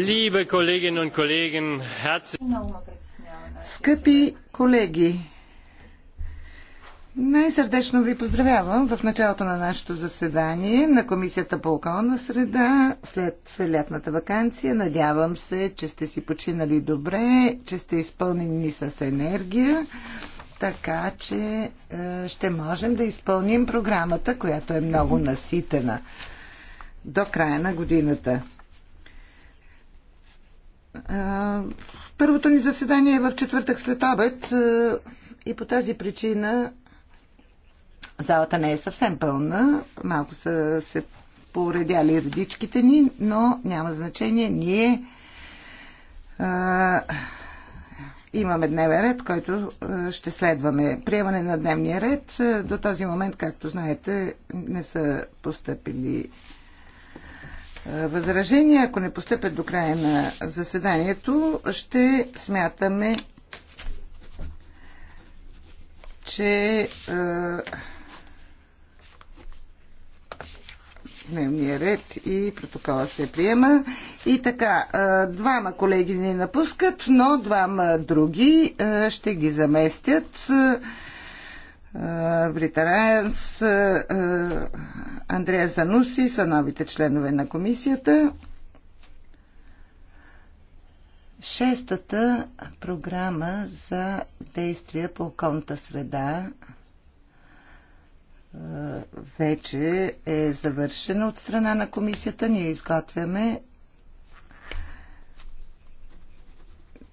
Liebe Kolleginnen und Kollegen, herzlich. Скъпи колеги, най-сърдечно ви поздравявам в началото на нашето заседание на Комисията по околна среда след лятната вакансия. Надявам се, че сте си починали добре, че сте изпълнени с енергия, така че е, ще можем да изпълним програмата, която е много наситена до края на годината. Първото ни заседание е в четвъртък след обед и по тази причина залата не е съвсем пълна. Малко са се поредяли редичките ни, но няма значение. Ние а, имаме дневен ред, който ще следваме. Приемане на дневния ред. До този момент, както знаете, не са поступили възражения, ако не постъпят до края на заседанието, ще смятаме, че дневния ред и протокола се приема. И така, двама колеги ни напускат, но двама други ще ги заместят. Е, Бритаранс, е, е, Андрея Зануси са новите членове на комисията. Шестата програма за действия по околната среда вече е завършена от страна на комисията. Ние изготвяме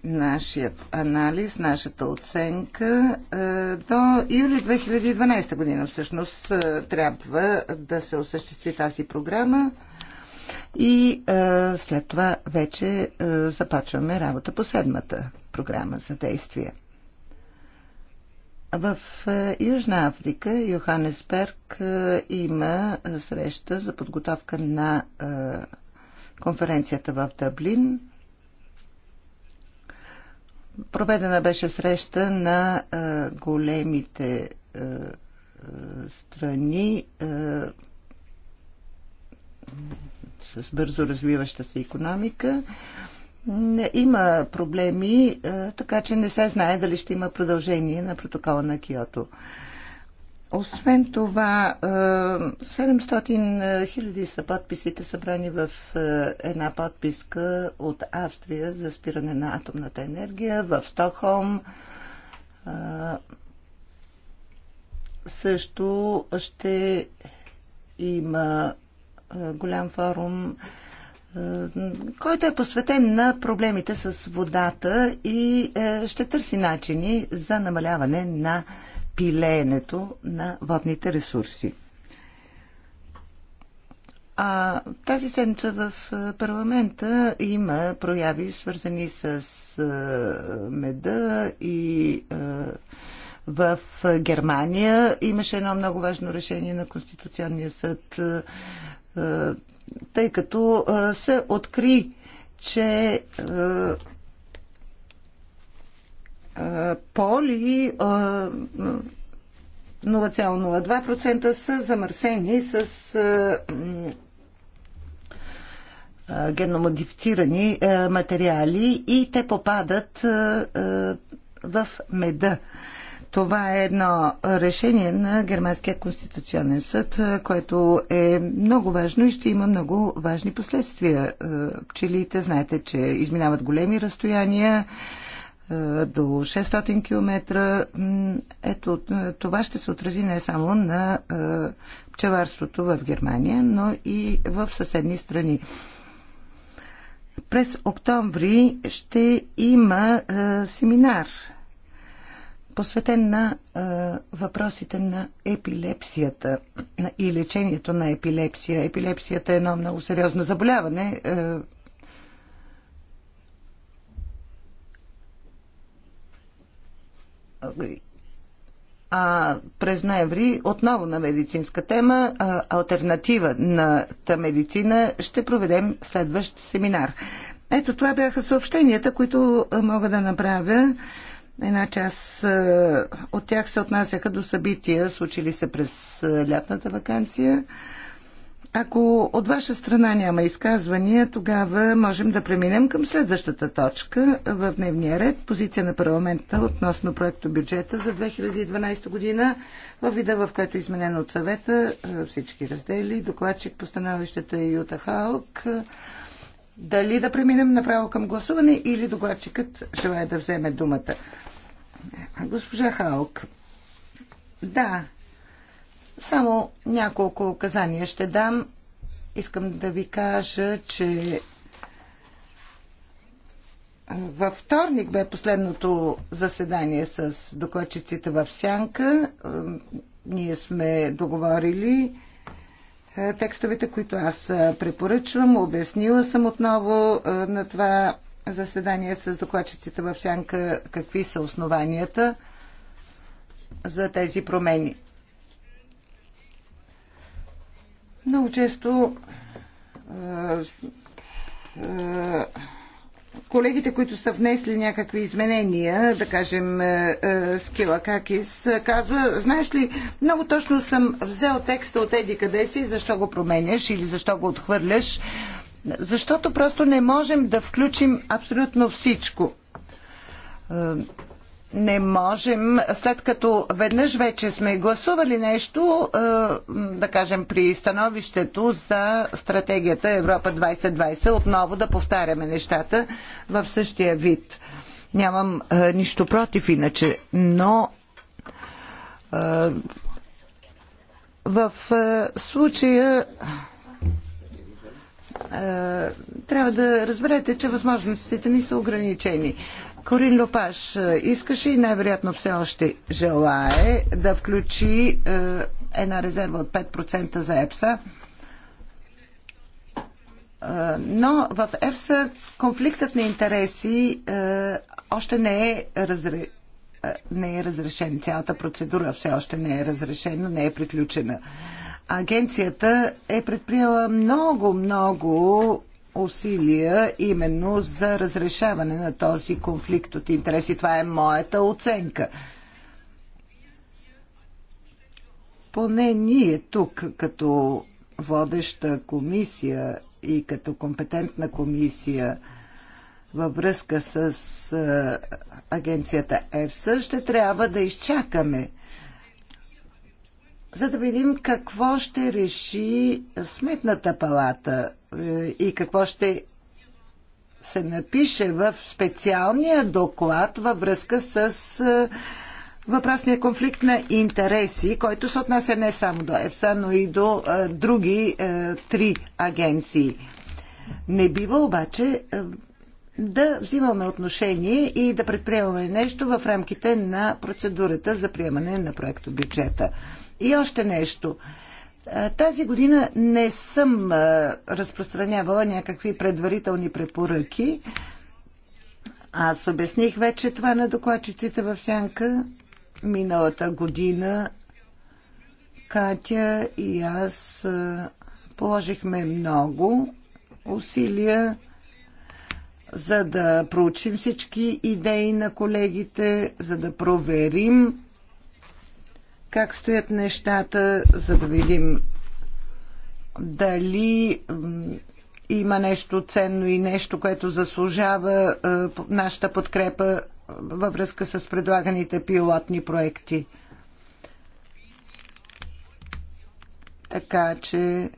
нашият анализ, нашата оценка е, до юли 2012 година всъщност е, трябва да се осъществи тази програма и е, след това вече започваме работа по седмата програма за действие. В Южна Африка, Йоханесберг, има среща за подготовка на конференцията в Даблин Проведена беше среща на а, големите а, страни а, с бързо развиваща се економика. Има проблеми, а, така че не се знае дали ще има продължение на протокола на Киото. А, освен това, 700 хиляди са подписите събрани в една подписка от Австрия за спиране на атомната енергия в Стокхолм. Също ще има голям форум, който е посветен на проблемите с водата и ще търси начини за намаляване на пилеенето на водните ресурси. А тази седмица в парламента има прояви, свързани с меда и в Германия имаше едно много важно решение на Конституционния съд, тъй като се откри, че поли 0,02% са замърсени с генномодифицирани материали и те попадат в меда. Това е едно решение на Германския конституционен съд, което е много важно и ще има много важни последствия. Пчелите, знаете, че изминават големи разстояния, е, до 600 км. Ето, е, това ще се отрази не само на е, пчеларството в Германия, но и в съседни страни. През октомври ще има семинар, посветен на въпросите на епилепсията и лечението на епилепсия. Епилепсията е едно много сериозно заболяване а през ноември отново на медицинска тема альтернатива на та медицина ще проведем следващ семинар. Ето това бяха съобщенията, които мога да направя. Една част от тях се отнасяха до събития, случили се през лятната вакансия. Ако от ваша страна няма изказвания, тогава можем да преминем към следващата точка в дневния ред. Позиция на парламента относно проекто бюджета за 2012 година в вида, в който е изменен от съвета е, всички раздели. Докладчик по становището е Юта Халк. Дали да преминем направо към гласуване или докладчикът желая да вземе думата? Е, госпожа Халк. Да, само няколко указания ще дам. Искам да ви кажа, че във вторник бе последното заседание с докладчиците в Сянка. Е, ние сме договорили е, текстовете, които аз е, препоръчвам. Обяснила съм отново на това заседание с докладчиците в Сянка какви са основанията за тези промени. Много често колегите, които са внесли някакви изменения, да кажем Скила Какис, казва, знаеш ли, много точно съм взел текста от Еди къде си, защо го променяш или защо го отхвърляш, защото просто не можем да включим абсолютно всичко не можем, след като веднъж вече сме гласували нещо, е, да кажем при становището за стратегията Европа 2020, отново да повтаряме нещата в същия вид. Нямам е, нищо против иначе, но е, в случая трябва да разберете, че възможностите ни са ограничени. Корин Лопаш е, искаше и най-вероятно все още желае да включи е, една резерва от 5% за ЕПСА. Е, но в ЕПСА конфликтът на интереси още не е, разре... не е разрешен. Цялата процедура все още не е разрешена, не е приключена. Агенцията е предприела много, много усилия именно за разрешаване на този конфликт от интереси. Това е моята оценка. Поне ние тук, като водеща комисия и като компетентна комисия, във връзка с а, агенцията ЕФСА, ще трябва да изчакаме, за да видим какво ще реши Сметната палата и какво ще се напише в специалния доклад във връзка с е, въпросния конфликт на интереси, който се отнася не само до ЕФСА, но и до е, други е, три агенции. Не бива обаче да взимаме отношение и да предприемаме нещо в рамките на процедурата за приемане на проекто бюджета. И още нещо. Тази година не съм разпространявала някакви предварителни препоръки. Аз обясних вече това на докладчиците в Сянка. Миналата година Катя и аз положихме много усилия за да проучим всички идеи на колегите, за да проверим как стоят нещата, за да видим дали има нещо ценно и нещо, което заслужава е, нашата подкрепа е, във връзка с предлаганите пилотни проекти. Така че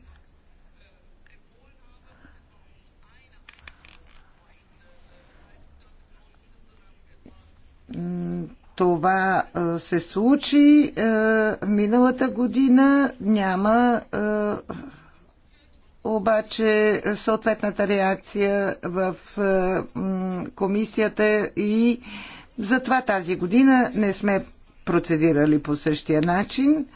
това се случи миналата година. Няма обаче съответната реакция в комисията и затова тази година не сме процедирали по същия начин.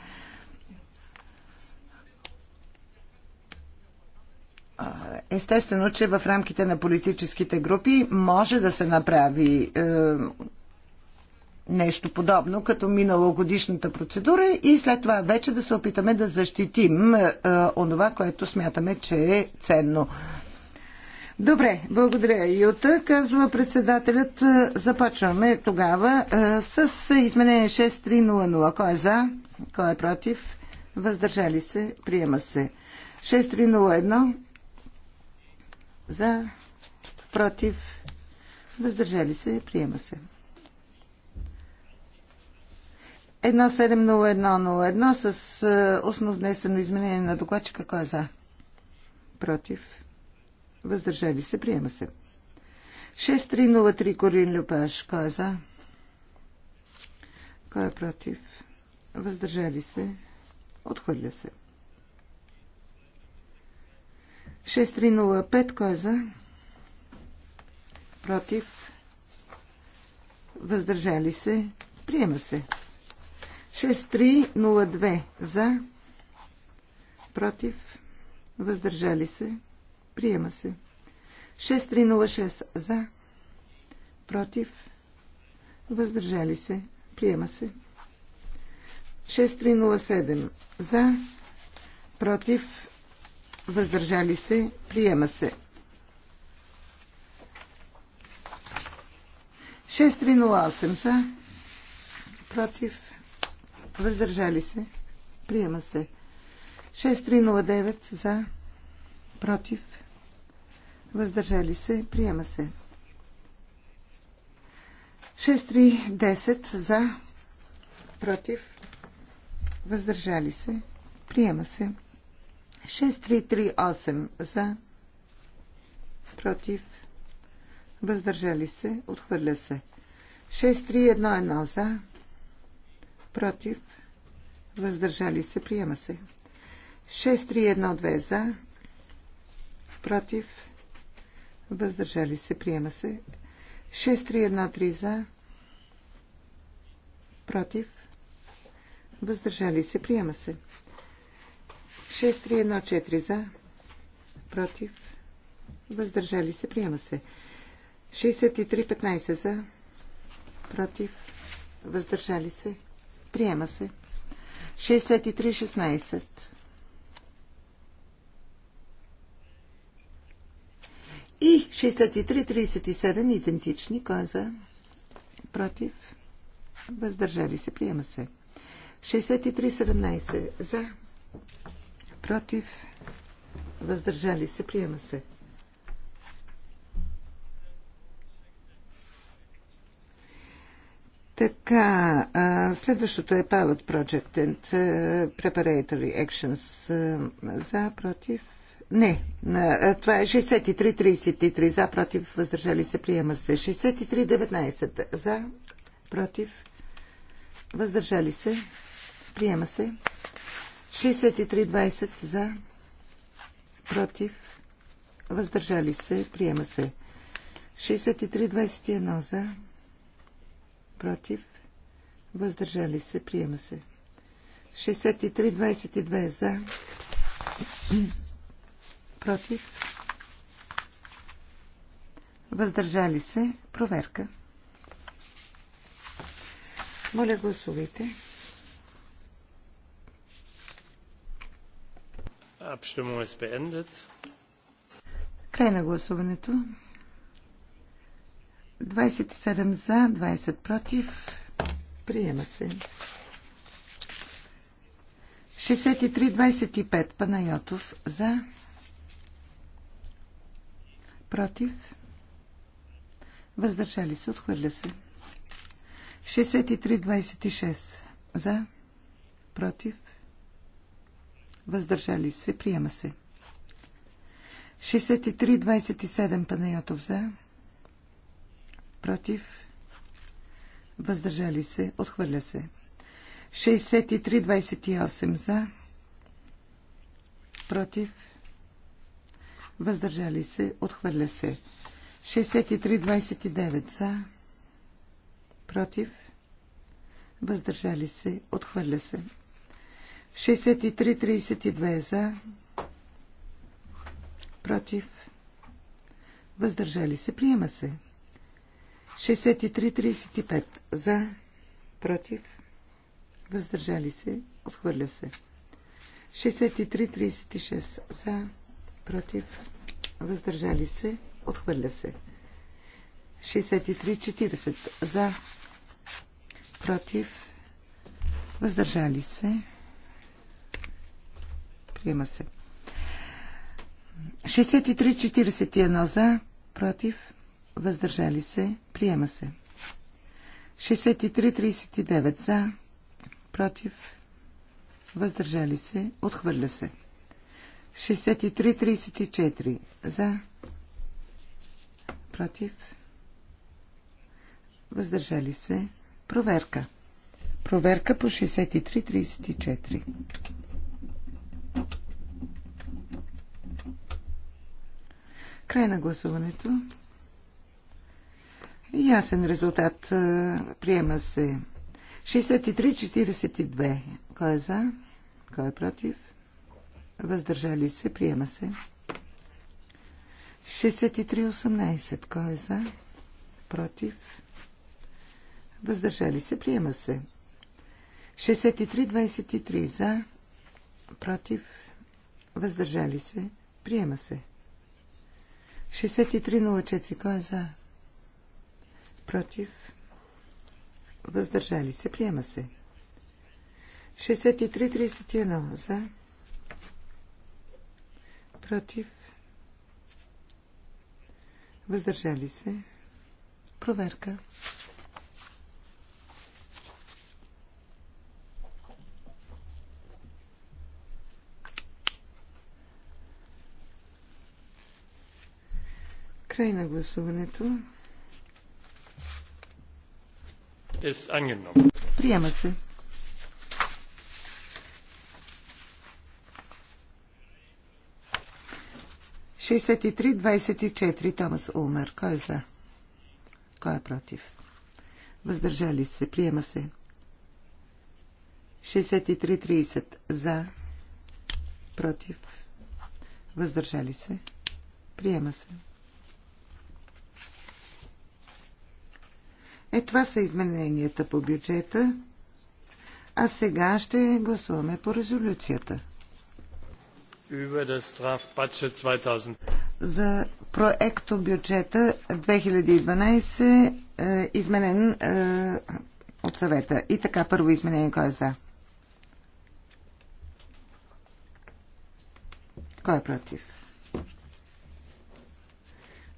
Естествено, че в рамките на политическите групи може да се направи е, нещо подобно като миналогодишната процедура и след това вече да се опитаме да защитим а, е, е, онова, което смятаме, че е ценно. Добре, благодаря Юта, казва председателят. Е, започваме тогава а, с изменение 6300. Кой е за? Кой е против? Въздържали се? Приема се. 6301 за, против, въздържали се, приема се. 170101 с основно е, внесено изменение на докладчика. Кой е за? Против. Въздържали се. Приема се. 6303 Корин Люпаш. Кой е за? Кой е против? Въздържали се. Отхвърля се. 6305. Кой е за? Против. Въздържали се. Приема се. 6302 за, против, въздържали се, приема се. 6306 за, против, въздържали се, приема се. 6307 за, против, въздържали се, приема се. 6308 за, против, въздържали се, приема се. 6309 за, против, въздържали се, приема се. 6310 за, против, въздържали се, приема се. 6338 за, против, въздържали се, отхвърля се. 6311 за, против, въздържали се, приема се. 6312 за, против, въздържали се, приема се. 6313 за, против, въздържали се, приема се. 6314 за, против, въздържали се, приема се. 6315 за, против, въздържали се, Приема се. 63-16. И 63-37 идентични. Кой е за? Против. Въздържали се. Приема се. 63-17 за. Против. Въздържали се. Приема се. 63 Така, следващото е Pilot Project and Preparatory Actions. За, против? Не, това е 63-33 за, против, въздържали се, приема се. 63-19 за, против, въздържали се, приема се. 63-20 за, против, въздържали се, приема се. 63-21 за, против, въздържали се, приема се. 63-22 за, против, въздържали се, проверка. Моля, гласувайте. е Край на гласуването. 27 за, 20 против. Приема се. 63-25 Панайотов за. Против. Въздържали се. Отхвърля се. 63-26 за. Против. Въздържали се. Приема се. 63-27 Панайотов за против, въздържали се, отхвърля се. 63-28 за, против, въздържали се, отхвърля се. 63-29 за, против, въздържали се, отхвърля се. 63-32 за, против, въздържали се, приема се. 63-33 63-35 за, против, въздържали се, отхвърля се. 63-36 за, против, въздържали се, отхвърля се. 63-40 за, против, въздържали се, приема се. 63-41 за, против, въздържали се, приема се. 63-39 за, против, въздържали се, отхвърля се. 63-34 за, против, въздържали се, проверка. Проверка по 63-34. Край на гласуването. Ясен резултат. Е, приема се. 63-42. Кой е за? Кой е против? Въздържали се. Приема се. 63-18. Кой е за? Против? Въздържали се. Приема се. 63-23. За? Против? Въздържали се. Приема се. 63-04. Кой е за? против, въздържали се, приема се. 63-31 за, против, въздържали се, проверка. Край на гласуването. ist angenommen. Приема се. Шестдесет и три, и четири. Томас Улмер. Кой е за? Кой е против? Въздържали се. Приема се. 63-30 за. Против. Въздържали се. Приема се. 63-30. Е, това са измененията по бюджета. А сега ще гласуваме по резолюцията. За проекто бюджета 2012 е, изменен е, от съвета. И така, първо изменение, кой е за? Кой е против?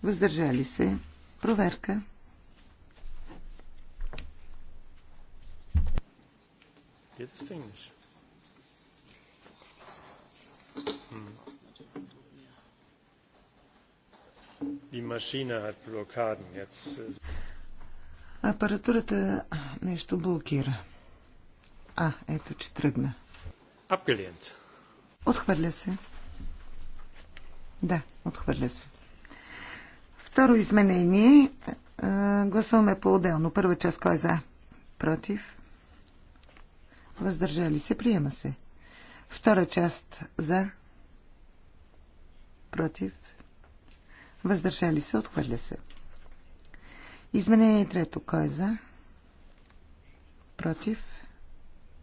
Въздържали се. Проверка. Geht es Englisch? Hmm. Die Maschine hat äh, Апаратурата нещо блокира. А, ето, че тръгна. Abgelehnt. Отхвърля се. Да, отхвърля се. Второ изменение. Гласуваме по-отделно. Първа част кой е за? Против? въздържали се, приема се. Втора част за, против, въздържали се, отхвърля се. Изменение трето, кой е за, против,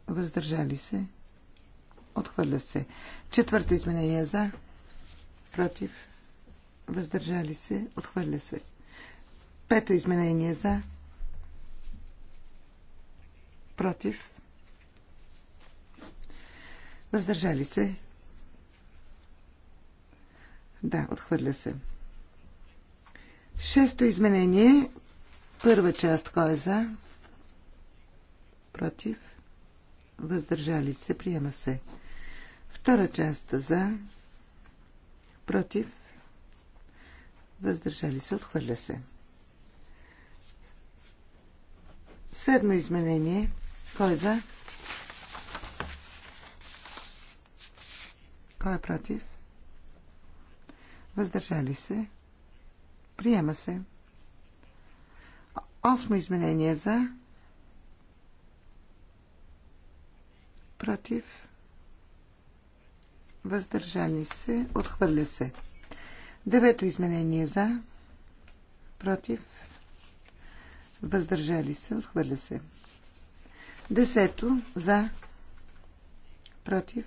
въздържали се, отхвърля се. Четвърто изменение за, против, въздържали се, отхвърля се. Пето изменение за, против, Въздържали се. Да, отхвърля се. Шесто изменение. Първа част. Кой е за? Против. Въздържали се. Приема се. Втора част. За. Против. Въздържали се. Отхвърля се. Седмо изменение. Кой е за? Кой е против? Въздържали се. Приема се. Осмо изменение за. Против. Въздържали се. Отхвърля се. Девето изменение за. Против. Въздържали се. Отхвърля се. Десето за. Против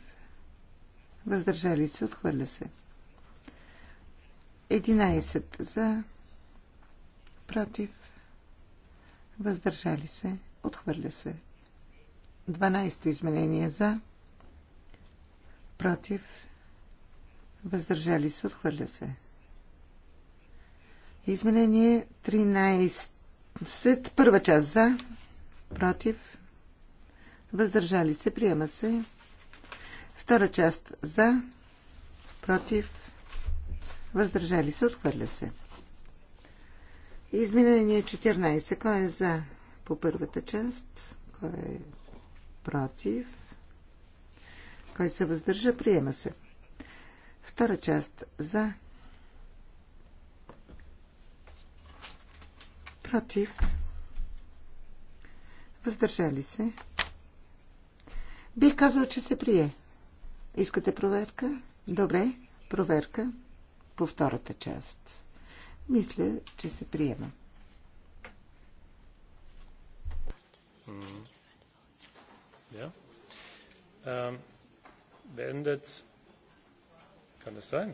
въздържали се, отхвърля се. 11 за, против, въздържали се, отхвърля се. 12 изменение за, против, въздържали се, отхвърля се. Изменение 13. Първа част за, против, въздържали се, приема се. Втора част за, против, въздържали се, отхвърля се. Изминение 14. Кой е за по първата част? Кой е против? Кой се въздържа? Приема се. Втора част за. Против. Въздържали се. Бих казал, че се прие. Искате проверка? Добре, проверка по втората част. Мисля, че се приема. Ja. Ähm, beendet. Kann es sein?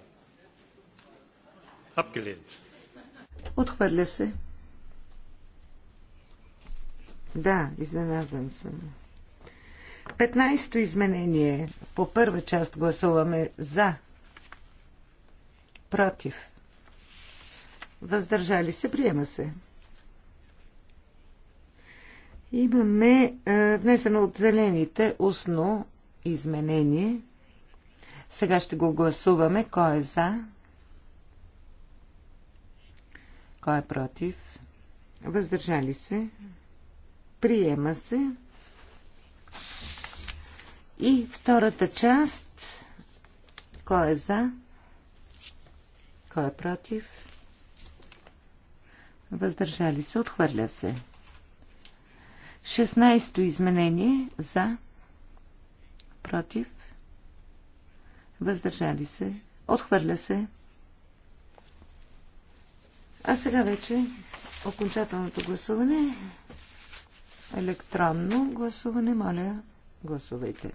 Abgelehnt. Отхвърля се. Да, изненадан съм. 15-то изменение. По първа част гласуваме за. Против. Въздържали се. Приема се. Имаме е, внесено от зелените устно изменение. Сега ще го гласуваме. Кой е за? Кой е против? Въздържали се? Приема се. И втората част. Кой е за? Кой е против? Въздържали се. Отхвърля се. 16-то изменение. За. Против. Въздържали се. Отхвърля се. А сега вече окончателното гласуване. Електронно гласуване, моля. Гласувайте.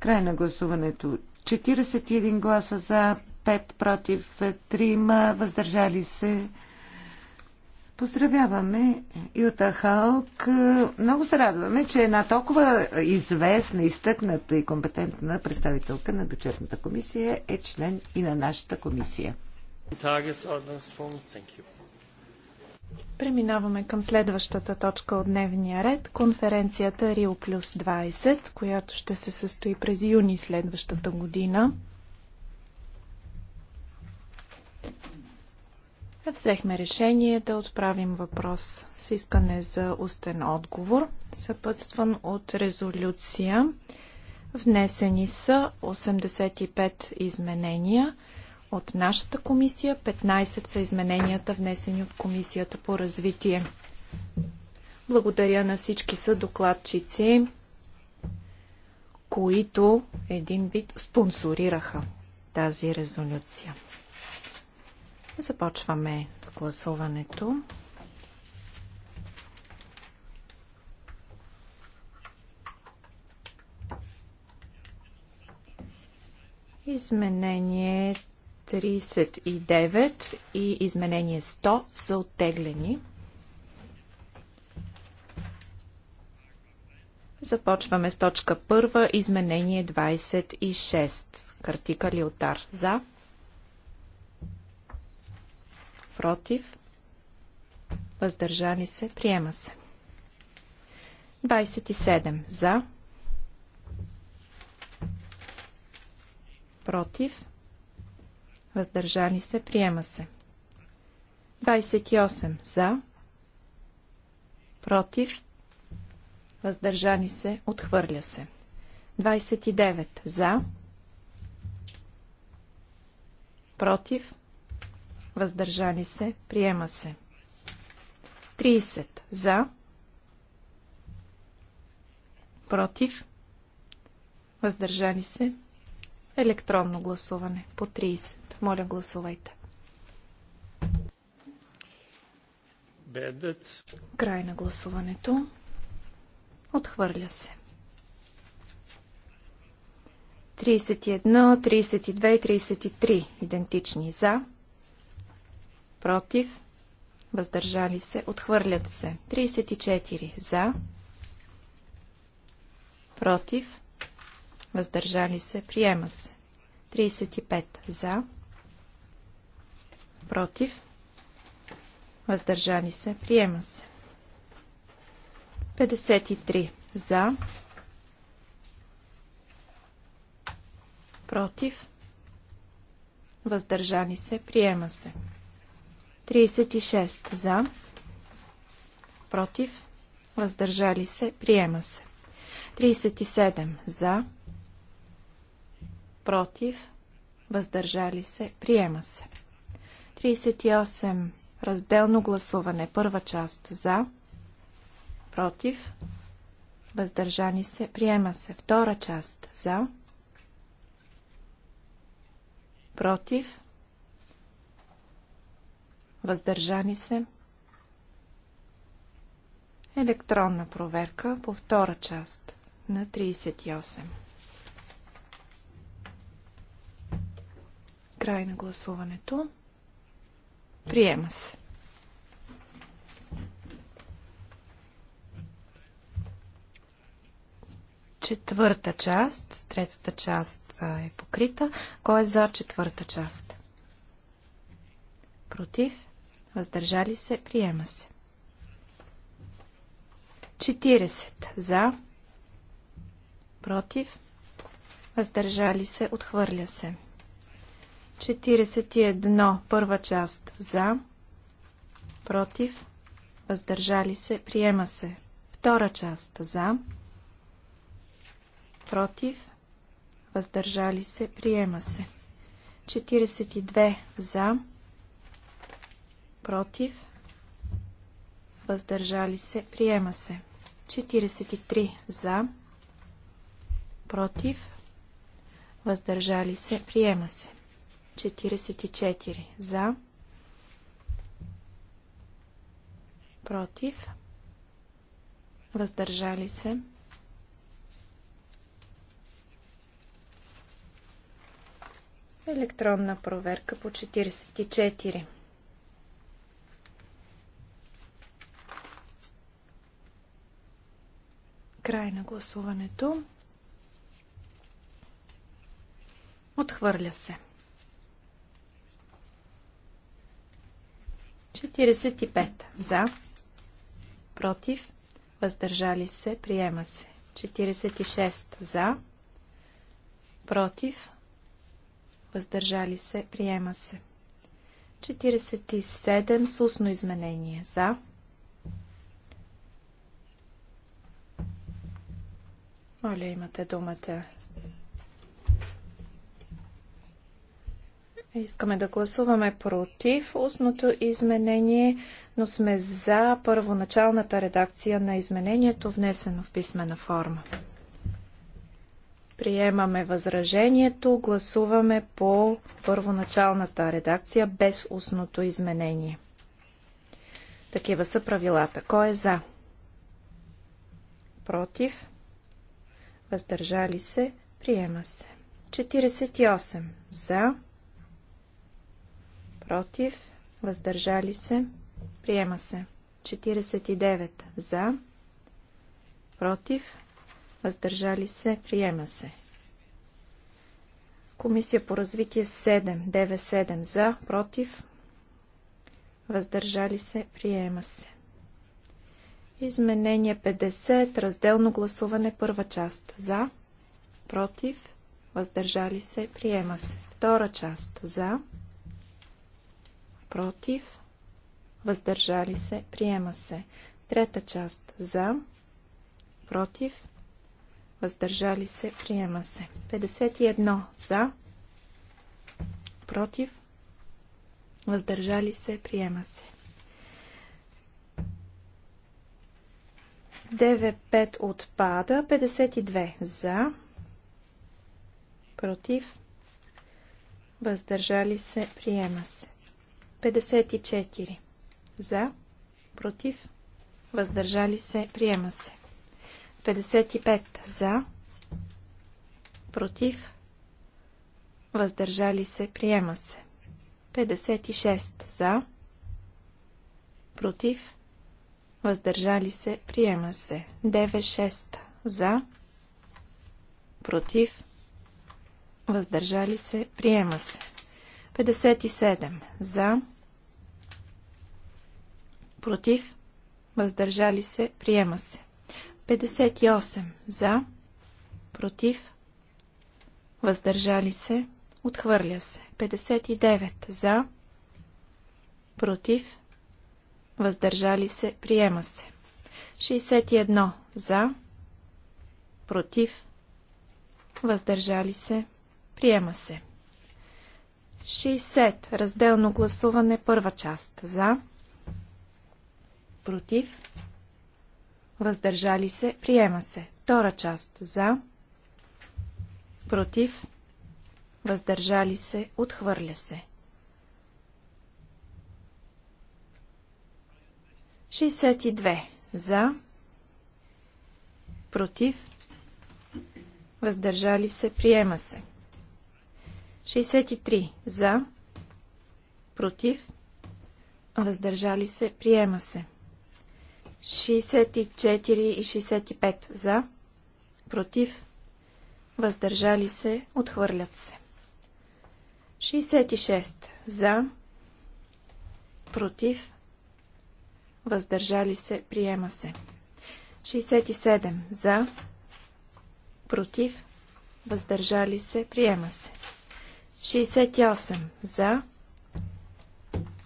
Край на гласуването. 41 гласа за, 5 против, 3 въздържали се. Поздравяваме Юта Халк. Много се радваме, че е една толкова известна, изтъкната и компетентна представителка на бюджетната комисия е член и на нашата комисия. Tagesordnungspunkt. Thank you. Преминаваме към следващата точка от дневния ред – конференцията Рио Плюс 20, която ще се състои през юни следващата година. Взехме решение да отправим въпрос с искане за устен отговор, съпътстван от резолюция. Внесени са 85 изменения – от нашата комисия, 15 са измененията внесени от комисията по развитие. Благодаря на всички са докладчици, които един вид спонсорираха тази резолюция. Започваме с гласуването. Изменение 39 и изменение 100 са оттеглени. Започваме с точка 1, изменение 26. Картика Лиотар. За. Против. Въздържани се. Приема се. 27. За. Против въздържали се, приема се. 28 за, против, въздържали се, отхвърля се. 29 за, против, въздържали се, приема се. 30 за, против, въздържали се, електронно гласуване по 30. Моля, гласувайте. Бедът. Край на гласуването. Отхвърля се. 31, 32 и 33 идентични за, против, въздържали се, отхвърлят се. 34 за, против, въздържали се, приема се. 35 за, против, въздържали се, приема се. 53 за, против, въздържани се, приема се. 36 за, против, въздържали се, приема се. 37 за, против, въздържали се, приема се. 38. Разделно гласуване. Първа част за, против, въздържани се, приема се. Втора част за, против, въздържани се. Електронна проверка по втора част на 38. Край на гласуването. Приема се. Четвърта част, третата част е покрита. Кой е за четвърта част? Против? Въздържали се? Приема се. 40 за, против, въздържали се, отхвърля се. 41. Първа част. За. Против. Въздържали се. Приема се. Втора част. За. Против. Въздържали се. Приема се. 42. За. Против. Въздържали се. Приема се. 43. За. Против. Въздържали се. Приема се. 44 за, против, въздържали се. Електронна проверка по 44. Край на гласуването. Отхвърля се. 45 за, против, въздържали се, приема се. 46 за, против, въздържали се, приема се. 47 с устно изменение за. Моля, имате думата. Искаме да гласуваме против устното изменение, но сме за първоначалната редакция на изменението, внесено в писмена форма. Приемаме възражението, гласуваме по първоначалната редакция без устното изменение. Такива са правилата. Кой е за? Против? Въздържали се? Приема се. 48. За против, въздържали се, приема се. 49 за, против, въздържали се, приема се. Комисия по развитие 7, 97 за, против, въздържали се, приема се. Изменение 50, разделно гласуване, първа част за, против, въздържали се, приема се. Втора част за, против, въздържали се, приема се. Трета част за, против, въздържали се, приема се. 51 за, против, въздържали се, приема се. 9-5 отпада, 52 за, против, въздържали се, приема се. 54. За. Против. Въздържали се. Приема се. 55. За. Против. Въздържали се. Приема се. 56. За. Против. Въздържали се. Приема се. 96. За. Против. Въздържали се. Приема се. 57. За против, въздържали се, приема се. 58 за, против, въздържали се, отхвърля се. 59 за, против, въздържали се, приема се. 61 за, против, въздържали се, приема се. 60. Разделно гласуване първа част за, против, въздържали се, приема се. Втора част за, против, въздържали се, отхвърля се. 62 за, против, въздържали се, приема се. 63 за, против, въздържали се, приема се. 64 и 65 за, против, въздържали се, отхвърлят се. 66 за, против, въздържали се, приема се. 67 за, против, въздържали се, приема се. 68 за,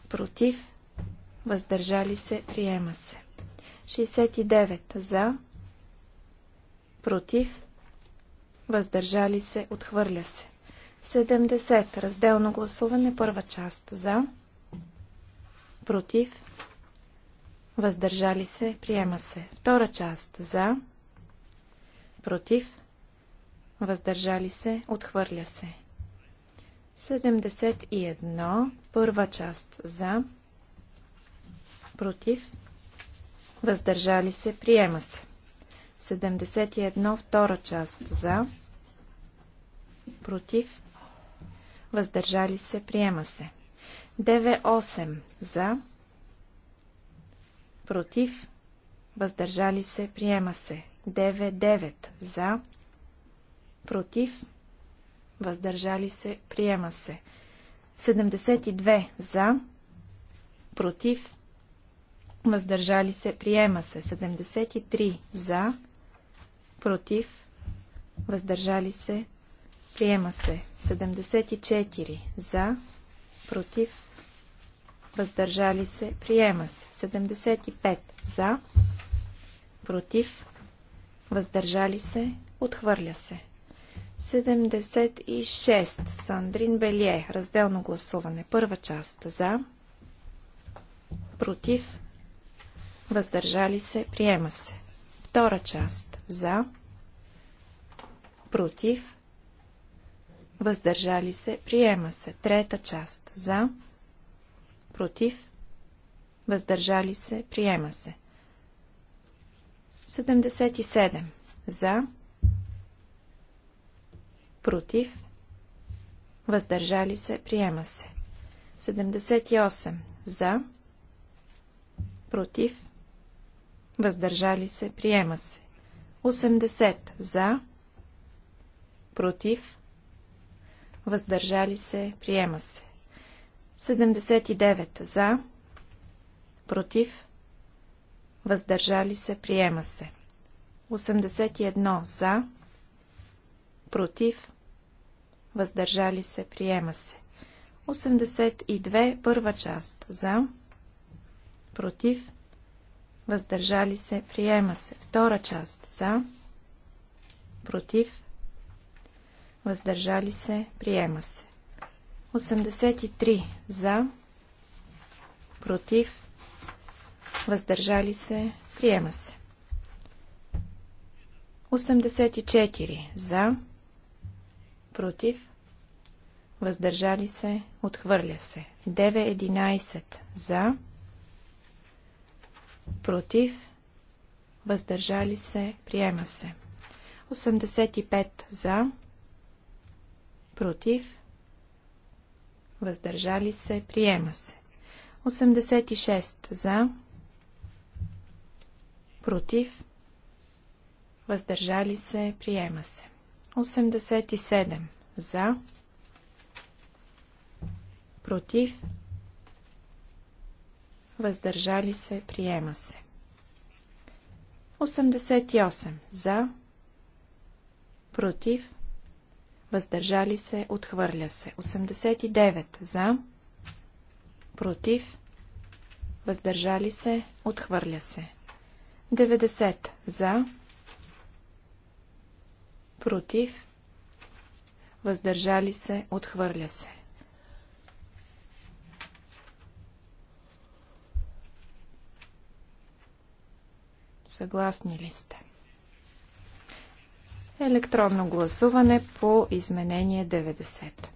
против, въздържали се, приема се. 69 за, против, въздържали се, отхвърля се. 70. Разделно гласуване, първа част за, против, въздържали се, приема се. Втора част за, против, въздържали се, отхвърля се. 71. Първа част за, против, въздържали се, приема се. 71 втора част за, против, въздържали се, приема се. 98 за, против, въздържали се, приема се. 99 за, против, въздържали се, приема се. 72 за, против, въздържали се, приема се. 73 за, против, въздържали се, приема се. 74 за, против, въздържали се, приема се. 75 за, против, въздържали се, отхвърля се. 76. Сандрин Белие. Разделно гласуване. Първа част. За. Против въздържали се, приема се. Втора част за, против, въздържали се, приема се. Трета част за, против, въздържали се, приема се. 77 за, против, въздържали се, приема се. 78 за, против, въздържали се, приема се. 80 за, против, въздържали се, приема се. 79 за, против, въздържали се, приема се. 81 за, против, въздържали се, приема се. 82 първа част за, против, въздържали се, приема се. Втора част за, против, въздържали се, приема се. 83 за, против, въздържали се, приема се. 84 за, против, въздържали се, отхвърля се. 9-11 за, против, против, въздържали се, приема се. 85 за, против, въздържали се, приема се. 86 за, против, въздържали се, приема се. 87 за, против, въздържали се, приема се. 88 за, против, въздържали се, отхвърля се. 89 за, против, въздържали се, отхвърля се. 90 за, против, въздържали се, отхвърля се. Съгласни ли сте? Електронно гласуване по изменение 90.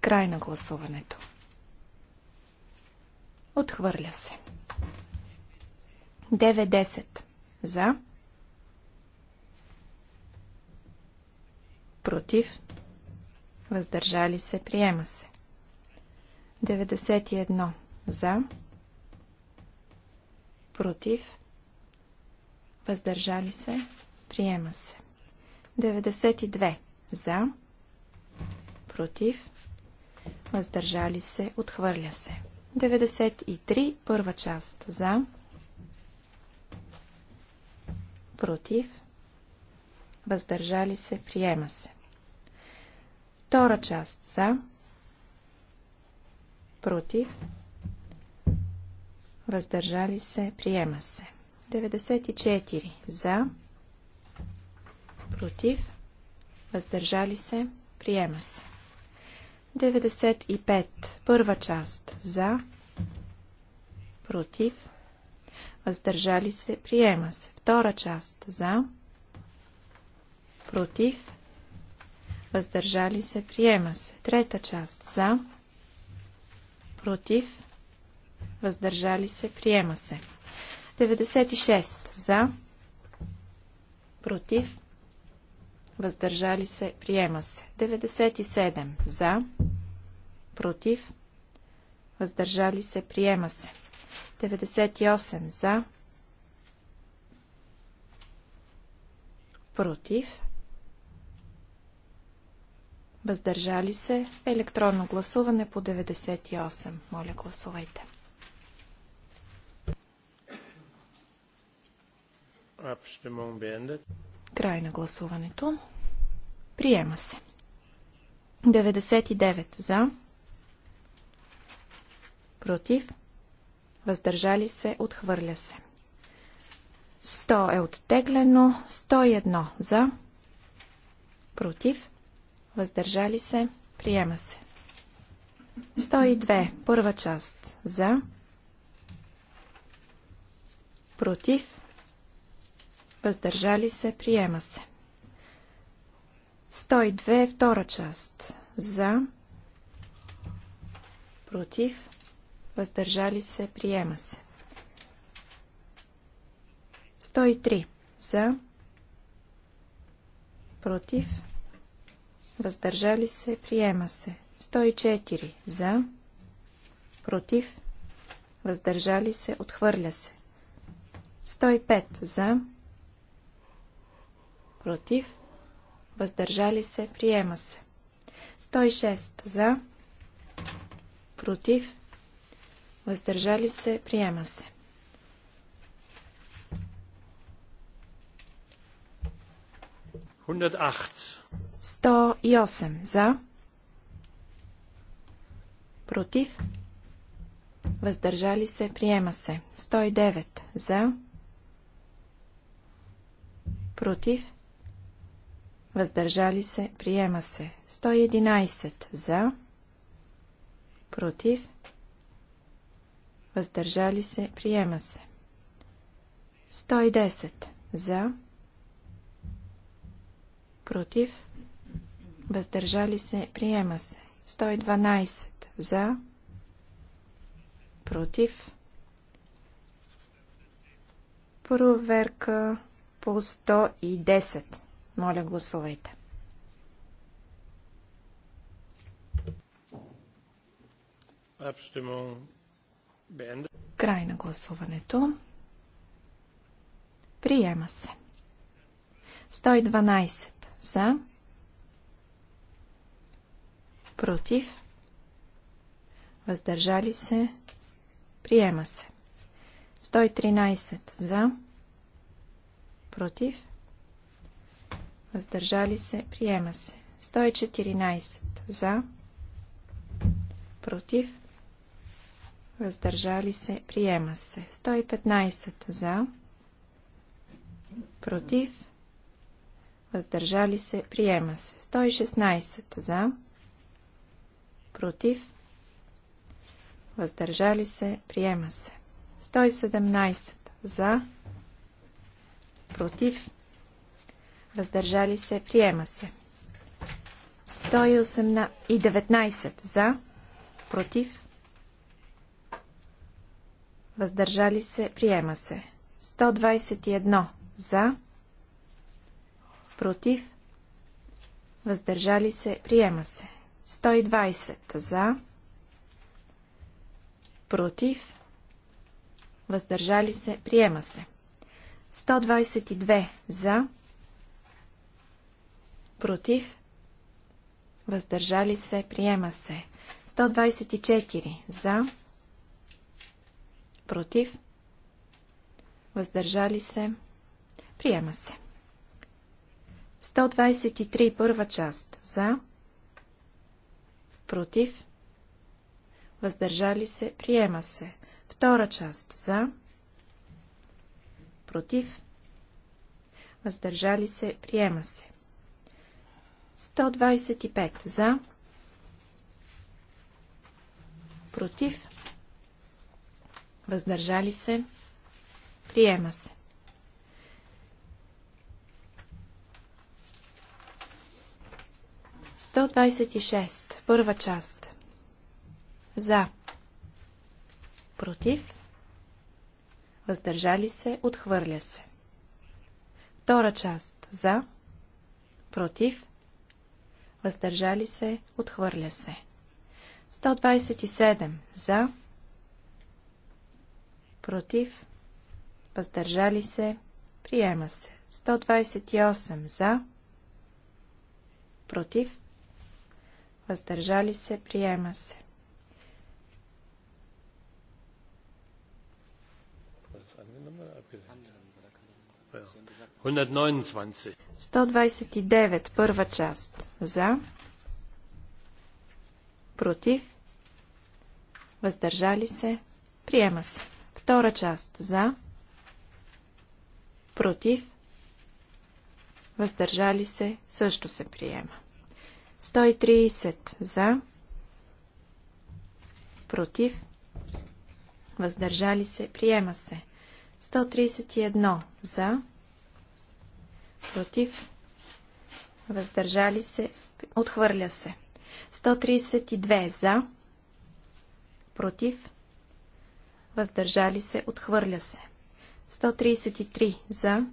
Край на гласуването. Отхвърля се. 90 за. Против въздържали се, приема се. 91 за, против, въздържали се, приема се. 92 за, против, въздържали се, отхвърля се. 93 първа част за, против, въздържали се, приема се. Втора част за, против, въздържали се, приема се. 94 за, против, въздържали се, приема се. 95 първа част за, против, въздържали се, приема се. Втора част за, против, въздържали се, приема се. Трета част за, против, въздържали се, приема се. 96 за, против, въздържали се, приема се. 97 за, против, въздържали се, приема се. 98 за, против, въздържали се, електронно гласуване по 98. Моля, гласувайте. Край на гласуването. Приема се. 99 за. Против. Въздържали се. Отхвърля се. 100 е оттеглено. 101 за. Против въздържали се, приема се. 102. Първа част. За. Против. Въздържали се, приема се. 102. Втора част. За. Против. Въздържали се, приема се. 103. За. Против въздържали се, приема се. 104 за, против, въздържали се, отхвърля се. 105 за, против, въздържали се, приема се. 106 за, против, въздържали се, приема се. Hundert 108 за, против, въздържали се, приема се. 109 за, против, въздържали се, приема се. 111 за, против, въздържали се, приема се. 110 за, против, въздържали се, приема се. 112 за, против. Проверка по 110. Моля, гласувайте. Край на гласуването. Приема се. 112 за, против, въздържали се, приема се. 113 за, против, въздържали се, приема се. 114 за, против, въздържали се, приема се. 115 за, против, въздържали се, приема се. 116 за, против, въздържали се, приема се. 117 за, против, въздържали се, приема се. 119 за, против, въздържали се, приема се. 121 за, против, въздържали се, приема се. 120 за, против, въздържали се, приема се. 122 за, против, въздържали се, приема се. 124 за, против, въздържали се, приема се. 123 първа част за, против, против, въздържали се, приема се. Втора част за, против, въздържали се, приема се. 125 за, против, въздържали се, приема се. 126. Първа част. За. Против. Въздържали се. Отхвърля се. Втора част. За. Против. Въздържали се. Отхвърля се. 127. За. Против. Въздържали се. Приема се. 128. За. Против въздържали се, приема се. Сто двадесет и девет, първа част. За. Против. Въздържали се. Приема се. Втора част. За. Против. Въздържали се. Също се приема. 130 за, против, въздържали се, приема се. 131 за, против, въздържали се, отхвърля се. 132 за, против, въздържали се, отхвърля се. 133 за,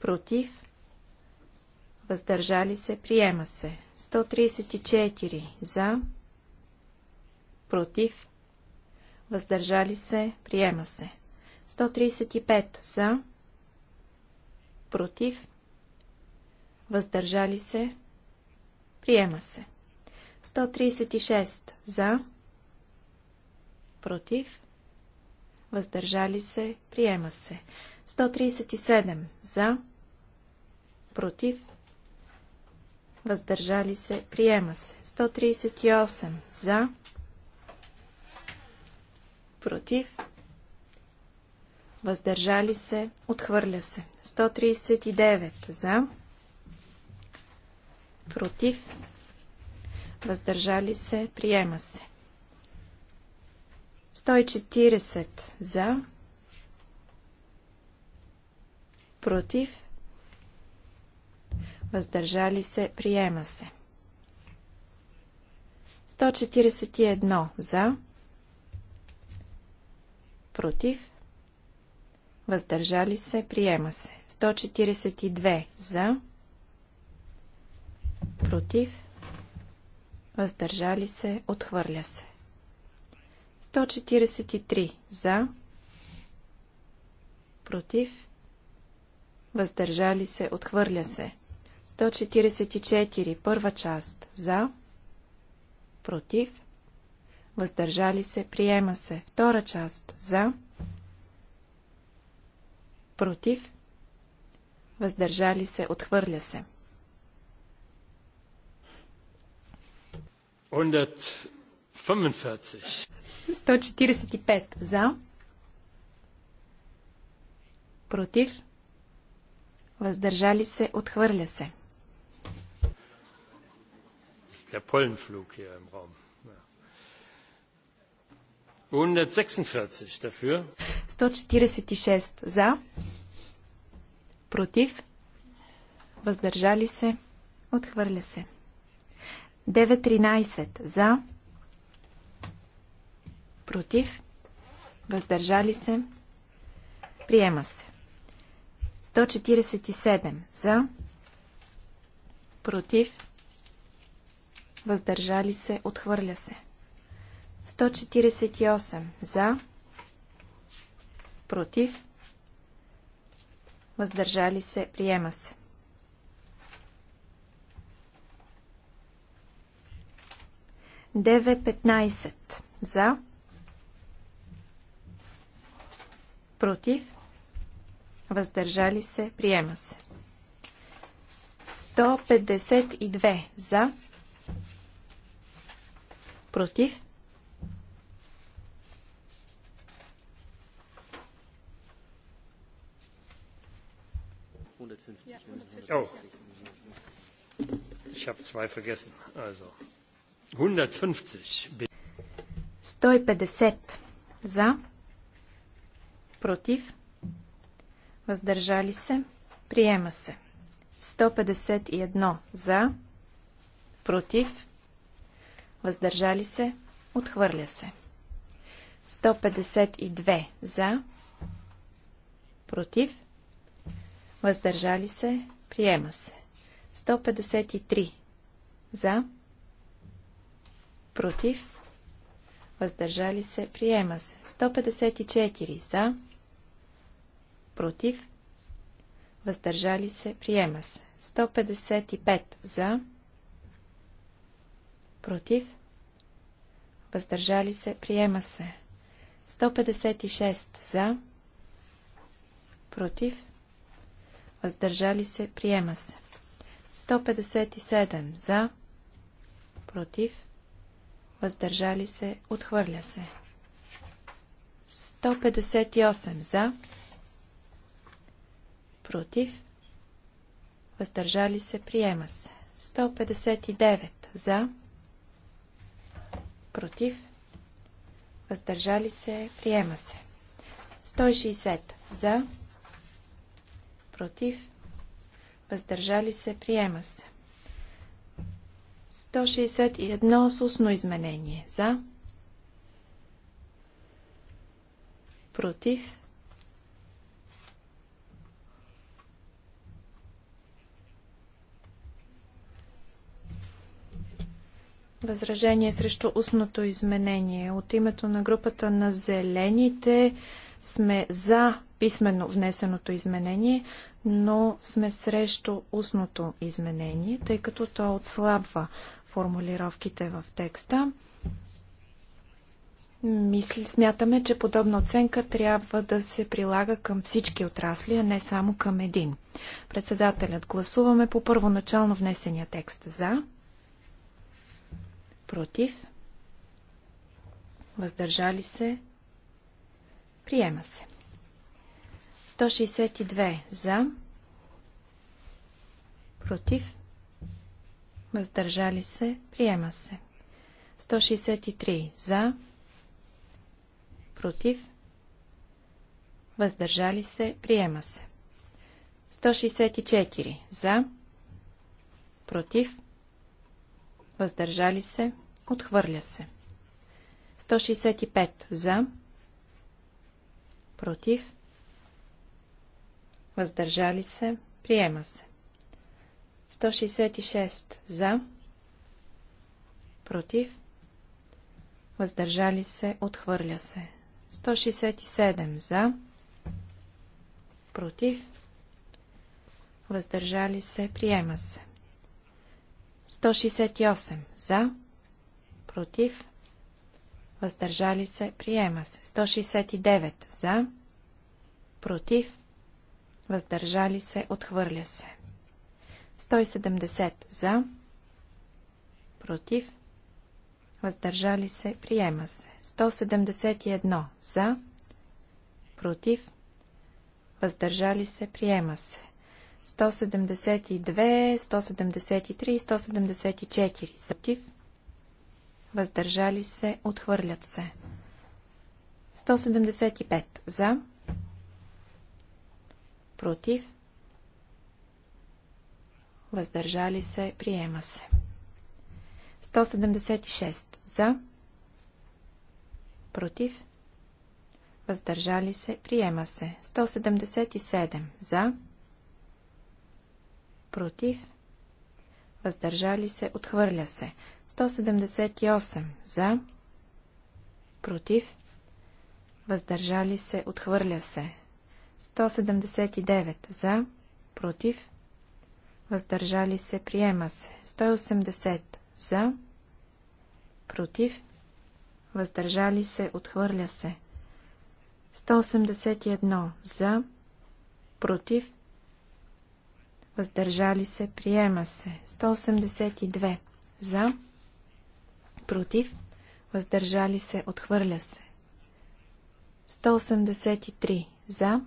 против, въздържали се, приема се. 134 за, против, въздържали се, приема се. 135 за, против, въздържали се, приема се. 136 за, против, въздържали се, приема се. 137 за, против, въздържали се, приема се. 138 за, против, въздържали се, отхвърля се. 139 за, против, въздържали се, приема се. 140 за, против, въздържали се, приема се. 141 за, против, въздържали се, приема се. 142 за, против, въздържали се, отхвърля се. 143 за, против, въздържали се, отхвърля се. 144. Първа част. За. Против. Въздържали се. Приема се. Втора част. За. Против. Въздържали се. Отхвърля се. 145. За. Против. Въздържали се. Отхвърля се der pollenflug hier im raum. 146 dafür. 146 за. Против. Въздържали се. Отхвърля се. 913 за. Против. Въздържали се. Приема се. 147 за. Против въздържали се, отхвърля се. 148 за, против, въздържали се, приема се. Деве 15 за, против, въздържали се, приема се. 152 за, против, Oh. Ich habe zwei vergessen. Also 150. 150 за, против, въздържали се, приема се. 151 за, против, въздържали се, отхвърля се. 152 за, против, въздържали се, приема се. 153 за, против, въздържали се, приема се. 154 за, против, въздържали се, приема се. 155 за, против, против, въздържали се, приема се. 156 за, против, въздържали се, приема се. 157 за, против, въздържали се, отхвърля се. 158 за, против, въздържали се, приема се. 159 за, против, въздържали се, приема се. 160 за, против, въздържали се, приема се. 161 с устно изменение за, против, възражение срещу устното изменение. От името на групата на зелените сме за писменно внесеното изменение, но сме срещу устното изменение, тъй като то отслабва формулировките в текста. Мисли, смятаме, че подобна оценка трябва да се прилага към всички отрасли, а не само към един. Председателят гласуваме по първоначално внесения текст за, против, въздържали се, приема се. 162 за, против, въздържали се, приема се. 163 за, против, въздържали се, приема се. 164 за, против, въздържали се, Отхвърля се. 165 за. Против. Въздържали се. Приема се. 166 за. Против. Въздържали се. Отхвърля се. 167 за. Против. Въздържали се. Приема се. 168 за против, въздържали се, приема се. 169 за, против, въздържали се, отхвърля се. 170 за, против, въздържали се, приема се. 171 за, против, въздържали се, приема се. 172, 173 174 за, против, въздържали се, отхвърлят се. 175 за, против, въздържали се, приема се. 176 за, против, въздържали се, приема се. 177 за, против, въздържали се, отхвърля се. 178 за, против, въздържали се, отхвърля се. 179 за, против, въздържали се, приема се. 180 за, против, въздържали се, отхвърля се. 181 за, против, въздържали се, приема се. 182 за, против, против, въздържали се, отхвърля се. 183 за,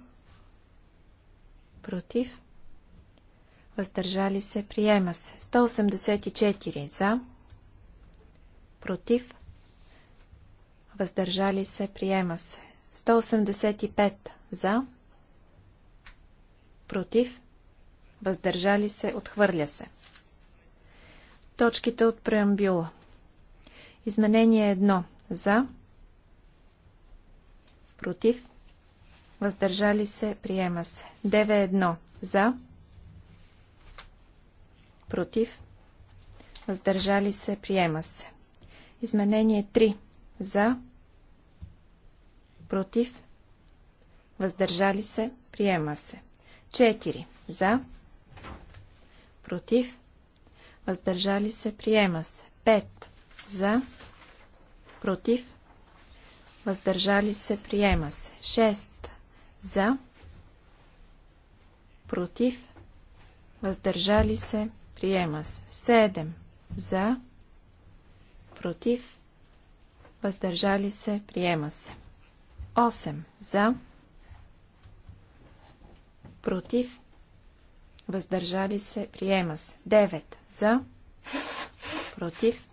против, въздържали се, приема се. 184 за, против, въздържали се, приема се. 185 за, против, въздържали се, отхвърля се. Точките от преамбюла. Изменение 1. За. Против. Въздържали се. Приема се. 9.1. За. Против. Въздържали се. Приема се. Изменение 3. За. Против. Въздържали се. Приема се. 4. За. Против. Въздържали се. Приема се. 5. За. Против против, въздържали се, приема се. 6 за, против, въздържали се, приема се. 7 за, против, въздържали се, приема се. 8 за, против, въздържали се, приема се. 9 за, против,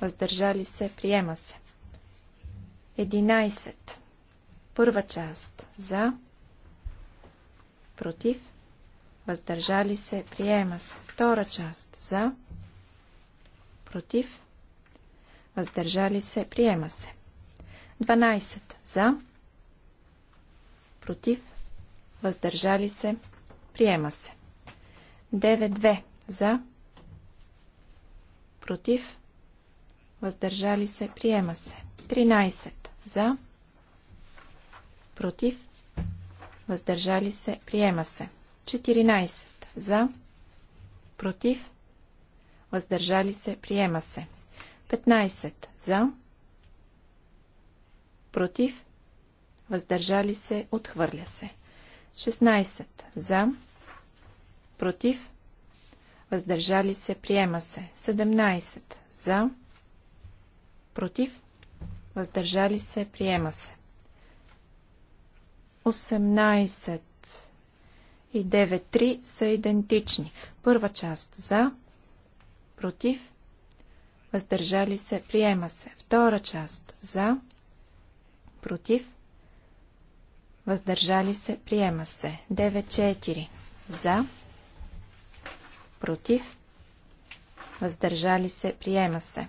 въздържали се, приема се. 11. Първа част за, против, въздържали се, приема се. Втора част за, против, въздържали се, приема се. 12. За, против, въздържали се, приема се. 9.2. За, против, въздържали се, приема се. 13 за, против, въздържали се, приема се. 14 за, против, въздържали се, приема се. 15 за, против, въздържали се, отхвърля се. 16 за, против, въздържали се, приема се. 17 за, против, против, въздържали се, приема се. 18 и 9 3 са идентични. Първа част за, против, въздържали се, приема се. Втора част за, против, въздържали се, приема се. 9.4 за, против, въздържали се, приема се.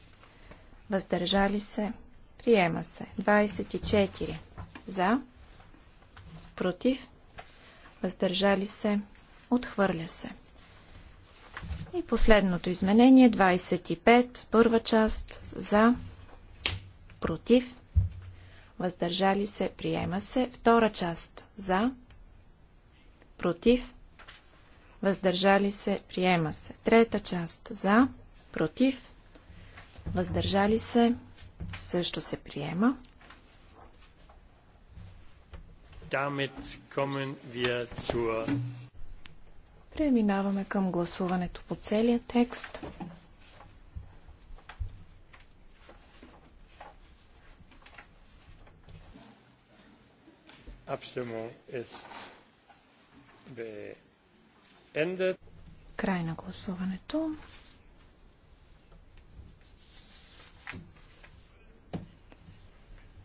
въздържали се, приема се. 24 за, против, въздържали се, отхвърля се. И последното изменение 25, първа част за, против, въздържали се, приема се. Втора част за, против, въздържали се, приема се. Трета част за, против, Въздържали се. Също се приема. Преминаваме към гласуването по целия текст. Край на гласуването.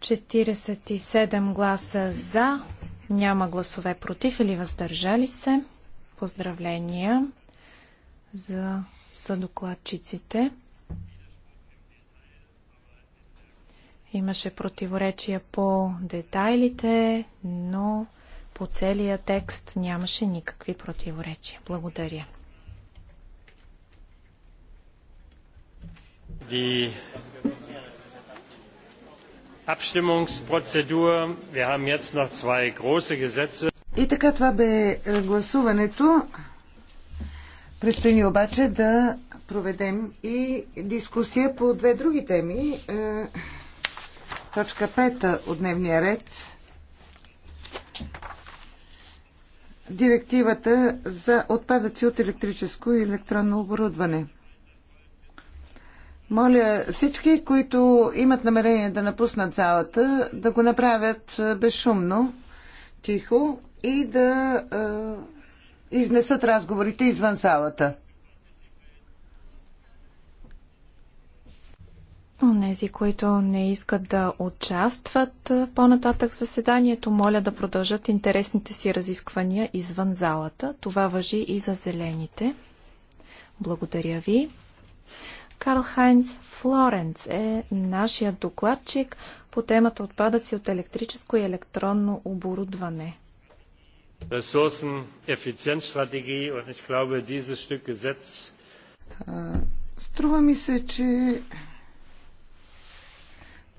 47 гласа за, няма гласове против или въздържали се. Поздравления за съдокладчиците. Имаше противоречия по детайлите, но по целия текст нямаше никакви противоречия. Благодаря. The и така това бе е, гласуването. Предстои ни обаче да проведем и дискусия по две други теми. Е, точка пета от дневния ред. Директивата за отпадъци от електрическо и електронно оборудване. Моля всички, които имат намерение да напуснат залата, да го направят безшумно, тихо и да е, изнесат разговорите извън залата. Онези, които не искат да участват по-нататък в заседанието, моля да продължат интересните си разисквания извън залата. Това въжи и за зелените. Благодаря ви. Карл Хайнц Флоренц е нашия докладчик по темата отпадъци от електрическо и електронно оборудване. ресурсен и Струва ми се, че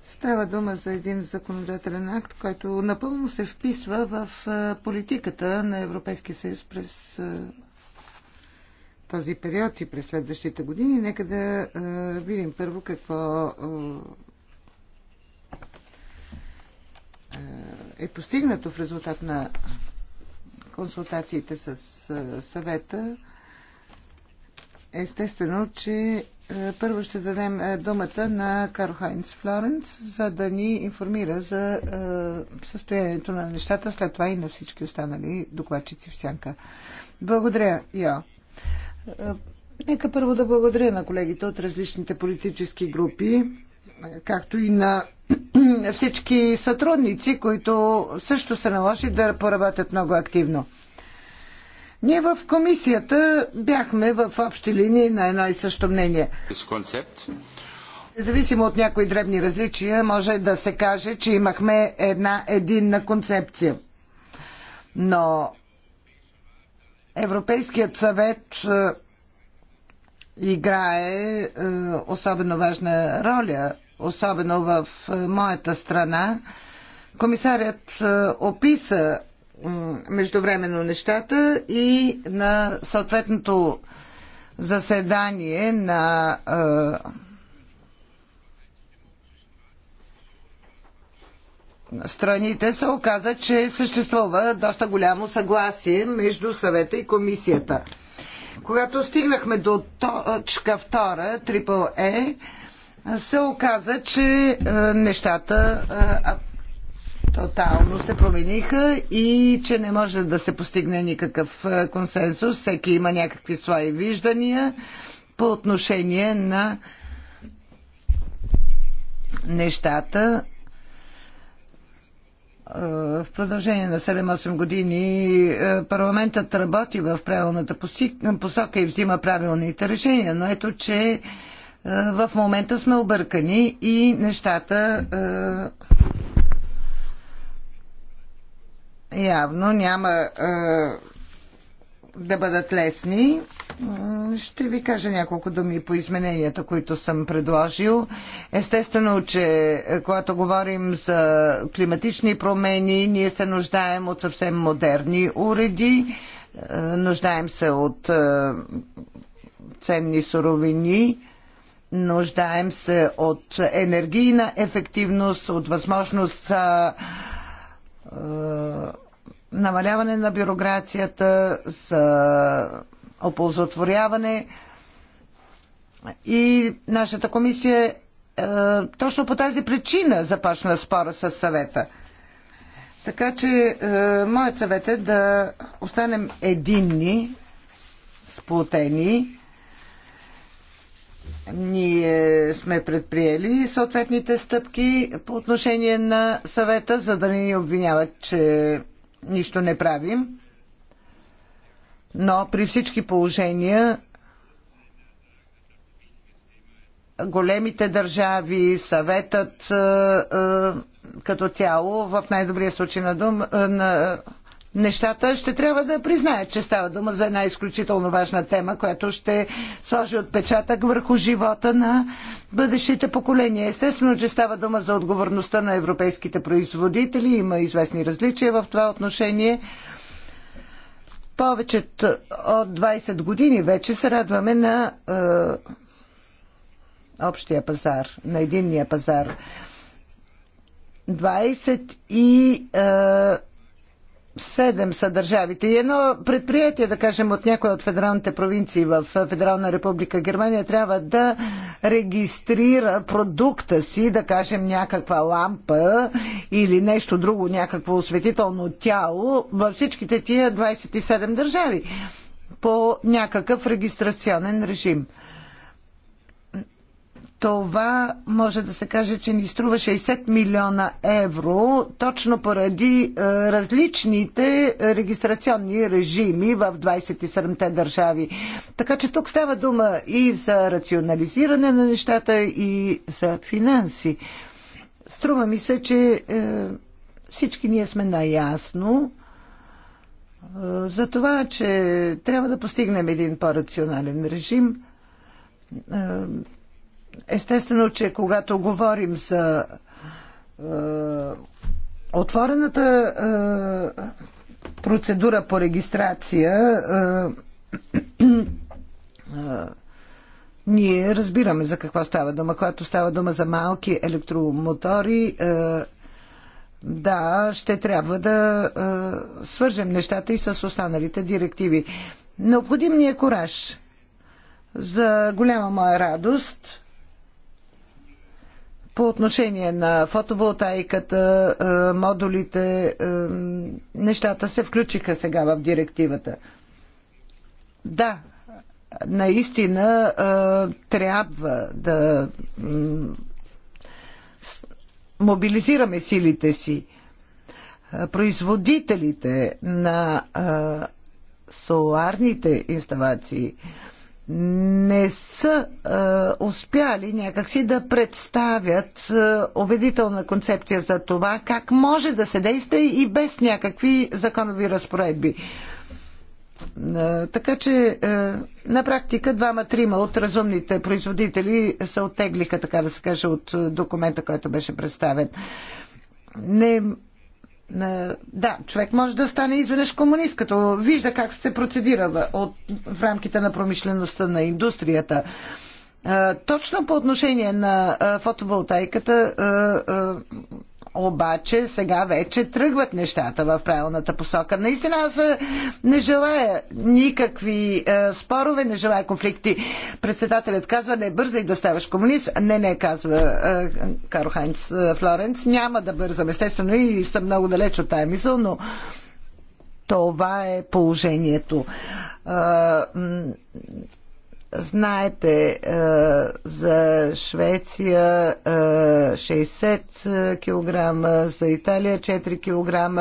става дума за един законодателен акт, който напълно се вписва в политиката на Европейския съюз през този период и през следващите години. Нека да видим първо какво е постигнато в резултат на консултациите с съвета. Естествено, че първо ще дадем думата на Карл Хайнц Флоренц, за да ни информира за състоянието на нещата, след това и на всички останали докладчици в сянка. Благодаря, Йо. Нека първо да благодаря на колегите от различните политически групи, както и на всички сътрудници, които също се наложи да поработят много активно. Ние в комисията бяхме в общи линии на едно и също мнение. Независимо от някои дребни различия, може да се каже, че имахме една единна концепция. Но Европейският съвет е, играе е, особено важна роля, особено в е, моята страна. Комисарят описа междувременно нещата и на съответното заседание на страните се оказа, че съществува доста голямо съгласие между съвета и комисията. Когато стигнахме до точка втора, трипл Е, се оказа, че е, нещата е, тотално се промениха и че не може да се постигне никакъв е, консенсус. Всеки има някакви свои виждания по отношение на нещата е, в продължение на 7-8 години е, парламентът работи в правилната посока и взима правилните решения, но ето, че е, в момента сме объркани и нещата явно няма да бъдат лесни, ще ви кажа няколко думи по измененията, които съм предложил. Естествено, че е, когато говорим за климатични промени, ние се нуждаем от съвсем модерни уреди, е, нуждаем се от е, ценни суровини, нуждаем се от енергийна ефективност, от възможност за намаляване на бюрокрацията, за оползотворяване. И нашата комисия е, точно по тази причина започна спора с съвета. Така че е, моят съвет е да останем единни, сплутени. Ние сме предприели съответните стъпки по отношение на съвета, за да не ни обвиняват, че нищо не правим. Но при всички положения големите държави, съветът е, е, като цяло, в най-добрия случай на, дум, е, на нещата, ще трябва да признаят, че става дума за една изключително важна тема, която ще сложи отпечатък върху живота на бъдещите поколения. Естествено, че става дума за отговорността на европейските производители. Има известни различия в това отношение. Повечето от 20 години вече се радваме на е, общия пазар, на единния пазар. 20 и е, Седем са държавите. И едно предприятие, да кажем, от някоя от федералните провинции в Федерална република Германия трябва да регистрира продукта си, да кажем някаква лампа или нещо друго, някакво осветително тяло във всичките тия 27 държави по някакъв регистрационен режим това може да се каже, че ни струва 60 милиона евро, точно поради е, различните регистрационни режими в 27-те държави. Така че тук става дума и за рационализиране на нещата, и за финанси. Струва ми се, че е, всички ние сме наясно е, за това, че трябва да постигнем един по-рационален режим Естествено, че когато говорим за е, отворената е, процедура по регистрация, е, е ние разбираме за какво става дума. Когато става дума за малки електромотори, е, да, ще трябва да е, свържем нещата и с останалите директиви. Необходим ни е кораж. За голяма моя радост, по отношение на фотоволтаиката, е, модулите, е, нещата се включиха сега в директивата. Да, наистина е, трябва да мобилизираме силите си. Производителите на соларните инсталации – не са е, успяли някакси да представят е, убедителна концепция за това как може да се действа и без някакви законови разпоредби. Е, така че е, на практика двама-трима от разумните производители се оттеглиха, така да се каже, от документа, който беше представен. Не е, да, човек може да стане изведнъж комунист, като вижда как се процедира в, от, в рамките на промишлеността, на индустрията. Е, точно по отношение на е, фотоволтайката обаче сега вече тръгват нещата в правилната посока. Наистина аз не желая никакви е, спорове, не желая конфликти. Председателят казва, не е бързай да ставаш комунист. Не, не, казва е, Карл Хайнц е, Флоренц. Няма да бързам, естествено, и съм много далеч от тая мисъл, но това е положението. Знаете е, за Швеция 60 е, е, кг, за Италия 4 кг.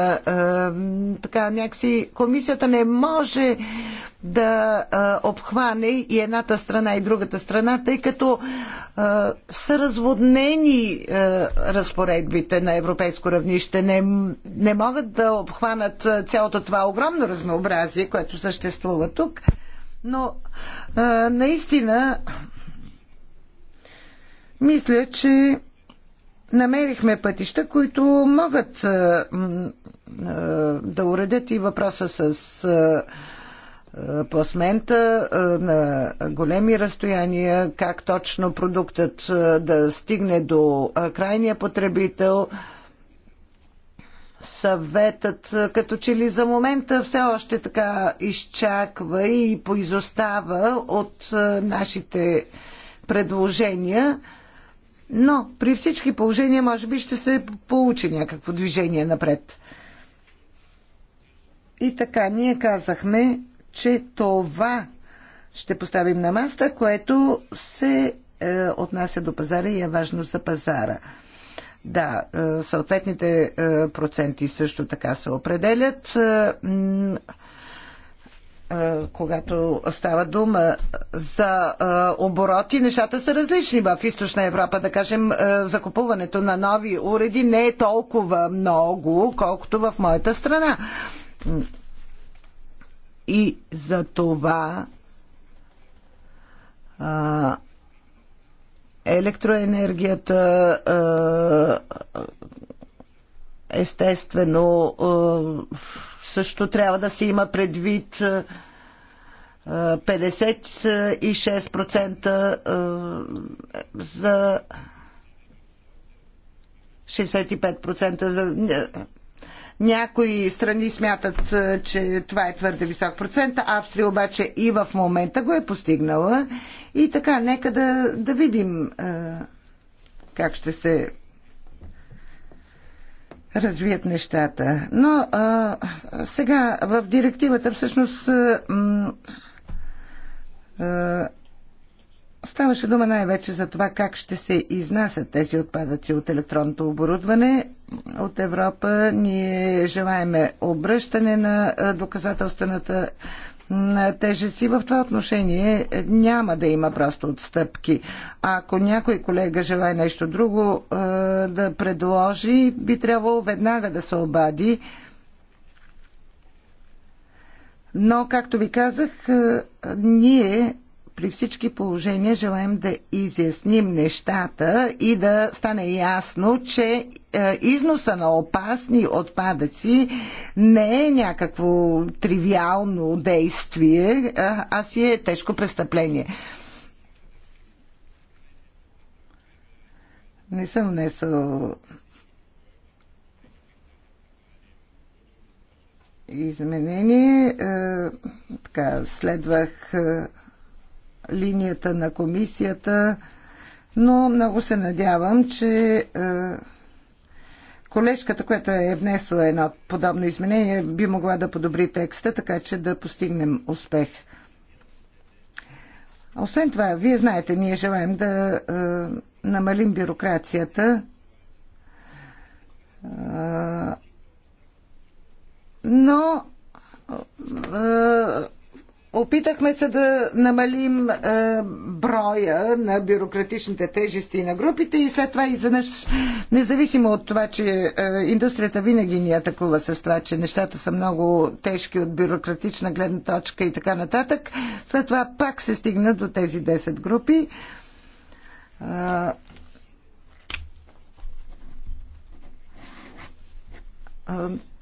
Така някакси комисията не може да обхване и едната страна и другата страна, тъй като са разводнени разпоредбите на европейско равнище. Не, не могат да обхванат цялото това огромно разнообразие, което съществува тук. Но а, наистина мисля, че намерихме пътища, които могат а, а, да уредят и въпроса с а, пласмента а, на големи разстояния, как точно продуктът а, да стигне до а, крайния потребител. А, съветът като че ли за момента все още така изчаква и поизостава от нашите предложения. Но при всички положения може би ще се получи някакво движение напред. И така, ние казахме, че това ще поставим на маста, което се е, отнася до пазара и е важно за пазара. Да, е, съответните е, проценти също така се определят. Е, когато става дума за обороти, нещата са различни. В Източна Европа, да кажем, закупуването на нови уреди не е толкова много, колкото в моята страна. И за това електроенергията, е, естествено, е, също трябва да се има предвид 56% е, за 65% за някои страни смятат, че това е твърде висок процент. Австрия обаче и в момента го е постигнала. И така, нека да, да видим как ще се развият нещата. Но а, сега в директивата всъщност а, Ставаше дума най-вече за това как ще се изнасят тези отпадъци от електронното оборудване от Европа. Ние желаеме обръщане на доказателствената тежест и в това отношение няма да има просто отстъпки. А ако някой колега желая нещо друго да предложи, би трябвало веднага да се обади. Но, както ви казах, ние при всички положения желаем да изясним нещата и да стане ясно, че е, износа на опасни отпадъци не е някакво тривиално действие, е, а си е тежко престъпление. Не съм внесъл изменение. Е, така, следвах линията на комисията, но много се надявам, че е, колежката, която е внесла едно подобно изменение, би могла да подобри текста, така че да постигнем успех. Освен това, вие знаете, ние желаем да е, намалим бюрокрацията. Е, но е, Опитахме се да намалим е, броя на бюрократичните тежести на групите и след това изведнъж, независимо от това, че е, индустрията винаги ни атакува с това, че нещата са много тежки от бюрократична гледна точка и така нататък, след това пак се стигна до тези 10 групи. Е,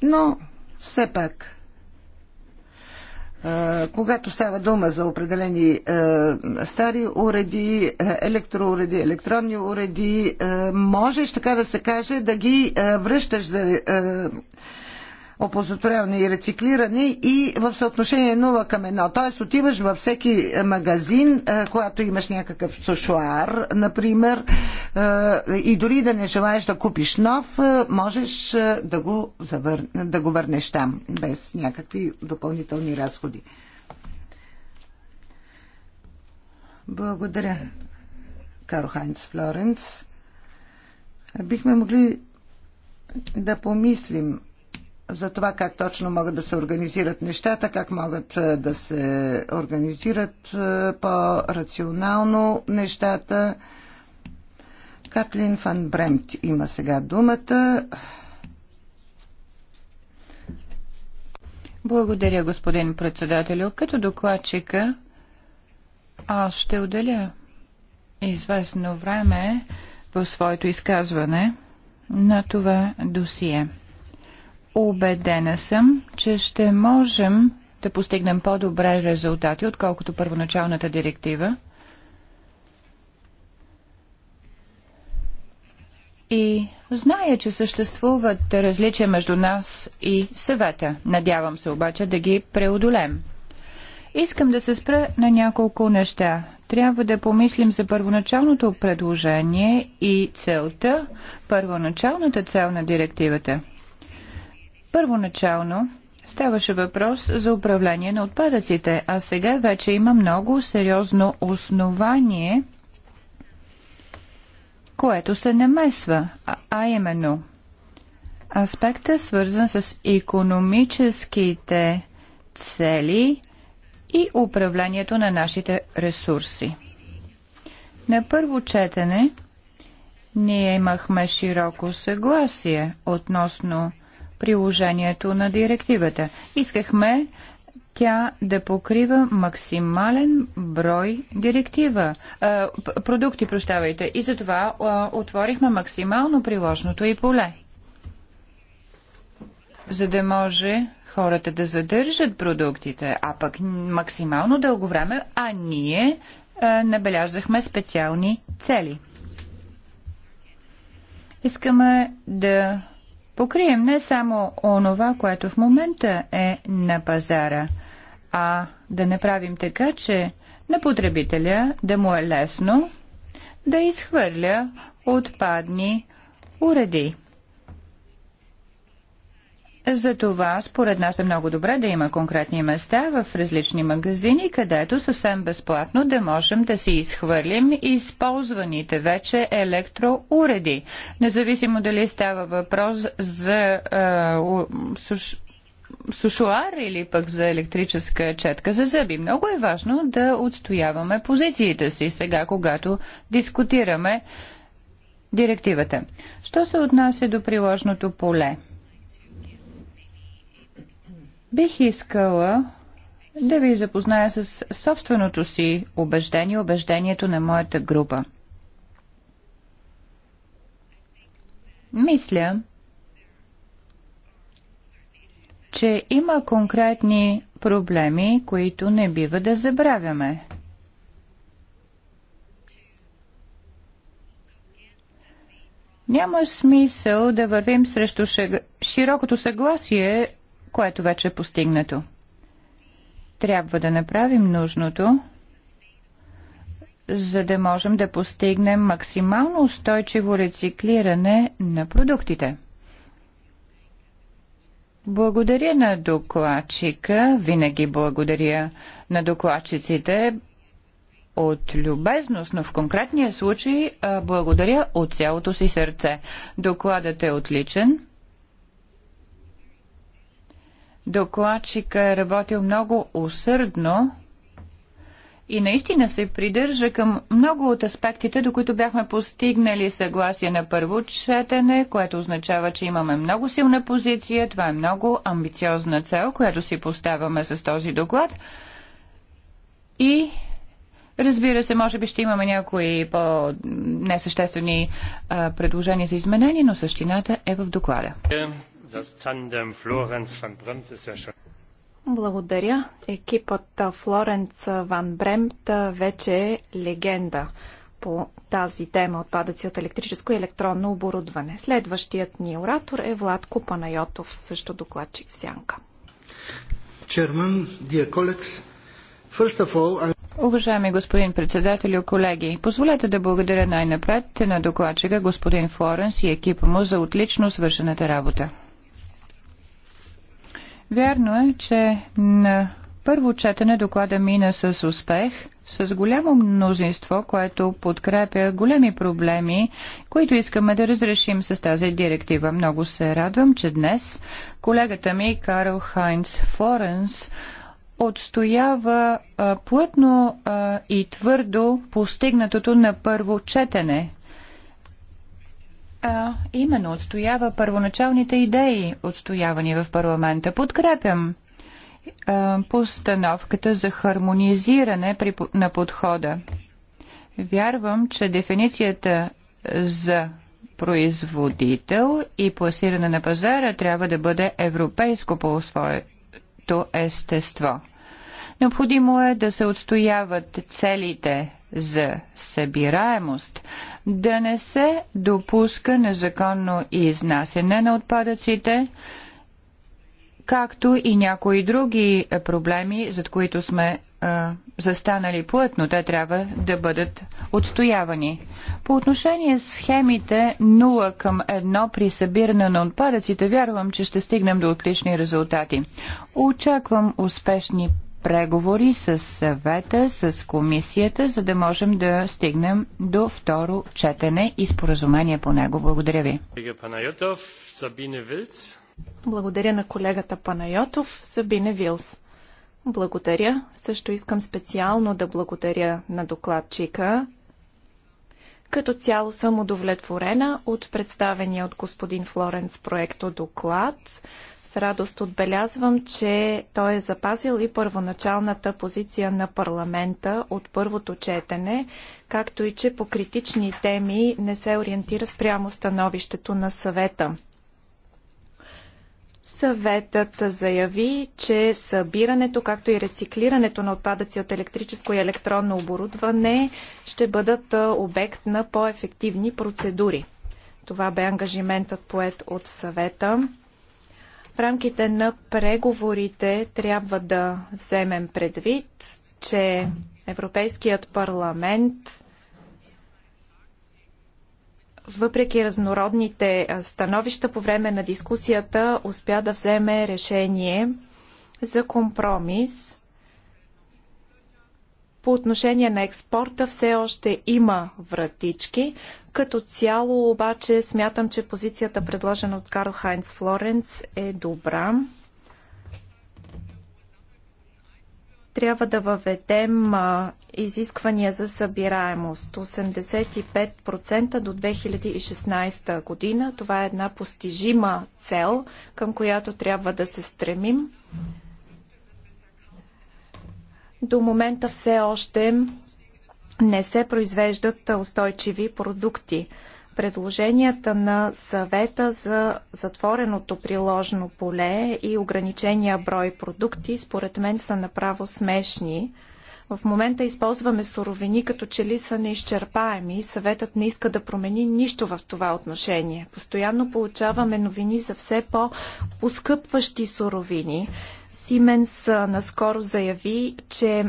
но все пак когато става дума за определени е, стари уреди, е, електроуреди, електронни уреди, е, можеш така да се каже да ги връщаш за опозотворяване и рециклиране и в съотношение 0 към 1. Тоест отиваш във всеки магазин, е, когато имаш някакъв сушуар, например, е, и дори да не желаеш да купиш нов, е, можеш да го, завър... да го върнеш там, без някакви допълнителни разходи. Благодаря, Каро Хайнц Флоренц. Бихме могли да помислим за това как точно могат да се организират нещата, как могат е, да се организират е, по-рационално нещата. Катлин Фан Бремт има сега думата. Благодаря, господин председателю. Като докладчика аз ще отделя известно време в своето изказване на това досие. Убедена съм, че ще можем да постигнем по-добре резултати, отколкото първоначалната директива. И зная, че съществуват различия между нас и съвета. Надявам се обаче да ги преодолем. Искам да се спра на няколко неща. Трябва да помислим за първоначалното предложение и целта, първоначалната цел на директивата – Първоначално ставаше въпрос за управление на отпадъците, а сега вече има много сериозно основание, което се намесва, а, а именно аспекта свързан с економическите цели и управлението на нашите ресурси. На първо четене ние имахме широко съгласие относно приложението на директивата. Искахме тя да покрива максимален брой директива, а, продукти, прощавайте. И затова а, отворихме максимално приложното и поле. За да може хората да задържат продуктите, а пък максимално дълго време, а ние а, набелязахме специални цели. Искаме да покрием не само онова, което в момента е на пазара, а да направим така, че на потребителя да му е лесно да изхвърля отпадни уреди. Затова, според нас е много добре да има конкретни места в различни магазини, където съвсем безплатно да можем да си изхвърлим използваните вече електроуреди. Независимо дали става въпрос за е, суш, сушуар или пък за електрическа четка за зъби. Много е важно да отстояваме позициите си сега, когато дискутираме директивата. Що се отнася до приложното поле? Бих искала да ви запозная с собственото си убеждение, убеждението на моята група. Мисля, че има конкретни проблеми, които не бива да забравяме. Няма смисъл да вървим срещу широкото съгласие което вече е постигнато. Трябва да направим нужното, за да можем да постигнем максимално устойчиво рециклиране на продуктите. Благодаря на докладчика, винаги благодаря на докладчиците от любезност, но в конкретния случай благодаря от цялото си сърце. Докладът е отличен. Докладчика е работил много усърдно и наистина се придържа към много от аспектите, до които бяхме постигнали съгласие на първо четене, което означава, че имаме много силна позиция. Това е много амбициозна цел, която си поставяме с този доклад. И Разбира се, може би ще имаме някои по-несъществени предложения за изменения, но същината е в доклада. Е, благодаря. Екипът Флоренц Ван Бремт вече е легенда по тази тема отпадъци от електрическо и електронно оборудване. Следващият ни оратор е Владко Панайотов, също докладчик в Сянка. dear colleagues, first of all, I... Уважаеми господин председателю, колеги, позволете да благодаря най-напред на докладчика господин Флоренс и екипа му за отлично свършената работа. Вярно е, че на първо четене доклада мина с успех, с голямо мнозинство, което подкрепя големи проблеми, които искаме да разрешим с тази директива. Много се радвам, че днес колегата ми Карл Хайнц Форенс отстоява а, плътно а, и твърдо постигнатото на първо четене а, именно отстоява първоначалните идеи, отстоявани в парламента. Подкрепям а, постановката за хармонизиране при, на подхода. Вярвам, че дефиницията за производител и пласиране на пазара трябва да бъде европейско по своето естество. Необходимо е да се отстояват целите за събираемост, да не се допуска незаконно изнасяне на отпадъците, както и някои други е, проблеми, за които сме а, е, застанали плътно, те трябва да бъдат отстоявани. По отношение схемите 0 към 1 при събиране на отпадъците, вярвам, че ще стигнем до отлични резултати. Очаквам успешни преговори с съвета, с комисията, за да можем да стигнем до второ четене и споразумение по него. Благодаря ви. Благодаря на колегата Панайотов, Сабине Вилс. Благодаря. Също искам специално да благодаря на докладчика. Като цяло съм удовлетворена от представения от господин Флоренс проекто доклад. С радост отбелязвам, че той е запазил и първоначалната позиция на парламента от първото четене, както и че по критични теми не се ориентира спрямо становището на съвета. Съветът заяви, че събирането, както и рециклирането на отпадъци от електрическо и електронно оборудване ще бъдат обект на по-ефективни процедури. Това бе ангажиментът поет от съвета. В рамките на преговорите трябва да вземем предвид, че Европейският парламент въпреки разнородните становища по време на дискусията, успя да вземе решение за компромис. По отношение на експорта все още има вратички. Като цяло обаче смятам, че позицията предложена от Карл Хайнц Флоренц е добра. Трябва да въведем а, изисквания за събираемост 85% до 2016 година. Това е една постижима цел, към която трябва да се стремим. До момента все още не се произвеждат устойчиви продукти. Предложенията на съвета за затвореното приложно поле и ограничения брой продукти според мен са направо смешни. В момента използваме суровини, като че ли са неизчерпаеми. Съветът не иска да промени нищо в това отношение. Постоянно получаваме новини за все по-поскъпващи суровини. Сименс наскоро заяви, че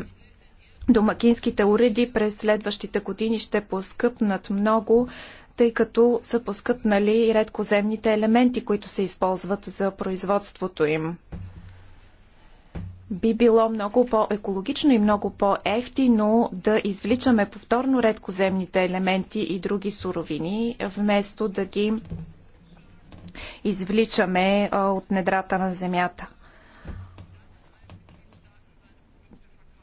домакинските уреди през следващите години ще поскъпнат много, тъй като са поскъпнали редкоземните елементи, които се използват за производството им. Би било много по-екологично и много по-ефтино да извличаме повторно редкоземните елементи и други суровини, вместо да ги извличаме от недрата на земята.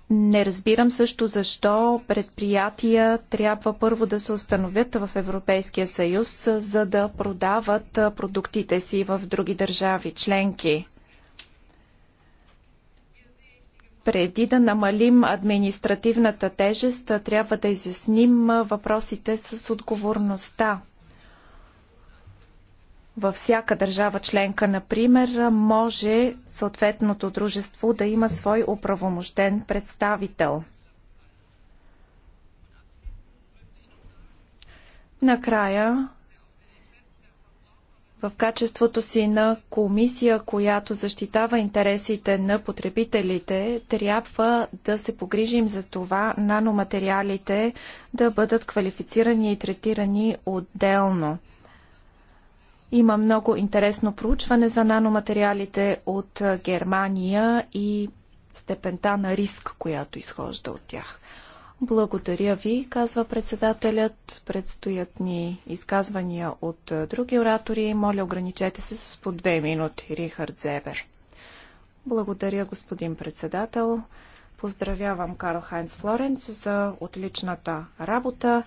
Не разбирам също защо предприятия трябва първо да се установят в Европейския съюз, за да продават продуктите си в други държави членки. Преди да намалим административната тежест, трябва да изясним въпросите с отговорността. Във всяка държава членка, например, може съответното дружество да има свой оправомощен представител. Накрая, в качеството си на комисия, която защитава интересите на потребителите, трябва да се погрижим за това наноматериалите да бъдат квалифицирани и третирани отделно. Има много интересно проучване за наноматериалите от Германия и степента на риск, която изхожда от тях. Благодаря ви, казва председателят. Предстоят ни изказвания от други оратори. Моля, ограничете се с по две минути, Рихард Зебер. Благодаря, господин председател. Поздравявам Карл Хайнц Флоренц за отличната работа.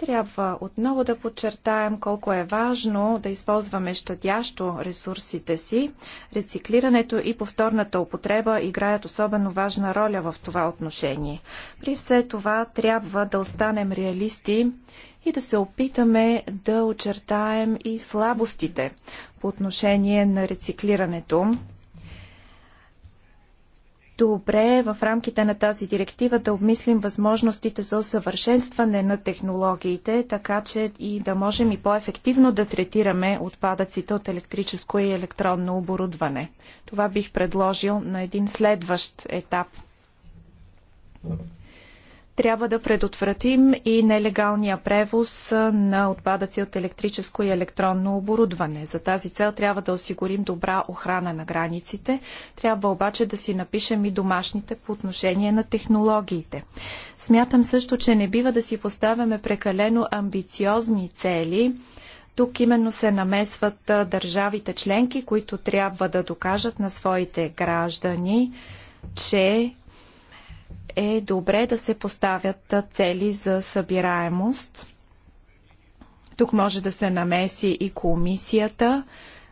Трябва отново да подчертаем колко е важно да използваме щадящо ресурсите си. Рециклирането и повторната употреба играят особено важна роля в това отношение. При все това трябва да останем реалисти и да се опитаме да очертаем и слабостите по отношение на рециклирането добре е в рамките на тази директива да обмислим възможностите за усъвършенстване на технологиите, така че и да можем и по-ефективно да третираме отпадъците от електрическо и електронно оборудване. Това бих предложил на един следващ етап. Трябва да предотвратим и нелегалния превоз на отпадъци от електрическо и електронно оборудване. За тази цел трябва да осигурим добра охрана на границите. Трябва обаче да си напишем и домашните по отношение на технологиите. Смятам също, че не бива да си поставяме прекалено амбициозни цели, тук именно се намесват държавите членки, които трябва да докажат на своите граждани, че е добре да се поставят цели за събираемост. Тук може да се намеси и комисията.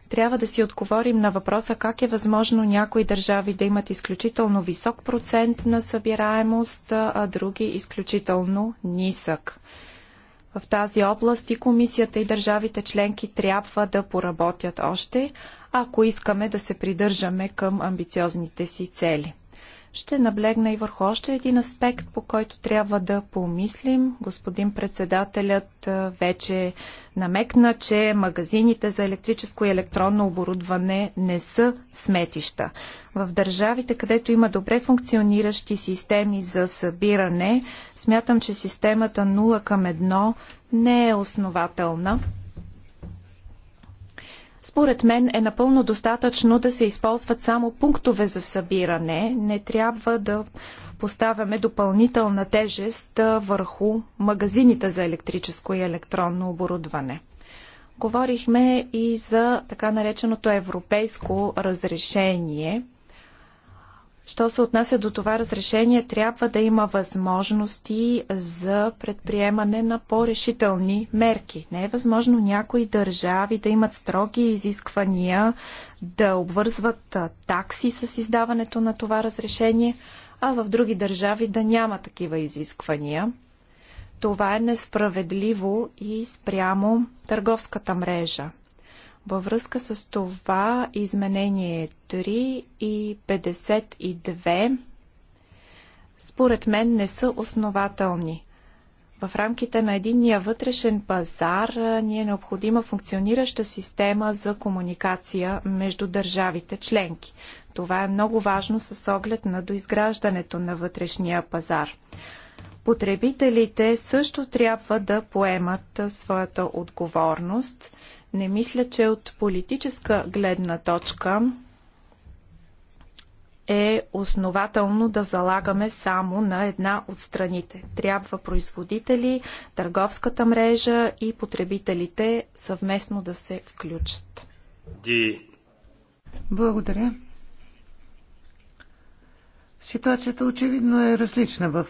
Трябва да си отговорим на въпроса как е възможно някои държави да имат изключително висок процент на събираемост, а други изключително нисък. В тази област и комисията и държавите членки трябва да поработят още, ако искаме да се придържаме към амбициозните си цели. Ще наблегна и върху още един аспект, по който трябва да помислим. Господин председателят вече намекна, че магазините за електрическо и електронно оборудване не са сметища. В държавите, където има добре функциониращи системи за събиране, смятам, че системата 0 към 1 не е основателна. Според мен е напълно достатъчно да се използват само пунктове за събиране. Не трябва да поставяме допълнителна тежест върху магазините за електрическо и електронно оборудване. Говорихме и за така нареченото европейско разрешение – Що се отнася до това разрешение, трябва да има възможности за предприемане на по-решителни мерки. Не е възможно някои държави да имат строги изисквания да обвързват такси с издаването на това разрешение, а в други държави да няма такива изисквания. Това е несправедливо и спрямо търговската мрежа. Във връзка с това изменение 3 и 52 според мен не са основателни. В рамките на единния вътрешен пазар ни е необходима функционираща система за комуникация между държавите членки. Това е много важно с оглед на доизграждането на вътрешния пазар. Потребителите също трябва да поемат своята отговорност. Не мисля, че от политическа гледна точка е основателно да залагаме само на една от страните. Трябва производители, търговската мрежа и потребителите съвместно да се включат. Ди. Благодаря. Ситуацията очевидно е различна в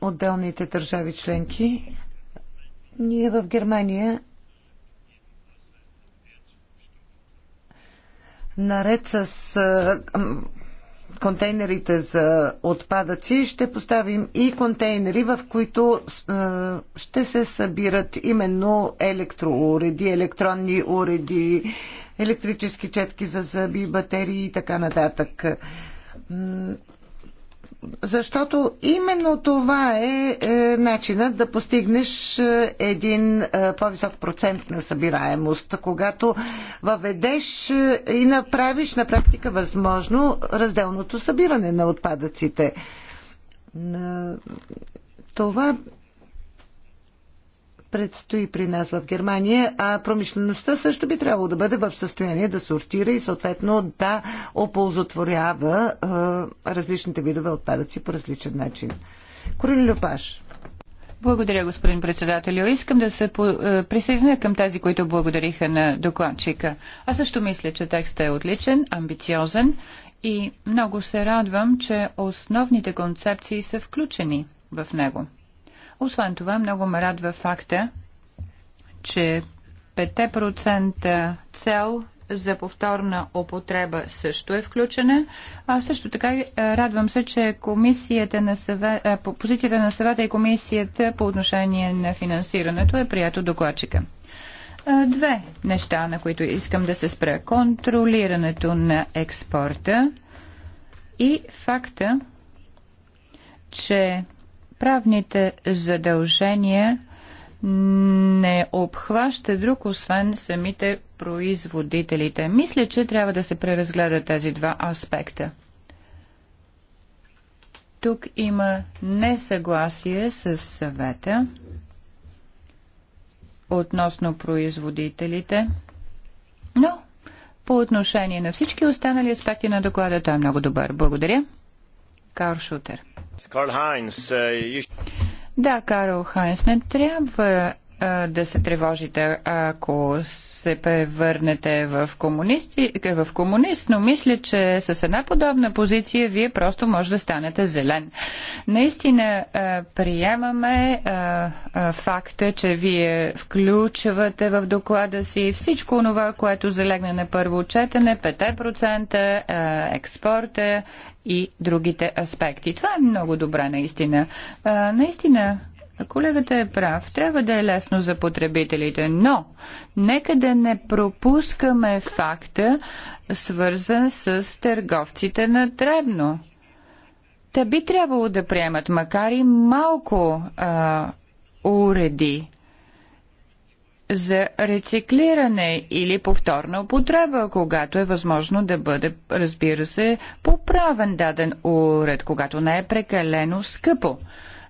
отделните държави членки. Ние в Германия наред с контейнерите за отпадъци ще поставим и контейнери, в които ще се събират именно електроуреди, електронни уреди, електрически четки за зъби, батерии и така нататък. Защото именно това е, е начинът да постигнеш е, един е, по-висок процент на събираемост, когато въведеш и направиш на практика възможно разделното събиране на отпадъците. Това предстои при нас в Германия, а промишлеността също би трябвало да бъде в състояние да сортира и съответно да оползотворява различните видове отпадъци по различен начин. Корин Люпаш. Благодаря, господин председател. Искам да се присъединя към тези, които благодариха на докладчика. Аз също мисля, че текстът е отличен, амбициозен и много се радвам, че основните концепции са включени в него. Освен това, много ме радва факта, че 5% цел за повторна употреба също е включена. А също така е, радвам се, че комисията на съвет, е, позицията на съвета и комисията по отношение на финансирането е прието докладчика. Е, две неща, на които искам да се спра. Контролирането на експорта и факта, че правните задължения не обхваща друг, освен самите производителите. Мисля, че трябва да се преразгледат тези два аспекта. Тук има несъгласие с съвета относно производителите, но по отношение на всички останали аспекти на доклада той е много добър. Благодаря. Карл Шутер. Е, да, Карл Хайнс, не трябва да се тревожите, ако се превърнете в, комунисти, в комунист, но мисля, че с една подобна позиция вие просто може да станете зелен. Наистина приемаме факта, че вие включвате в доклада си всичко това, което залегне на първо четене, 5% експорта и другите аспекти. Това е много добре, наистина. Наистина, Колегата е прав. Трябва да е лесно за потребителите, но нека да не пропускаме факта, свързан с търговците на дребно. Те би трябвало да приемат, макар и малко а, уреди за рециклиране или повторна употреба, когато е възможно да бъде, разбира се, поправен даден уред, когато не е прекалено скъпо.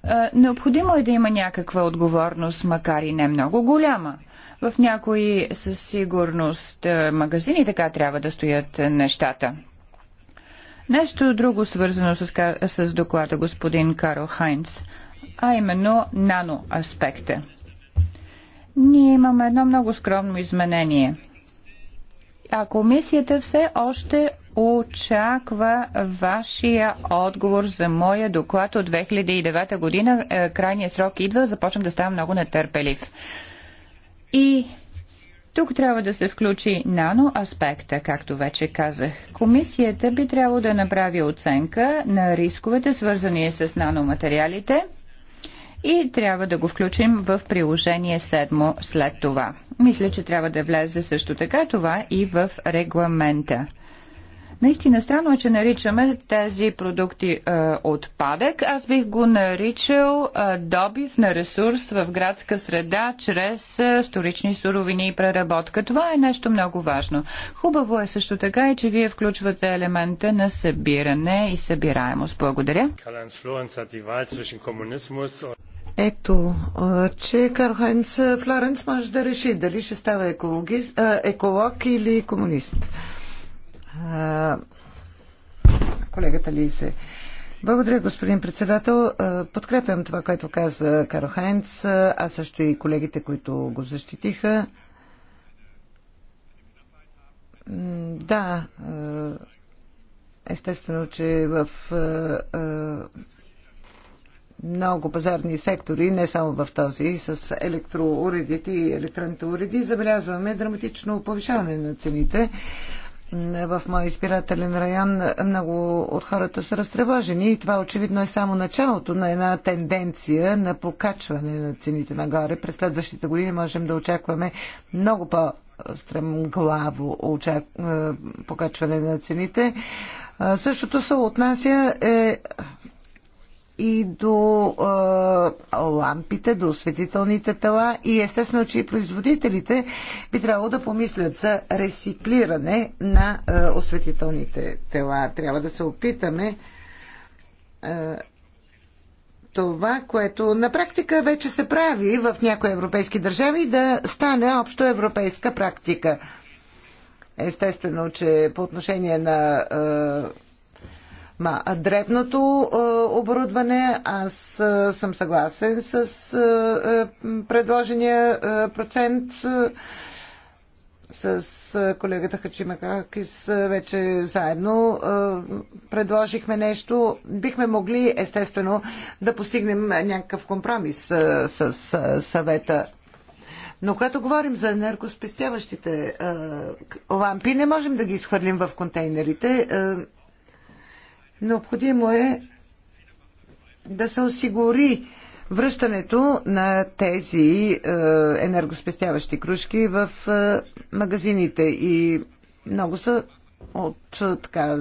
Е, необходимо е да има някаква отговорност, макар и не много голяма. В някои със сигурност е, магазини така трябва да стоят е, нещата. Нещо друго свързано с, с доклада господин Карл Хайнц, а именно нано аспекта. Ние имаме едно много скромно изменение. А комисията все още очаква вашия отговор за моя доклад от 2009 година. Е, крайният срок идва, започвам да ставам много нетърпелив. И тук трябва да се включи нано аспекта, както вече казах. Комисията би трябвало да направи оценка на рисковете, свързани с наноматериалите и трябва да го включим в приложение 7 след това. Мисля, че трябва да влезе също така това и в регламента. Наистина странно е, че наричаме тези продукти е, отпадък. Аз бих го наричал е, добив на ресурс в градска среда чрез е, вторични суровини и преработка. Това е нещо много важно. Хубаво е също така и, че вие включвате елемента на събиране и събираемост. Благодаря. Ето, е, че Карл Хайнц Флоренц може да реши дали ще става екологист, е, еколог или комунист. Колегата Лисе. Благодаря, господин председател. Подкрепям това, което каза Каро Хайнц, а също и колегите, които го защитиха. Да, естествено, че в много пазарни сектори, не само в този, с електроуредите и електронните уреди, забелязваме драматично повишаване на цените. Е, в моя избирателен район много от хората са разтревожени и това очевидно е само началото на една тенденция на покачване на цените нагоре. През следващите години можем да очакваме много по- стремглаво очак... Е, покачване на цените. Е, същото се отнася е и до е, лампите, до осветителните тела и естествено, че и производителите би трябвало да помислят за рециклиране на е, осветителните тела. Трябва да се опитаме е, това, което на практика вече се прави в някои европейски държави, да стане общо европейска практика. Естествено, че по отношение на е, Ма, дребното е, оборудване, аз е, съм съгласен с е, предложения процент. с колегата Хачимакакис вече заедно предложихме нещо. Бихме могли, естествено, да постигнем някакъв компромис с съвета. Но когато говорим за енергоспестяващите лампи, не можем да ги изхвърлим в контейнерите Необходимо е да се осигури връщането на тези е, енергоспестяващи кружки в е, магазините и много са от е, така,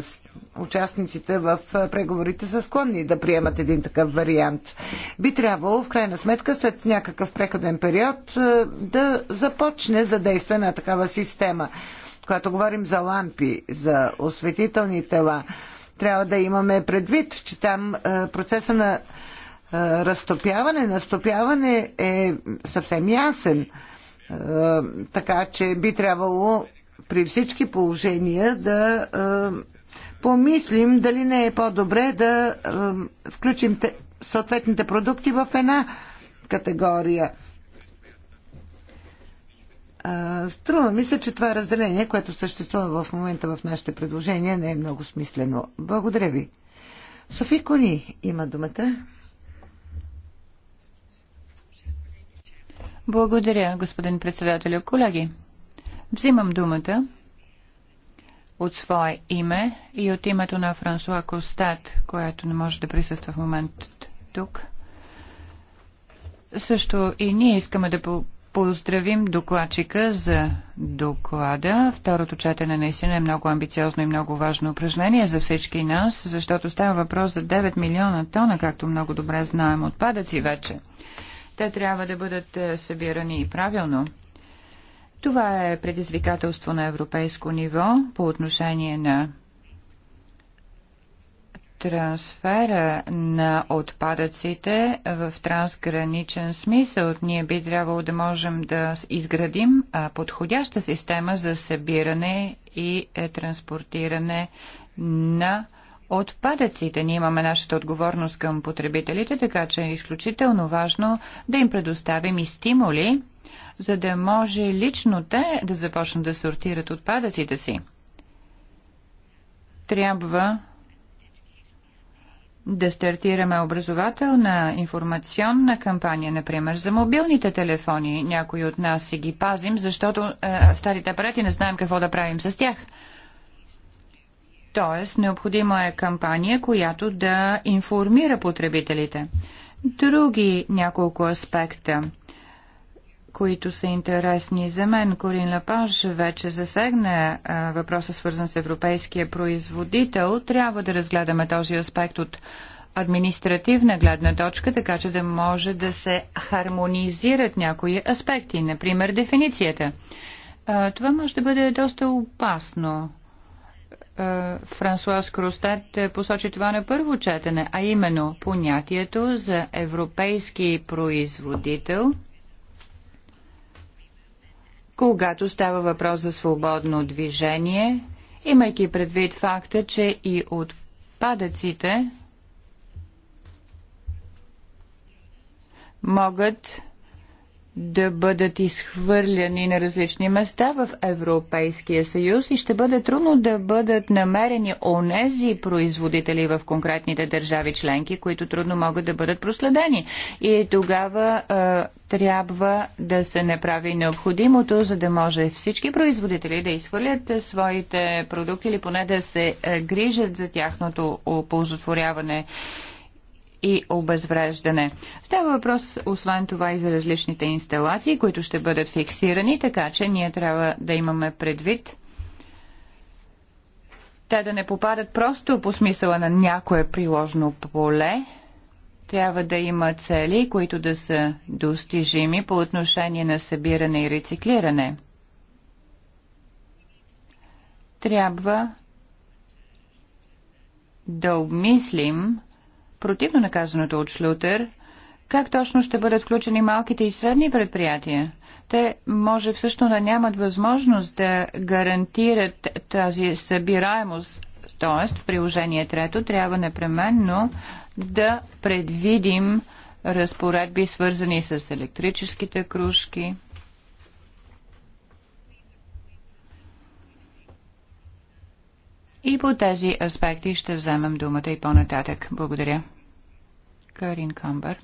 участниците в е, преговорите са склонни да приемат един такъв вариант. Би трябвало, в крайна сметка, след някакъв преходен период е, да започне да действа на такава система. Когато говорим за лампи, за осветителни тела, трябва да имаме предвид, че там е, процеса на е, разтопяване, настопяване е съвсем ясен. Е, така че би трябвало при всички положения да помислим дали не е по-добре да включим съответните продукти в една категория – Струва ми се, че това разделение, което съществува в момента в нашите предложения, не е много смислено. Благодаря ви. Софи Кони има думата. Благодаря, господин председател. Колеги, взимам думата от свое име и от името на Франсуа Костат, която не може да присъства в момент тук. Също и ние искаме да поздравим докладчика за доклада. Второто четене наистина е много амбициозно и много важно упражнение за всички нас, защото става въпрос за 9 милиона тона, както много добре знаем, отпадъци вече. Те трябва да бъдат е, събирани и правилно. Това е предизвикателство на европейско ниво по отношение на трансфера на отпадъците в трансграничен смисъл. Ние би трябвало да можем да изградим подходяща система за събиране и е, транспортиране на отпадъците. Ние имаме нашата отговорност към потребителите, така че е изключително важно да им предоставим и стимули, за да може лично те да започнат да сортират отпадъците си. Трябва да стартираме образователна информационна кампания, например, за мобилните телефони. Някои от нас си ги пазим, защото е, старите апарати не знаем какво да правим с тях. Тоест, необходима е кампания, която да информира потребителите. Други няколко аспекта – които са интересни за мен. Корин Лапаш вече засегна въпроса свързан с европейския производител. Трябва да разгледаме този аспект от административна гледна точка, така че да може да се хармонизират някои аспекти, например дефиницията. това може да бъде доста опасно. Франсуас Кростет посочи това на първо четене, а именно понятието за европейски производител – когато става въпрос за свободно движение, имайки предвид факта, че и отпадъците могат да бъдат изхвърляни на различни места в Европейския съюз и ще бъде трудно да бъдат намерени онези производители в конкретните държави членки, които трудно могат да бъдат проследени. И тогава е, трябва да се направи необходимото, за да може всички производители да изхвърлят своите продукти или поне да се грижат за тяхното оползотворяване и обезвреждане. Става въпрос, освен това, и за различните инсталации, които ще бъдат фиксирани, така че ние трябва да имаме предвид те да не попадат просто по смисъла на някое приложно поле, трябва да има цели, които да са достижими по отношение на събиране и рециклиране. Трябва да обмислим противно наказаното от Шлютер, как точно ще бъдат включени малките и средни предприятия? Те може всъщност да нямат възможност да гарантират тази събираемост, т.е. в приложение трето трябва непременно да предвидим разпоредби, свързани с електрическите кружки. И по тези аспекти ще вземем думата и по-нататък. Благодаря. Карин Камбер.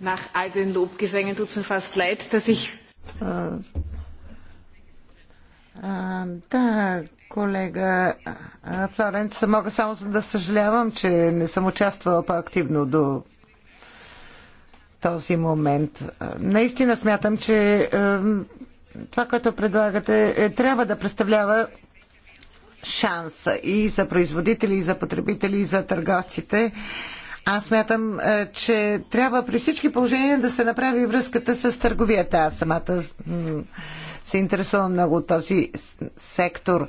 Nach all den Lobgesängen tut es mir fast leid, dass ich. Э, э, да, колега э, Флоренц, мога само да съжалявам, че не съм участвала по-активно до този момент. Наистина смятам, че това, което предлагате, е, трябва да представлява шанс и за производители, и за потребители, и за търговците. Аз смятам, е, че трябва при всички положения да се направи връзката с търговията. Аз самата се интересувам много от този сектор.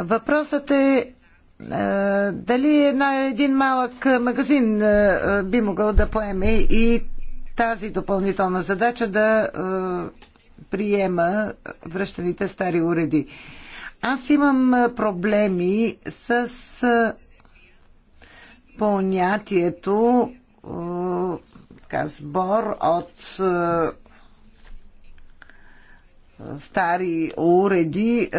Въпросът е, е дали една, един малък магазин е, би могъл да поеме и тази допълнителна задача да приема връщаните стари уреди. Аз имам проблеми с понятието така, сбор от стари уреди.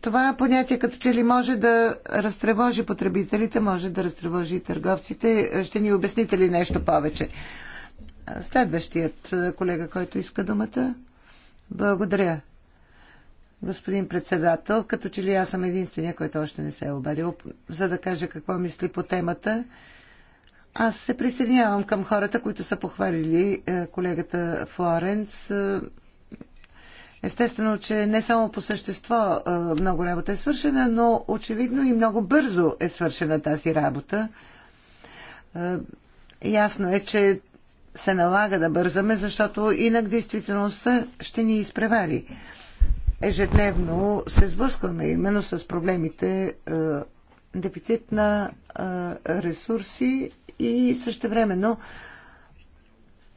Това понятие като че ли може да разтревожи потребителите, може да разтревожи и търговците. Ще ни обясните ли нещо повече? Следващият колега, който иска думата. Благодаря, господин председател. Като че ли аз съм единствения, който още не се е обадил, за да каже какво мисли по темата. Аз се присъединявам към хората, които са похвалили е, колегата Флоренц. Е, естествено, че не само по същество е, много работа е свършена, но очевидно и много бързо е свършена тази работа. Ясно е, че се налага да бързаме, защото инак действителността ще ни изпревари ежедневно се сблъскваме именно с проблемите е, дефицит на е, ресурси и същевременно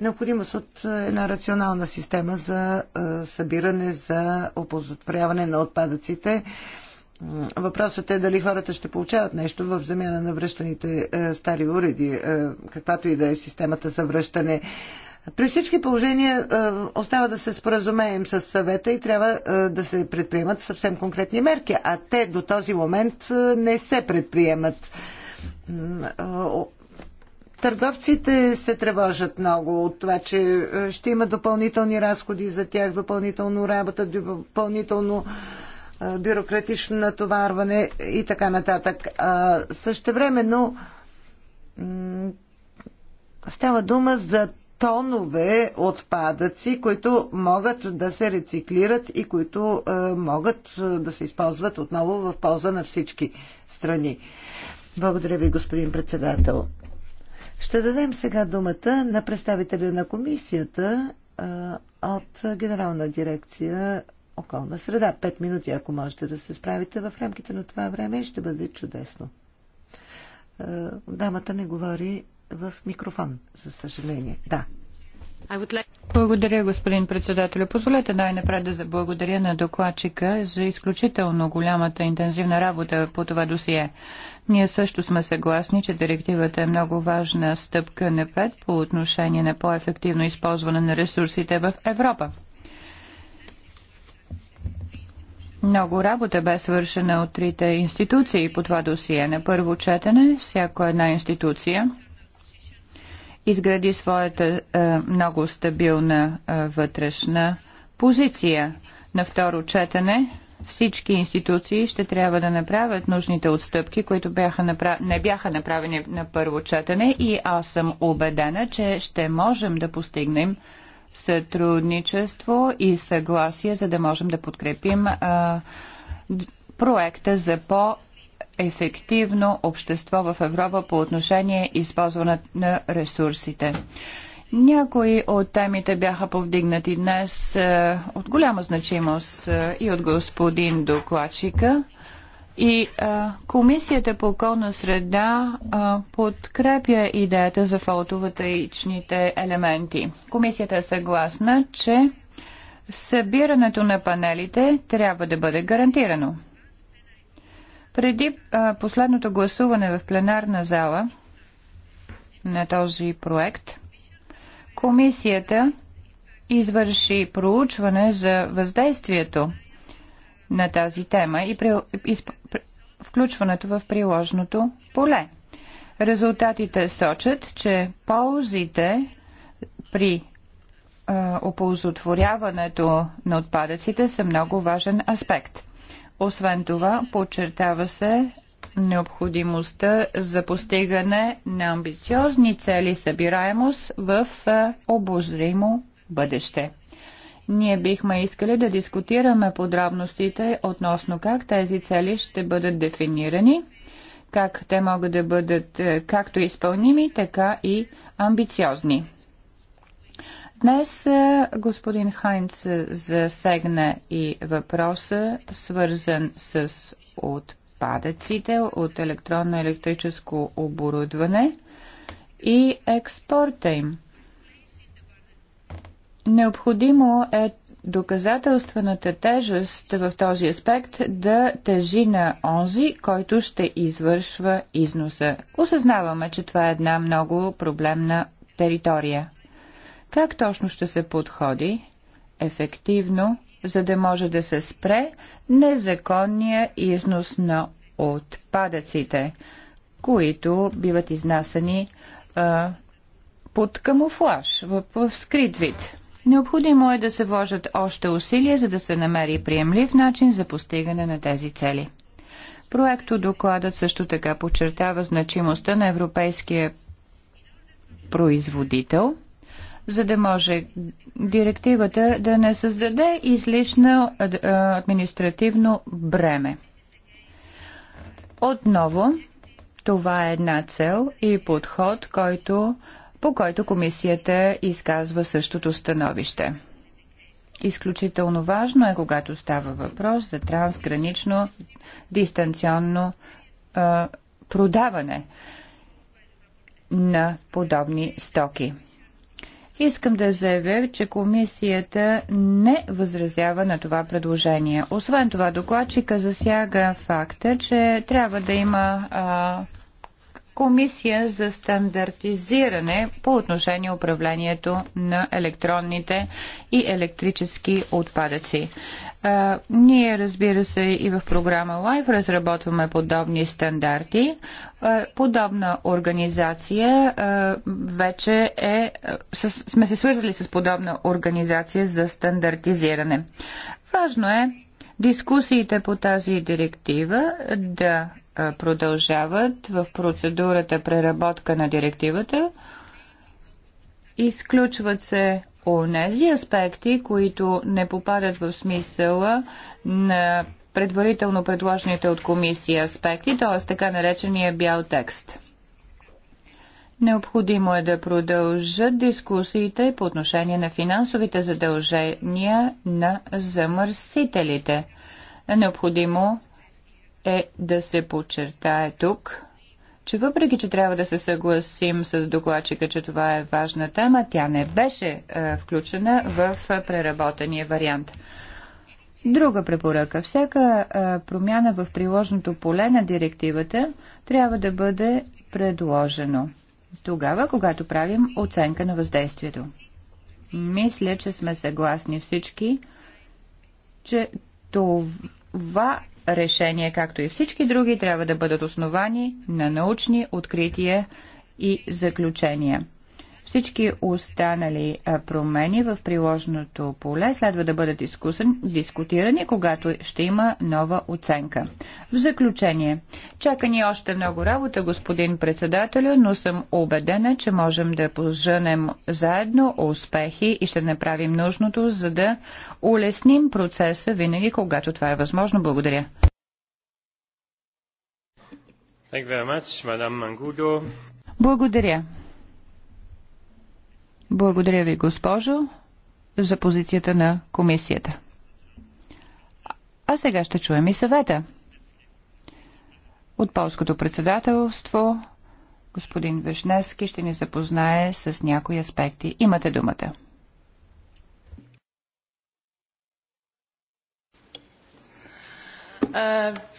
необходимост от една рационална система за е, събиране, за оползотворяване на отпадъците. Въпросът е дали хората ще получават нещо в замяна на връщаните е, стари уреди, е, каквато и да е системата за връщане. При всички положения е, остава да се споразумеем с съвета и трябва е, да се предприемат съвсем конкретни мерки, а те до този момент е, не се предприемат. Е, търговците се тревожат много от това, че е, ще има допълнителни разходи за тях, допълнително работа, допълнително бюрократично натоварване и така нататък. А, същевременно става дума за тонове отпадъци, които могат да се рециклират и които могат да се използват отново в полза на всички страни. Благодаря ви, господин председател. Ще дадем сега думата на представителя на комисията от Генерална дирекция околна среда. Пет минути, ако можете да се справите в рамките на това време, ще бъде чудесно. Е, дамата не говори в микрофон, за съжаление. Да. Благодаря, господин председател. Позволете най-напред да благодаря на докладчика за изключително голямата интензивна работа по това досие. Ние също сме съгласни, че директивата е много важна стъпка напред по отношение на по-ефективно използване на ресурсите в Европа. Много работа бе свършена от трите институции по това досие. На първо четене всяко една институция изгради своята е, много стабилна е, вътрешна позиция. На второ четене всички институции ще трябва да направят нужните отстъпки, които бяха направ... не бяха направени на първо четене и аз съм убедена, че ще можем да постигнем сътрудничество и съгласие, за да можем да подкрепим а, проекта за по- ефективно общество в Европа по отношение използване на ресурсите. Някои от темите бяха повдигнати днес е, от голяма значимост е, и от господин докладчика. И а, Комисията по околна среда а, подкрепя идеята за фотоволтаичните елементи. Комисията е съгласна, че събирането на панелите трябва да бъде гарантирано. Преди а, последното гласуване в пленарна зала на този проект, комисията извърши проучване за въздействието на тази тема и при, изп, включването в приложното поле. Резултатите сочат, че ползите при а, оползотворяването на отпадъците са много важен аспект. Освен това, подчертава се необходимостта за постигане на амбициозни цели събираемост в обозримо бъдеще. Ние бихме искали да дискутираме подробностите относно как тези цели ще бъдат дефинирани, как те могат да бъдат е, както изпълними, така и амбициозни. Днес е, господин Хайнц е, засегна и въпроса, свързан с отпадъците от електронно-електрическо оборудване и експорта им. Необходимо е доказателствената тежест в този аспект да тежи на онзи, който ще извършва износа. Осъзнаваме, че това е една много проблемна територия. Как точно ще се подходи ефективно, за да може да се спре незаконния износ на отпадъците, които биват изнасени а, под камуфлаж, в, в скрит вид? Необходимо е да се вложат още усилия, за да се намери приемлив начин за постигане на тези цели. Проекто докладът също така подчертава значимостта на европейския производител, за да може директивата да не създаде излишно административно бреме. Отново, това е една цел и подход, който по който комисията изказва същото становище. Изключително важно е, когато става въпрос за трансгранично дистанционно а, продаване на подобни стоки. Искам да заявя, че комисията не възразява на това предложение. Освен това, докладчика засяга факта, че трябва да има а, комисия за стандартизиране по отношение управлението на електронните и електрически отпадъци. А, ние, разбира се, и в програма Live разработваме подобни стандарти. А, подобна организация а, вече е. С, сме се свързали с подобна организация за стандартизиране. Важно е дискусиите по тази директива да продължават в процедурата преработка на директивата. Изключват се онези аспекти, които не попадат в смисъла на предварително предложените от комисия аспекти, т.е. така наречения бял текст. Необходимо е да продължат дискусиите по отношение на финансовите задължения на замърсителите. Необходимо е да се подчертае тук, че въпреки, че трябва да се съгласим с докладчика, че това е важна тема, тя не беше е, включена в е, преработения вариант. Друга препоръка. Всяка е, промяна в приложното поле на директивата трябва да бъде предложено. Тогава, когато правим оценка на въздействието. Мисля, че сме съгласни всички, че това решения, както и всички други, трябва да бъдат основани на научни открития и заключения. Всички останали промени в приложеното поле следва да бъдат дискутирани, когато ще има нова оценка. В заключение, чака ни още много работа, господин председателю, но съм убедена, че можем да поженем заедно успехи и ще направим нужното, за да улесним процеса винаги, когато това е възможно. Благодаря. Благодаря. Благодаря ви, госпожо, за позицията на комисията. А сега ще чуем и съвета. От полското председателство господин Вишневски ще ни запознае с някои аспекти. Имате думата.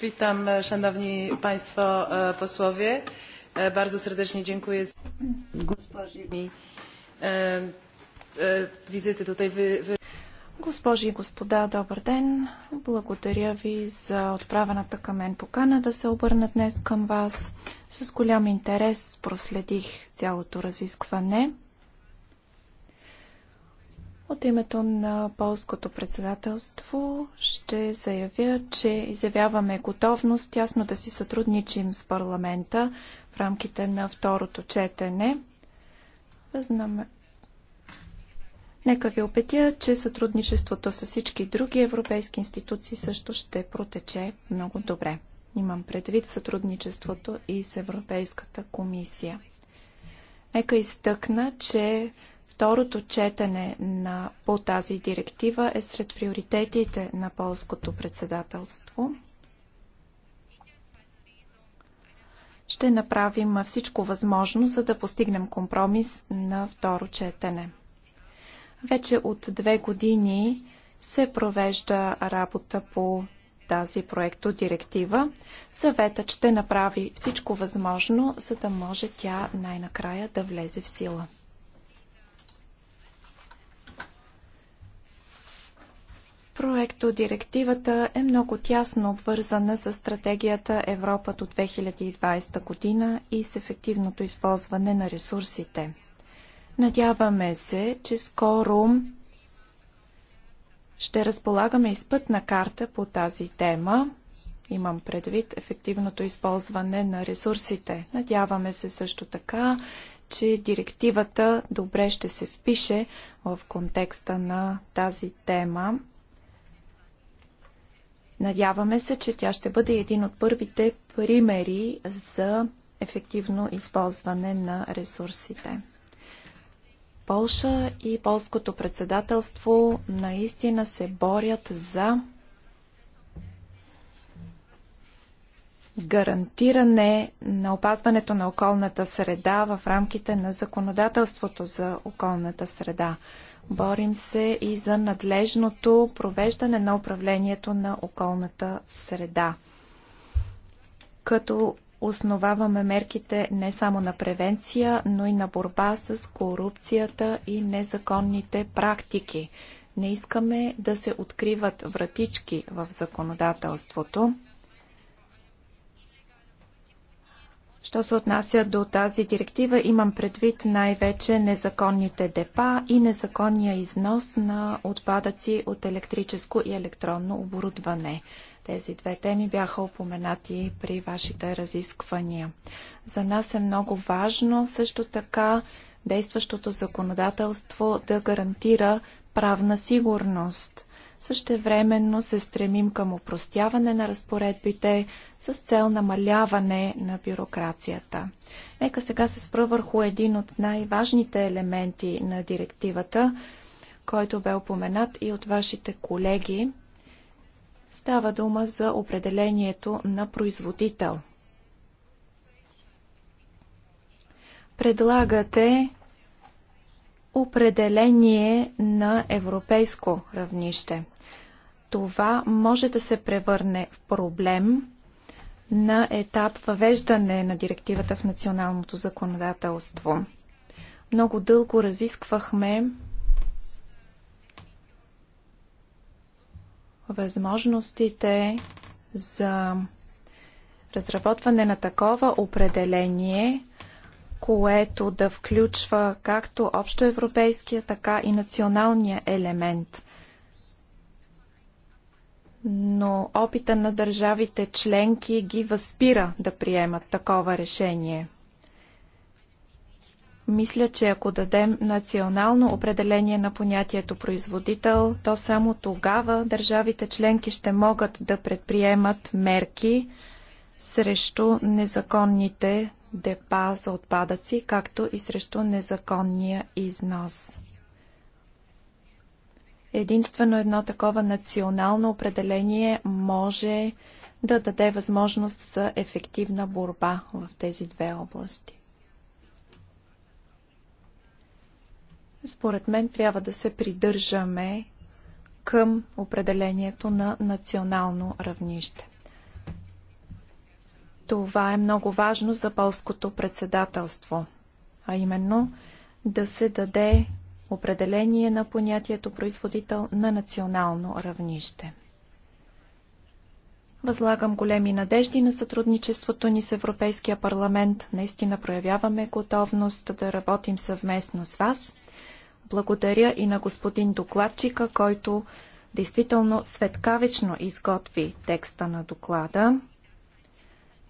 Witam szanowni państwo posłowie. Bardzo serdecznie dziękuję. Госпожи визите Госпожи и господа, добър ден! Благодаря ви за отправената към мен покана да се обърна днес към вас. С голям интерес проследих цялото разискване. От името на полското председателство ще заявя, че изявяваме готовност тясно да си сътрудничим с парламента в рамките на второто четене – Знаме. Нека ви опетя, че сътрудничеството с всички други европейски институции също ще протече много добре. Имам предвид сътрудничеството и с Европейската комисия. Нека изтъкна, че второто четене на, по тази директива е сред приоритетите на полското председателство – ще направим всичко възможно, за да постигнем компромис на второ четене. Вече от две години се провежда работа по тази директива. Съветът ще направи всичко възможно, за да може тя най-накрая да влезе в сила. Проекто директивата е много тясно обвързана с стратегията Европа до 2020 година и с ефективното използване на ресурсите. Надяваме се, че скоро ще разполагаме изпътна карта по тази тема. Имам предвид ефективното използване на ресурсите. Надяваме се също така, че директивата добре ще се впише в контекста на тази тема. Надяваме се, че тя ще бъде един от първите примери за ефективно използване на ресурсите. Полша и полското председателство наистина се борят за гарантиране на опазването на околната среда в рамките на законодателството за околната среда. Борим се и за надлежното провеждане на управлението на околната среда. Като основаваме мерките не само на превенция, но и на борба с корупцията и незаконните практики. Не искаме да се откриват вратички в законодателството. Що се отнася до тази директива, имам предвид най-вече незаконните депа и незаконния износ на отпадъци от електрическо и електронно оборудване. Тези две теми бяха упоменати при вашите разисквания. За нас е много важно също така действащото законодателство да гарантира правна сигурност. Същевременно се стремим към упростяване на разпоредбите с цел намаляване на бюрокрацията. Нека сега се спра върху един от най-важните елементи на директивата, който бе упоменат и от вашите колеги. Става дума за определението на производител. Предлагате определение на европейско равнище това може да се превърне в проблем на етап въвеждане на директивата в националното законодателство. Много дълго разисквахме възможностите за разработване на такова определение, което да включва както общоевропейския, така и националния елемент но опита на държавите членки ги възпира да приемат такова решение. Мисля, че ако дадем национално определение на понятието производител, то само тогава държавите членки ще могат да предприемат мерки срещу незаконните депа за отпадъци, както и срещу незаконния износ. Единствено едно такова национално определение може да даде възможност за ефективна борба в тези две области. Според мен трябва да се придържаме към определението на национално равнище. Това е много важно за полското председателство, а именно да се даде определение на понятието производител на национално равнище. Възлагам големи надежди на сътрудничеството ни с Европейския парламент. Наистина проявяваме готовност да работим съвместно с вас. Благодаря и на господин докладчика, който действително светкавично изготви текста на доклада.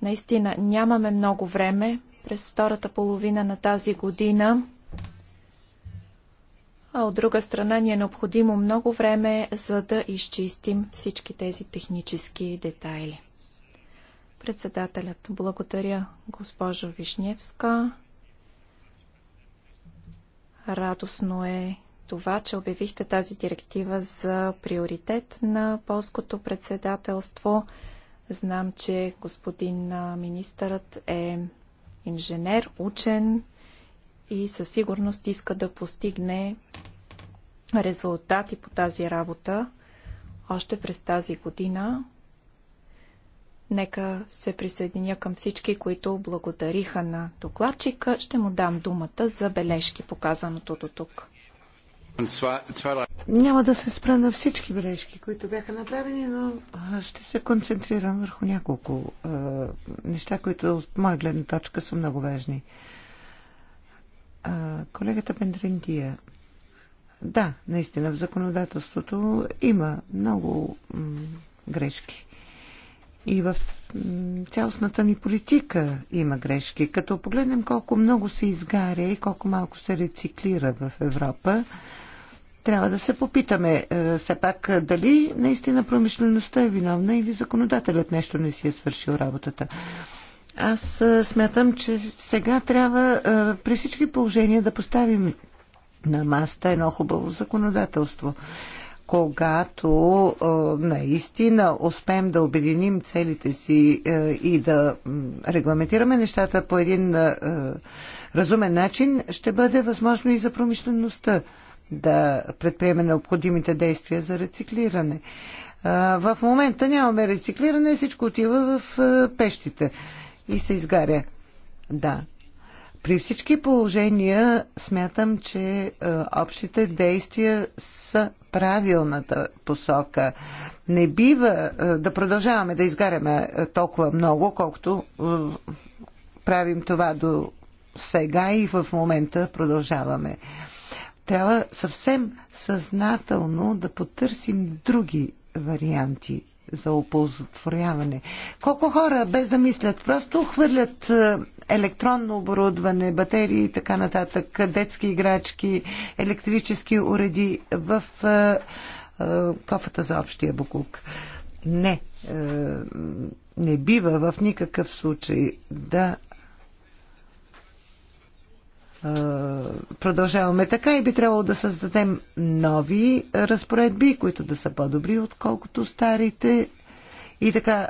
Наистина нямаме много време. През втората половина на тази година а от друга страна ни е необходимо много време, за да изчистим всички тези технически детайли. Председателят, благодаря госпожо Вишневска. Радостно е това, че обявихте тази директива за приоритет на полското председателство. Знам, че господин министърът е инженер, учен, и със сигурност иска да постигне резултати по тази работа още през тази година. Нека се присъединя към всички, които благодариха на докладчика. Ще му дам думата за бележки, показаното до тук. Няма да се спра на всички бележки, които бяха направени, но ще се концентрирам върху няколко е, неща, които от моя гледна точка са много важни. Е, колегата Пендрендия. Да, наистина в законодателството има много грешки. И в цялостната ни политика има грешки. Като погледнем колко много се изгаря и колко малко се рециклира в Европа, трябва да се попитаме е, все пак дали наистина промишлеността е виновна или законодателят нещо не си е свършил работата. Аз смятам, че сега трябва при всички положения да поставим на маста едно хубаво законодателство. Когато наистина успеем да обединим целите си и да регламентираме нещата по един разумен начин, ще бъде възможно и за промишлеността да предприеме необходимите действия за рециклиране. В момента нямаме рециклиране, всичко отива в пещите и се изгаря. Да. При всички положения смятам, че е, общите действия са правилната посока. Не бива е, да продължаваме да изгаряме е, толкова много, колкото е, правим това до сега и в момента продължаваме. Трябва съвсем съзнателно да потърсим други варианти за оползотворяване. Колко хора, без да мислят, просто хвърлят е, електронно оборудване, батерии и така нататък, детски играчки, електрически уреди в е, е, кофата за общия буклук. Не, не бива в никакъв случай да е, продължаваме така и би трябвало да създадем нови разпоредби, които да са по-добри, отколкото старите. И така,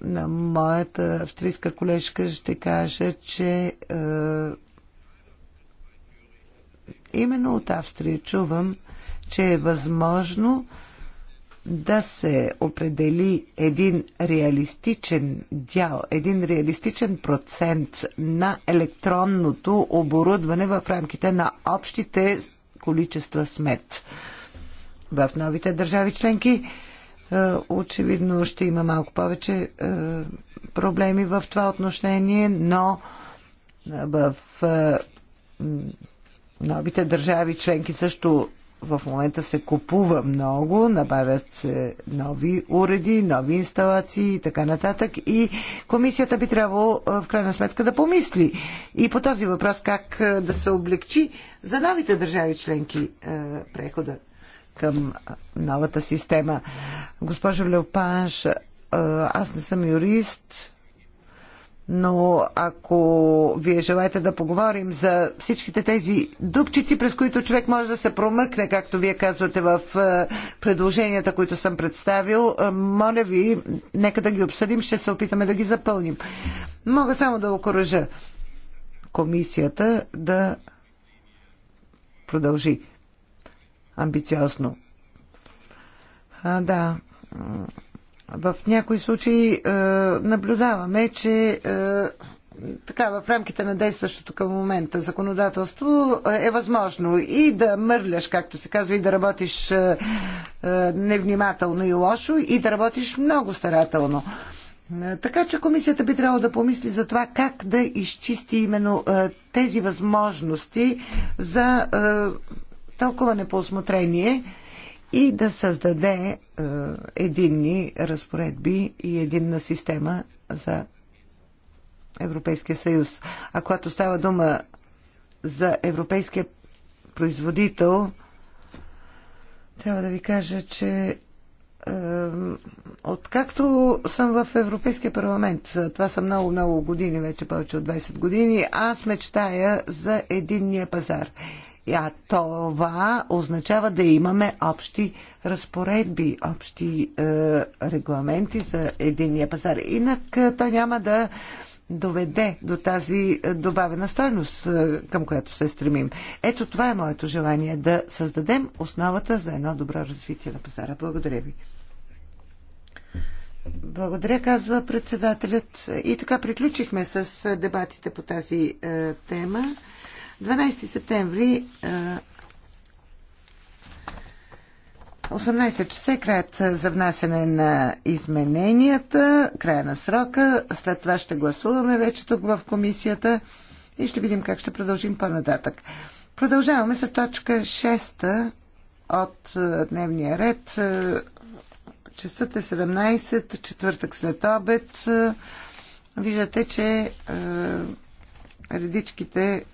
на моята австрийска колежка ще кажа, че е, именно от Австрия чувам, че е възможно е, да се определи един реалистичен дял, един реалистичен процент на електронното оборудване в рамките на общите количества смет. В новите държави членки е, очевидно ще има малко повече е, проблеми в това отношение, но е, в новите държави членки също в момента се купува много, набавят се нови уреди, нови инсталации и така нататък. И комисията би трябвало в крайна сметка да помисли и по този въпрос как да се облегчи за новите държави членки прехода към новата система. Госпожо Леопанш, аз не съм юрист, но ако вие желаете да поговорим за всичките тези дупчици, през които човек може да се промъкне, както вие казвате в е, предложенията, които съм представил, е, моля ви, нека да ги обсъдим, ще се опитаме да ги запълним. Мога само да окоръжа комисията да продължи амбициозно. А, да, в някои случаи е, наблюдаваме, че е, така, в рамките на действащото към момента законодателство е, е възможно и да мърляш, както се казва, и да работиш невнимателно и лошо, и да работиш много старателно. Така че комисията би трябвало да помисли за това как да изчисти именно тези възможности за тълкуване по осмотрение и да създаде е, единни разпоредби и единна система за Европейския съюз. А когато става дума за европейския производител, трябва да ви кажа, че е, Откакто съм в Европейския парламент, това са много-много години, вече повече от 20 години, аз мечтая за единния пазар. А това означава да имаме общи разпоредби, общи е, регламенти за единия пазар. Инак е, той няма да доведе до тази е, добавена стойност, е, към която се стремим. Ето това е моето желание да създадем основата за едно добро развитие на пазара. Благодаря ви. Благодаря, казва председателят. И така приключихме с дебатите по тази е, тема. 12 септември 18 часа е краят за внасене на измененията, края на срока. След това ще гласуваме вече тук в комисията и ще видим как ще продължим по-нататък. Продължаваме с точка 6 от дневния ред. Часът е 17, четвъртък след обед. Виждате, че редичките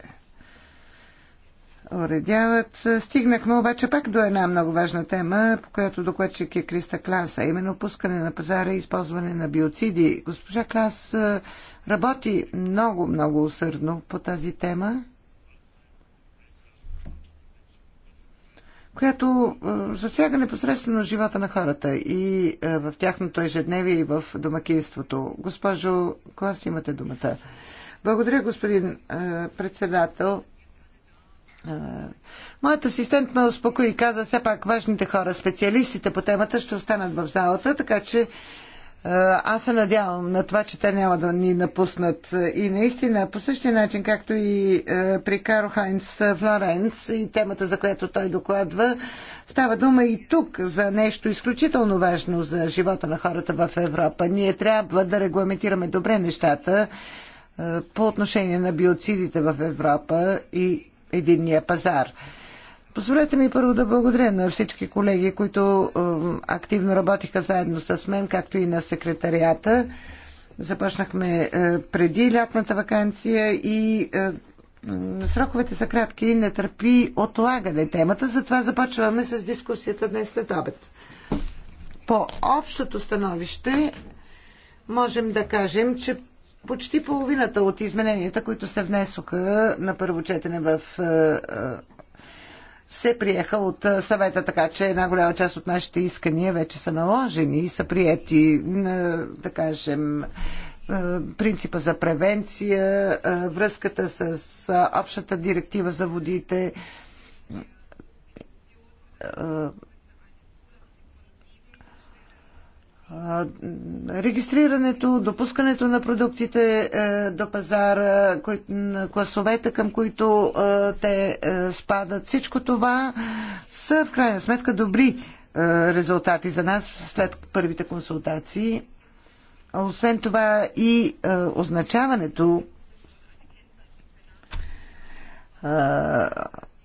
уредяват. Стигнахме обаче пак до една много важна тема, по която докладчик е Криста Клас, а именно пускане на пазара и използване на биоциди. Госпожа Клас е, работи много, много усърдно по тази тема, която е, засяга непосредствено живота на хората и е, в тяхното ежедневие и в домакинството. Госпожо Клас, имате думата. Благодаря, господин председател. Е, моят асистент ме успокои и каза, все пак важните хора, специалистите по темата ще останат в залата, така че е, аз се надявам на това, че те няма да ни напуснат. И наистина, по същия начин, както и е, при Карл Хайнц Флоренц и темата, за която той докладва, става дума и тук за нещо изключително важно за живота на хората в Европа. Ние трябва да регламентираме добре нещата по отношение на биоцидите в Европа и единния пазар. Позволете ми първо да благодаря на всички колеги, които активно работиха заедно с мен, както и на секретарията. Започнахме е, преди лятната вакансия и е, сроковете са кратки и не търпи отлагане темата, затова започваме с дискусията днес след обед. По общото становище можем да кажем, че почти половината от измененията, които се внесоха на първо четене в е, е, се приеха от е, съвета, така че една голяма част от нашите искания вече са наложени и са приети, да кажем, принципа за превенция, връзката с общата директива за водите, регистрирането, допускането на продуктите е, до пазара, класовете към които е, те е, спадат. Всичко това са в крайна сметка добри резултати за нас след първите консултации. Освен това и означаването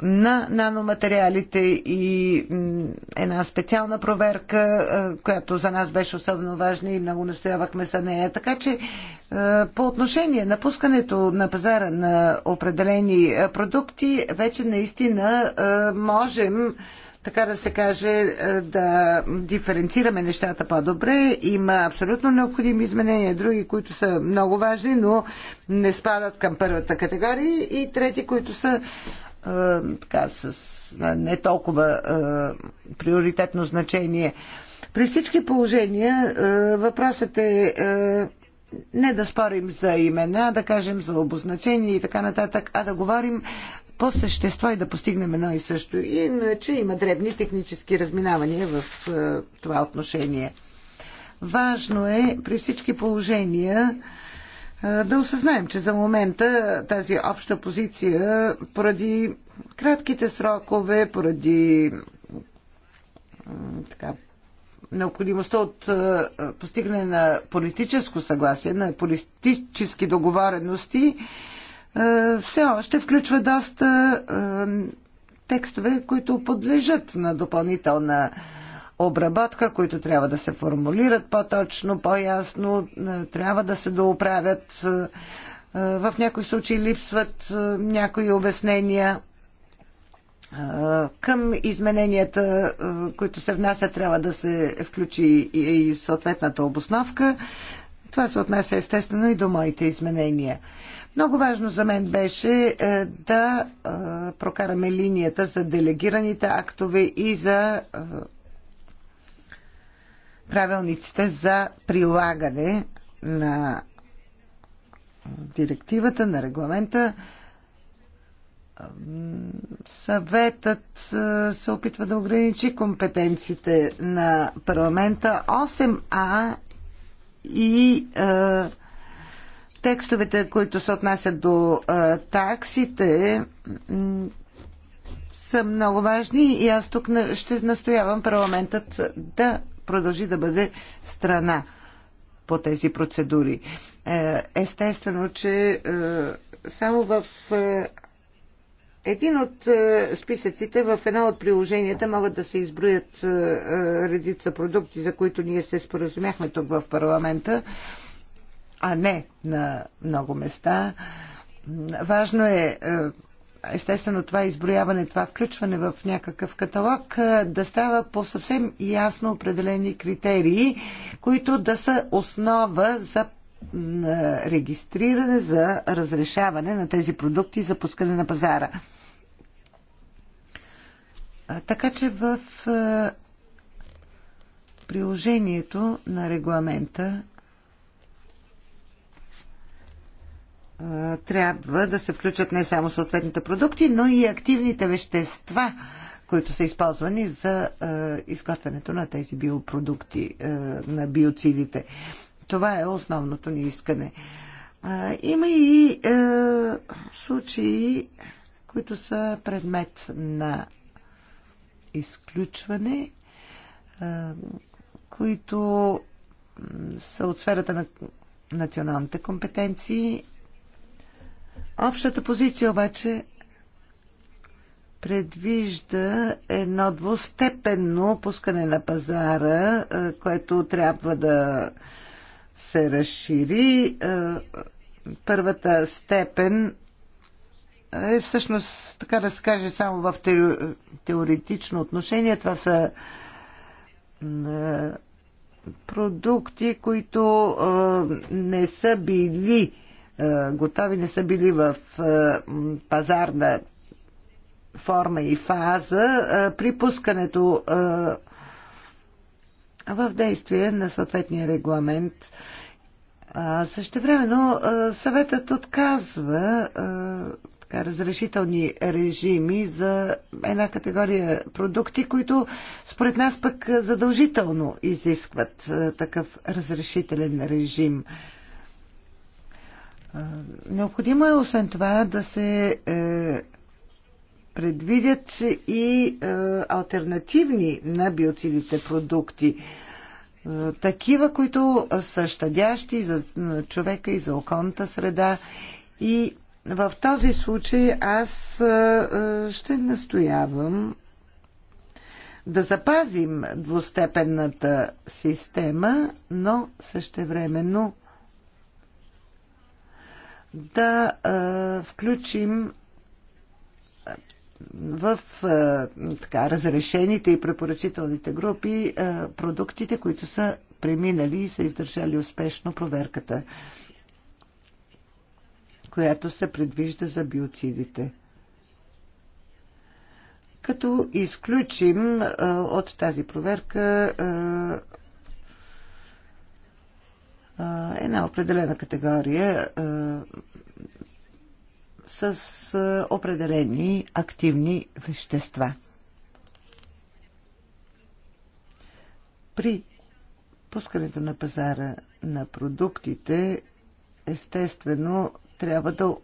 на наноматериалите и една специална проверка, е, която за нас беше особено важна и много настоявахме за нея. Така че е, по отношение на пускането на пазара на определени е, продукти, вече наистина можем така да се каже, да диференцираме нещата по-добре. Има абсолютно необходими изменения, други, които са много важни, но не спадат към първата категория и трети, които са така, с не толкова приоритетно значение. При всички положения въпросът е не да спорим за имена, да кажем за обозначение и така нататък, а да говорим по същество и да постигнем едно и също. Иначе има дребни технически разминавания в това отношение. Важно е при всички положения да осъзнаем, че за момента тази обща позиция поради кратките срокове, поради така, необходимостта от постигане на политическо съгласие, на политически договорености, все още включва доста текстове, които подлежат на допълнителна обработка, които трябва да се формулират по-точно, по-ясно, е, трябва да се доуправят. Е, е, в някои случаи липсват някои обяснения. Към измененията, които се внасят, трябва да се включи и съответната обосновка. Това се отнася естествено и до моите изменения. Много важно за мен беше да прокараме линията за делегираните актове и за правилниците за прилагане на директивата, на регламента. Съветът се опитва да ограничи компетенциите на парламента. 8А и е, текстовете, които се отнасят до е, таксите, са много важни и аз тук ще настоявам парламентът да продължи да бъде страна по тези процедури. Е, естествено, че е, само в е, един от списъците, в едно от приложенията могат да се изброят редица продукти, за които ние се споразумяхме тук в парламента, а не на много места. Важно е естествено това изброяване, това включване в някакъв каталог да става по съвсем ясно определени критерии, които да са основа за регистриране, за разрешаване на тези продукти и за пускане на пазара. Така че в приложението на регламента трябва да се включат не само съответните продукти, но и активните вещества, които са използвани за изготвянето на тези биопродукти, на биоцидите. Това е основното ни искане. Има и случаи, които са предмет на изключване, които са от сферата на националните компетенции Общата позиция обаче предвижда едно двустепенно пускане на пазара, е, което трябва да се разшири. Е, първата степен е всъщност, така да се каже, само в теоретично отношение. Това са е, продукти, които не са били е, готови, не са били в е, пазарна форма и фаза е, при пускането в действие на съответния регламент. Също времено съветът отказва така, разрешителни режими за една категория продукти, които според нас пък задължително изискват такъв разрешителен режим. Необходимо е освен това да се е, предвидят и е, альтернативни на биоцидите продукти. Е, такива, които са щадящи за човека и за околната среда. И в този случай аз ще настоявам да запазим двустепенната система, но същевременно да а, включим в а, така, разрешените и препоръчителните групи а, продуктите, които са преминали и са издържали успешно проверката, която се предвижда за биоцидите като изключим а, от тази проверка а, една определена категория с определени активни вещества. При пускането на пазара на продуктите, естествено, трябва да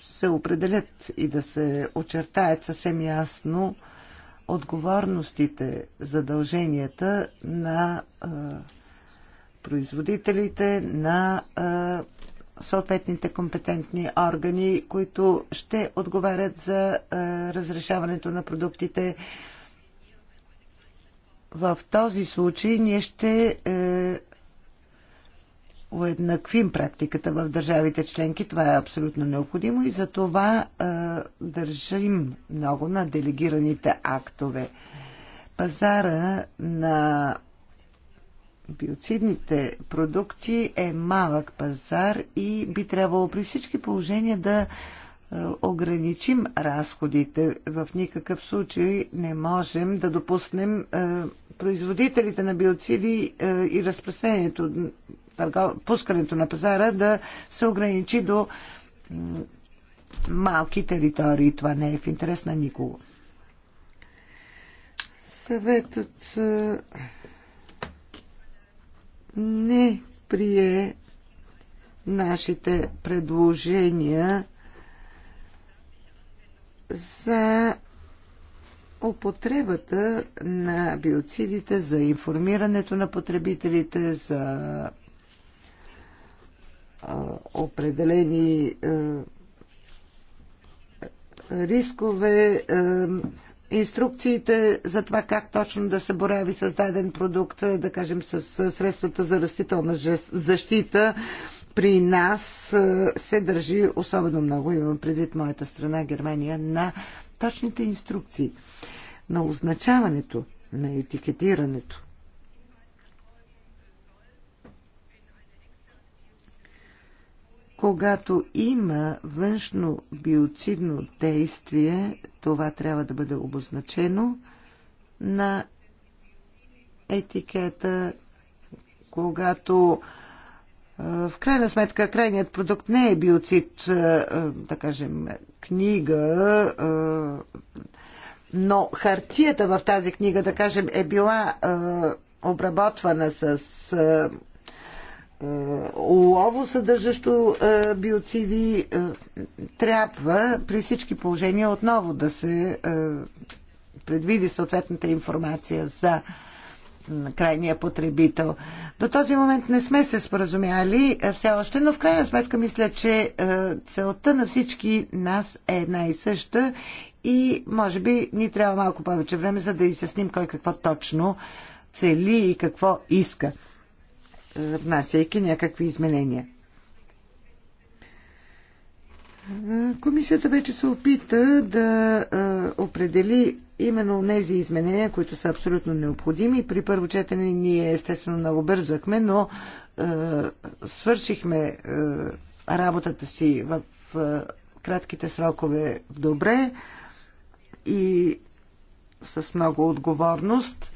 се определят и да се очертаят съвсем ясно отговорностите, задълженията на производителите, на съответните компетентни органи, които ще отговарят за разрешаването на продуктите. В този случай ние ще е, уеднаквим практиката в държавите членки. Това е абсолютно необходимо и за това е, държим много на делегираните актове. Пазара на биоцидните продукти е малък пазар и би трябвало при всички положения да е, ограничим разходите. В никакъв случай не можем да допуснем е, производителите на биоциди е, и разпространението, пускането на пазара да се ограничи до малки територии. Това не е в интерес на никого. Съветът не прие нашите предложения за употребата на биоцидите, за информирането на потребителите, за определени рискове, инструкциите за това как точно да се борави с даден продукт, да кажем с средствата за растителна защита, при нас се държи особено много, имам предвид моята страна Германия, на точните инструкции, на означаването, на етикетирането. Когато има външно биоцидно действие, това трябва да бъде обозначено на етикета, когато в крайна сметка крайният продукт не е биоцид, да кажем, книга, но хартията в тази книга, да кажем, е била обработвана с олово, е, съдържащо е, биоциди, е, трябва при всички положения отново да се предвиди съответната информация за крайния потребител. До този момент не сме се споразумяли все още, но в крайна сметка мисля, че целта на всички нас е една и съща и може би ни трябва малко повече време, за да изясним кой какво точно цели и какво иска внасяйки някакви изменения. Комисията вече се опита да определи именно тези изменения, които са абсолютно необходими. При първо четене ние естествено много бързахме, но свършихме работата си в кратките срокове добре и с много отговорност.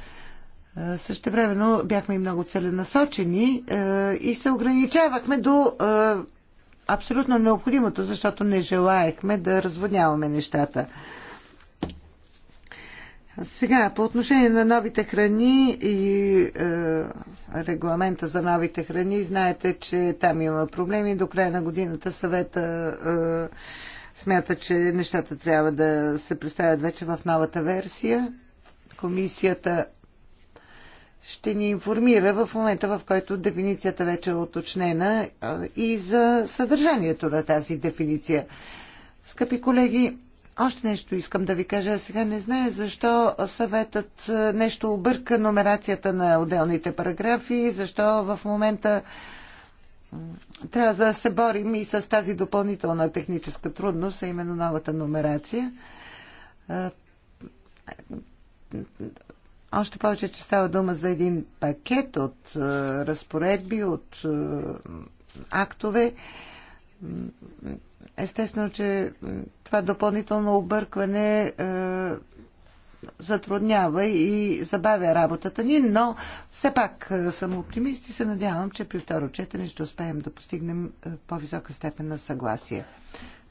Също времено бяхме и много целенасочени и се ограничавахме до абсолютно необходимото, защото не желаехме да разводняваме нещата. Сега, по отношение на новите храни и е, регламента за новите храни, знаете, че там има проблеми. До края на годината съвета е, смята, че нещата трябва да се представят вече в новата версия. Комисията ще ни информира в момента, в който дефиницията вече е уточнена и за съдържанието на тази дефиниция. Скъпи колеги, още нещо искам да ви кажа. Сега не знае защо съветът нещо обърка номерацията на отделните параграфи, защо в момента трябва да се борим и с тази допълнителна техническа трудност, а именно новата номерация още повече, че става дума за един пакет от е, разпоредби, от е, актове. Естествено, че това допълнително объркване е, затруднява и забавя работата ни, но все пак съм оптимист и се надявам, че при второ четене ще успеем да постигнем по-висока степен на съгласие.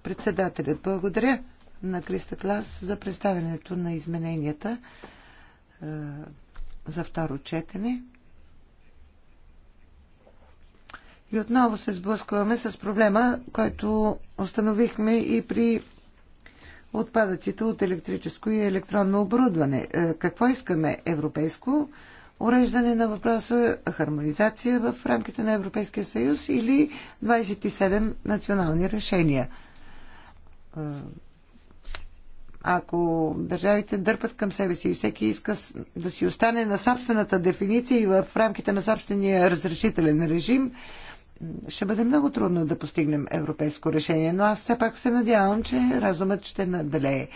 Председателят благодаря на Криста Лас за представенето на измененията. Е, за второ четене. И отново се сблъскваме с проблема, който установихме и при отпадъците от електрическо и електронно оборудване. Е, какво искаме? Европейско уреждане на въпроса, хармонизация в рамките на Европейския съюз или 27 национални решения? Е, ако държавите дърпат към себе си и всеки иска да си остане на собствената дефиниция и в рамките на собствения разрешителен режим, ще бъде много трудно да постигнем европейско решение, но аз все пак се надявам, че разумът ще наделее.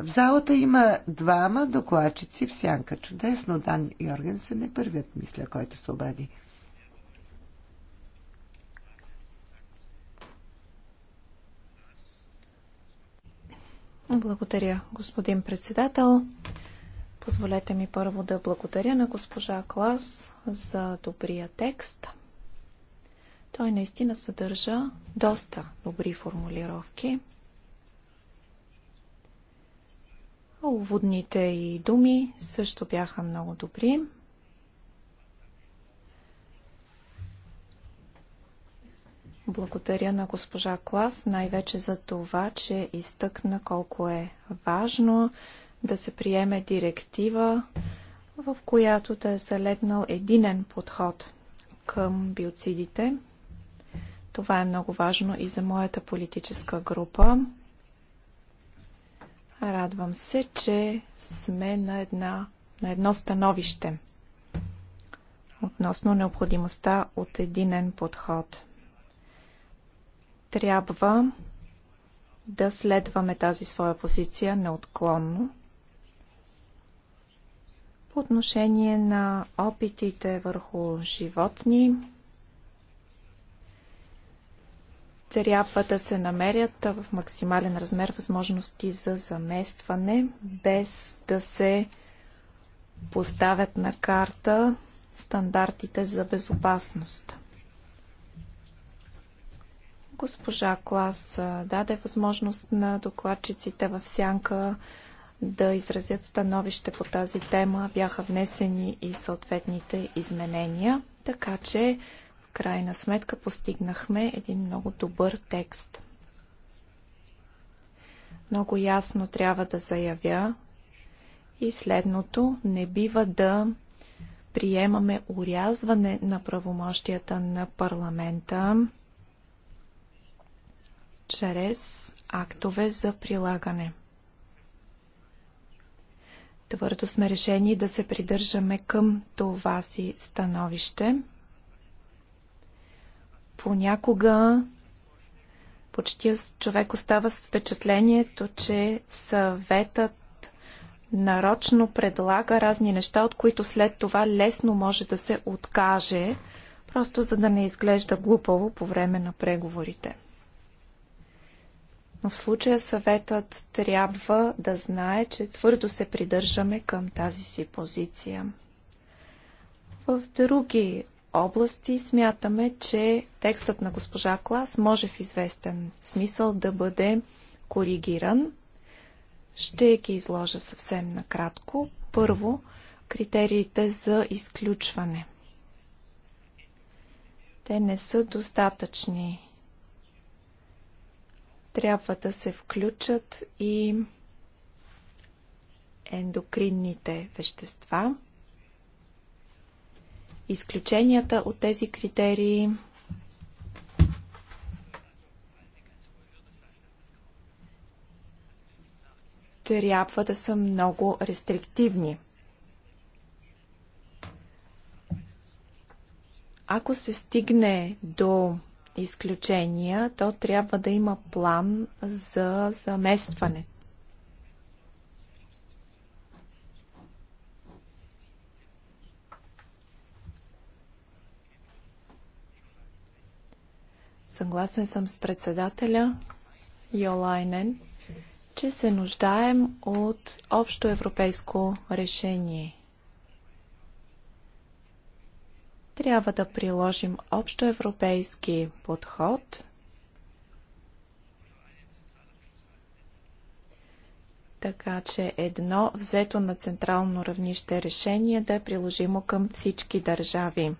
В залата има двама докладчици в сянка. Чудесно, Дан Йорген се е първият, мисля, който се обади. Благодаря, господин председател. Позволете ми първо да благодаря на госпожа Клас за добрия текст. Той наистина съдържа доста добри формулировки. Уводните и думи също бяха много добри. Благодаря на госпожа Клас, най-вече за това, че изтъкна колко е важно да се приеме директива, в която да е залегнал единен подход към биоцидите. Това е много важно и за моята политическа група. Радвам се, че сме на, една, на едно становище относно необходимостта от единен подход – трябва да следваме тази своя позиция неотклонно. По отношение на опитите върху животни, трябва да се намерят в максимален размер възможности за заместване, без да се поставят на карта стандартите за безопасност. Госпожа Клас даде възможност на докладчиците в Сянка да изразят становище по тази тема. Бяха внесени и съответните изменения, така че в крайна сметка постигнахме един много добър текст. Много ясно трябва да заявя и следното. Не бива да приемаме урязване на правомощията на парламента чрез актове за прилагане. Твърдо сме решени да се придържаме към това си становище. Понякога почти човек остава с впечатлението, че съветът нарочно предлага разни неща, от които след това лесно може да се откаже, просто за да не изглежда глупаво по време на преговорите. Но в случая съветът трябва да знае, че твърдо се придържаме към тази си позиция. В други области смятаме, че текстът на госпожа Клас може в известен смисъл да бъде коригиран. Ще ги изложа съвсем накратко. Първо, критериите за изключване. Те не са достатъчни трябва да се включат и ендокринните вещества. Изключенията от тези критерии трябва да са много рестриктивни. Ако се стигне до изключения, то трябва да има план за заместване. Съгласен съм с председателя Йолайнен, че се нуждаем от общо европейско решение – Трябва да приложим Общоевропейски подход, така че едно взето на централно равнище решение да е приложимо към всички държави.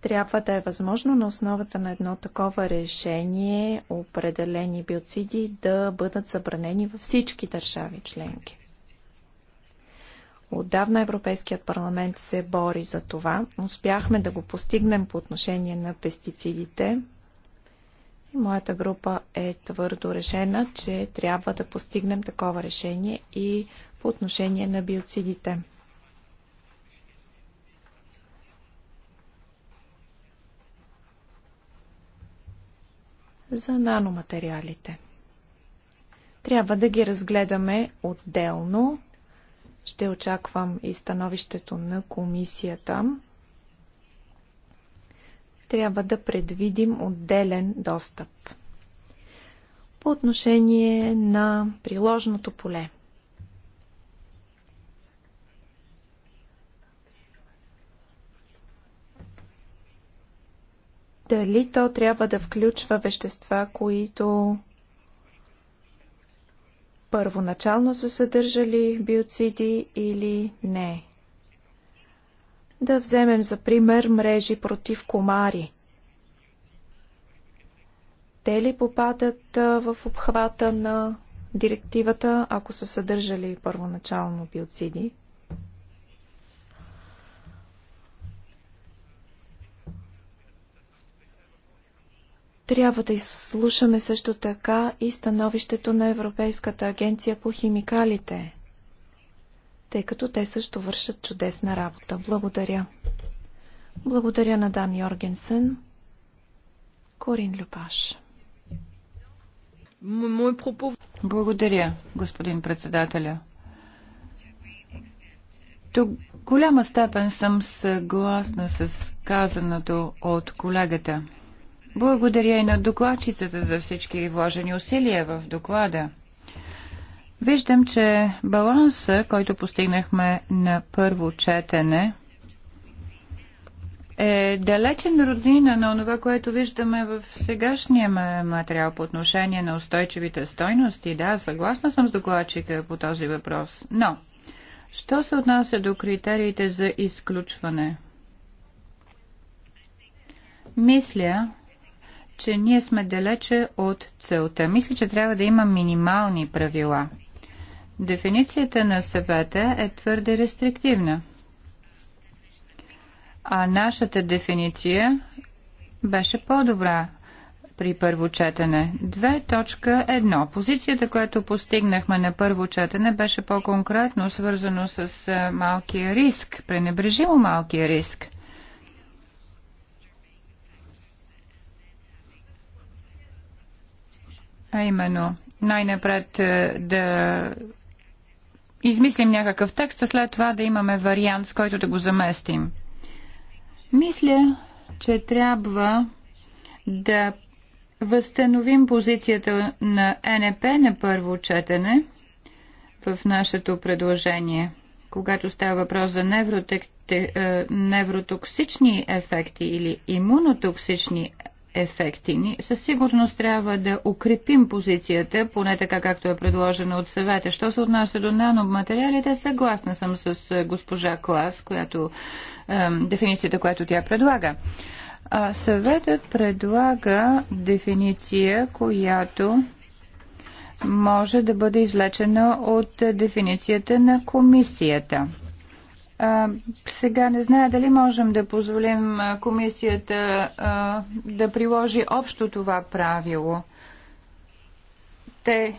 Трябва да е възможно на основата на едно такова решение определени биоциди да бъдат забранени във всички държави членки. Отдавна Европейският парламент се бори за това. Успяхме да го постигнем по отношение на пестицидите. И моята група е твърдо решена, че трябва да постигнем такова решение и по отношение на биоцидите. за наноматериалите. Трябва да ги разгледаме отделно. Ще очаквам и становището на комисията. Трябва да предвидим отделен достъп. По отношение на приложното поле – дали то трябва да включва вещества, които първоначално са съдържали биоциди или не. Да вземем за пример мрежи против комари. Те ли попадат в обхвата на директивата, ако са съдържали първоначално биоциди? Трябва да изслушаме също така и становището на Европейската агенция по химикалите, тъй като те също вършат чудесна работа. Благодаря. Благодаря на Дан Йоргенсен. Корин Люпаш. Благодаря, господин председателя. До голяма степен съм съгласна с казаното от колегата. Благодаря и на докладчицата за всички вложени усилия в доклада. Виждам, че баланса, който постигнахме на първо четене, е далечен роднина на това, което виждаме в сегашния материал по отношение на устойчивите стойности. Да, съгласна съм с докладчика по този въпрос. Но, що се отнася до критериите за изключване? Мисля, че ние сме далече от целта. Мисля, че трябва да има минимални правила. Дефиницията на съвета е твърде рестриктивна. А нашата дефиниция беше по-добра при първо четене. 2.1. Позицията, която постигнахме на първо четене, беше по-конкретно свързано с малкия риск, пренебрежимо малкия риск – А именно, най-напред е, да измислим някакъв текст, а след това да имаме вариант, с който да го заместим. Мисля, че трябва да възстановим позицията на НП на първо четене в нашето предложение, когато става въпрос за невротек, е, невротоксични ефекти или имунотоксични ефекти ни. Със сигурност трябва да укрепим позицията, поне така както е предложено от съвета. Що се отнася до наноматериалите, съгласна съм с госпожа Клас, която, е, дефиницията, която тя предлага. А, съветът предлага дефиниция, която може да бъде излечена от дефиницията на комисията сега не зная дали можем да позволим комисията да приложи общо това правило. Те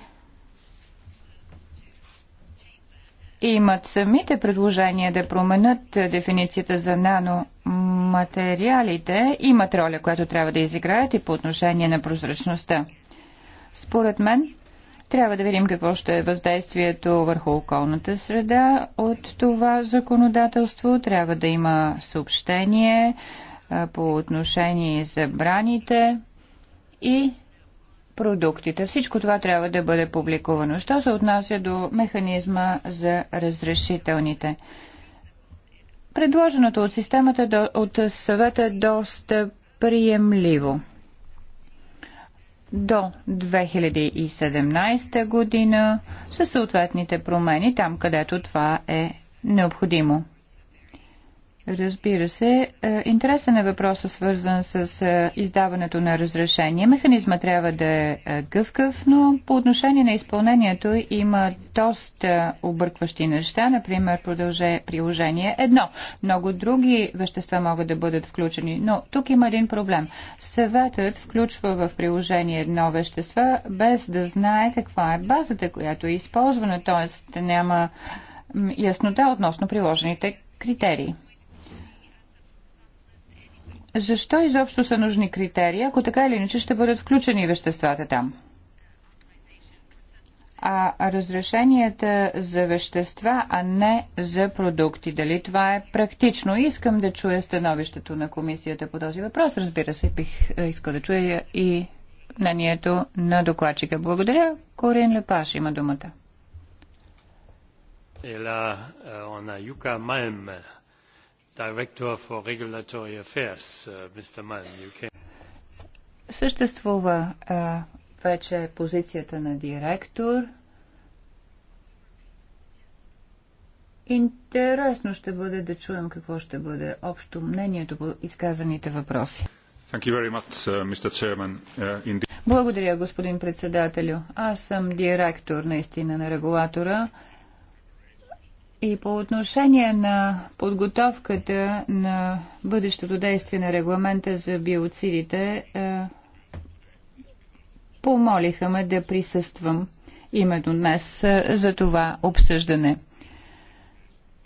имат самите предложения да променят дефиницията за наноматериалите, имат роля, която трябва да изиграят и по отношение на прозрачността. Според мен, трябва да видим какво ще е въздействието върху околната среда от това законодателство. Трябва да има съобщение по отношение забраните и продуктите. Всичко това трябва да бъде публикувано. Що се отнася до механизма за разрешителните? Предложеното от системата до, от съвета е доста приемливо до 2017 година със съответните промени там, където това е необходимо. Разбира се. Е, интересен е въпросът свързан с е, издаването на разрешение. Механизма трябва да е, е гъвкав, но по отношение на изпълнението има доста объркващи неща, например приложение едно. Много други вещества могат да бъдат включени, но тук има един проблем. Съветът включва в приложение едно вещество, без да знае каква е базата, която е използвана, т.е. няма яснота относно приложените критерии защо изобщо са нужни критерии, ако така или иначе ще бъдат включени веществата там? а разрешенията за вещества, а не за продукти. Дали това е практично? Искам да чуя становището на комисията по този въпрос. Разбира се, бих е, искал да чуя и мнението на докладчика. Благодаря. Корин Лепаш има думата. Ела, е, она Юка Маймер. Uh, Съществува а, вече позицията на директор. Интересно ще бъде да чуем какво ще бъде общо мнението по изказаните въпроси. Uh, uh, Благодаря, господин председателю. Аз съм директор наистина на регулатора. И по отношение на подготовката на бъдещото действие на регламента за биоцидите, е, помолиха ме да присъствам именно днес е, за това обсъждане.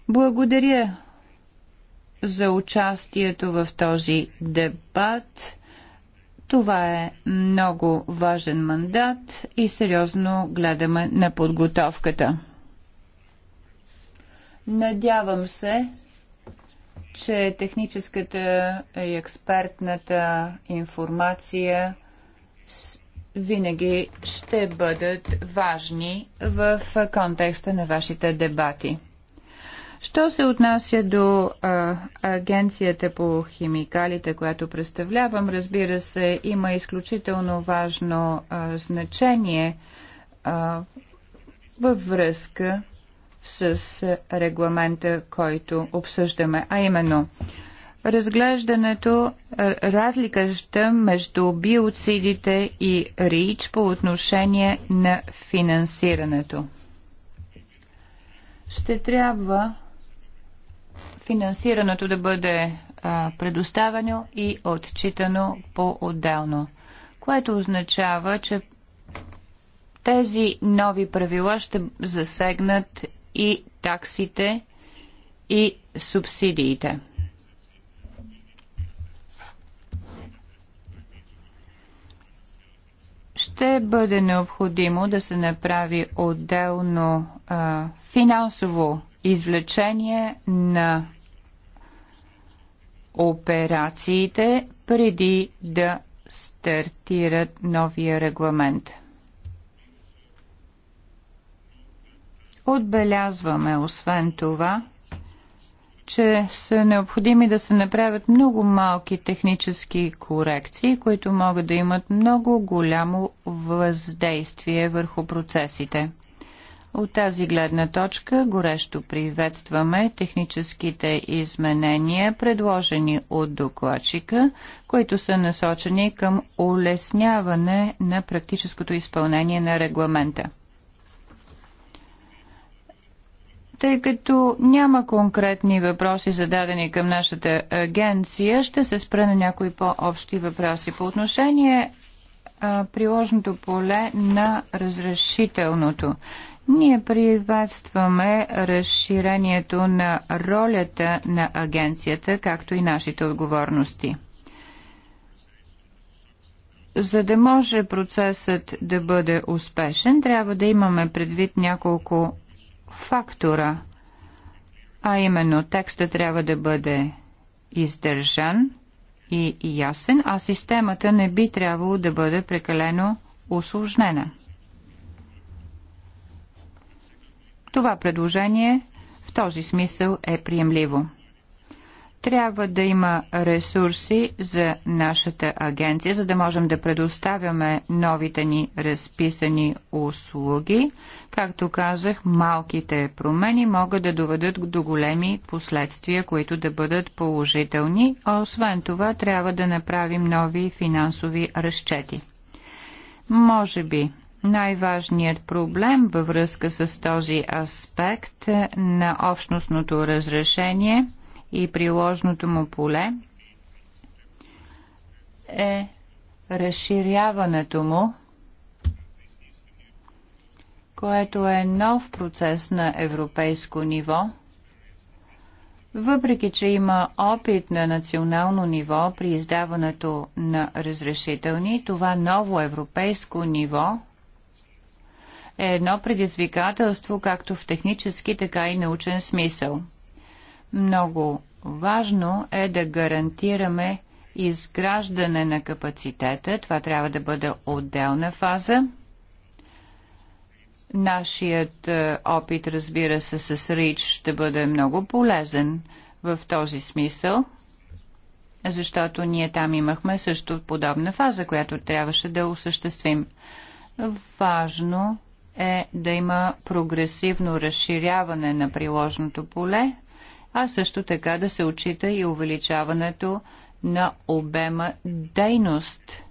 Благодаря за участието в този дебат. Това е много важен мандат и сериозно гледаме на подготовката. Надявам се, че техническата и експертната информация винаги ще бъдат важни в контекста на вашите дебати. Що се отнася до а, агенцията по химикалите, която представлявам, разбира се, има изключително важно а, значение а, във връзка с регламента, който обсъждаме, а именно разглеждането, разликата между биоцидите и РИЧ по отношение на финансирането. Ще трябва финансирането да бъде предоставено и отчитано по-отделно, което означава, че тези нови правила ще засегнат и таксите и субсидиите. ще бъде необходимо да се направи отделно а, финансово извлечение на операциите преди да стартират новия регламент. Отбелязваме освен това, че са необходими да се направят много малки технически корекции, които могат да имат много голямо въздействие върху процесите. От тази гледна точка горещо приветстваме техническите изменения, предложени от докладчика, които са насочени към улесняване на практическото изпълнение на регламента. Тъй като няма конкретни въпроси зададени към нашата агенция, ще се спра на някои по-общи въпроси. По отношение а, приложното поле на разрешителното. Ние приветстваме разширението на ролята на агенцията, както и нашите отговорности. За да може процесът да бъде успешен, трябва да имаме предвид няколко фактора, а именно текста трябва да бъде издържан и ясен, а системата не би трябвало да бъде прекалено осложнена. Това предложение в този смисъл е приемливо трябва да има ресурси за нашата агенция, за да можем да предоставяме новите ни разписани услуги. Както казах, малките промени могат да доведат до големи последствия, които да бъдат положителни, а освен това трябва да направим нови финансови разчети. Може би най-важният проблем във връзка с този аспект на общностното разрешение – и приложното му поле е разширяването му, което е нов процес на европейско ниво, въпреки че има опит на национално ниво при издаването на разрешителни, това ново европейско ниво е едно предизвикателство както в технически, така и научен смисъл. Много важно е да гарантираме изграждане на капацитета. Това трябва да бъде отделна фаза. Нашият е, опит, разбира се, с РИЧ ще бъде много полезен в този смисъл, защото ние там имахме също подобна фаза, която трябваше да осъществим. Важно е да има прогресивно разширяване на приложното поле а също така да се отчита и увеличаването на обема дейност,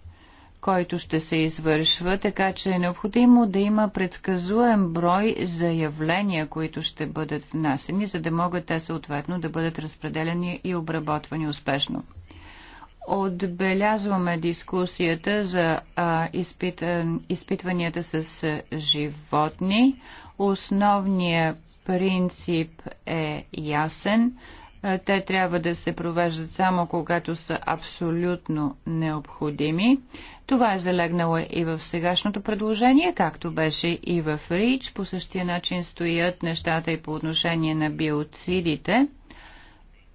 който ще се извършва, така че е необходимо да има предсказуем брой заявления, които ще бъдат внасени, за да могат те съответно да бъдат разпределени и обработвани успешно. Отбелязваме дискусията за а, изпит, изпитванията с животни. Основният принцип е ясен. Е, те трябва да се провеждат само когато са абсолютно необходими. Това е залегнало и в сегашното предложение, както беше и в РИЧ. По същия начин стоят нещата и по отношение на биоцидите.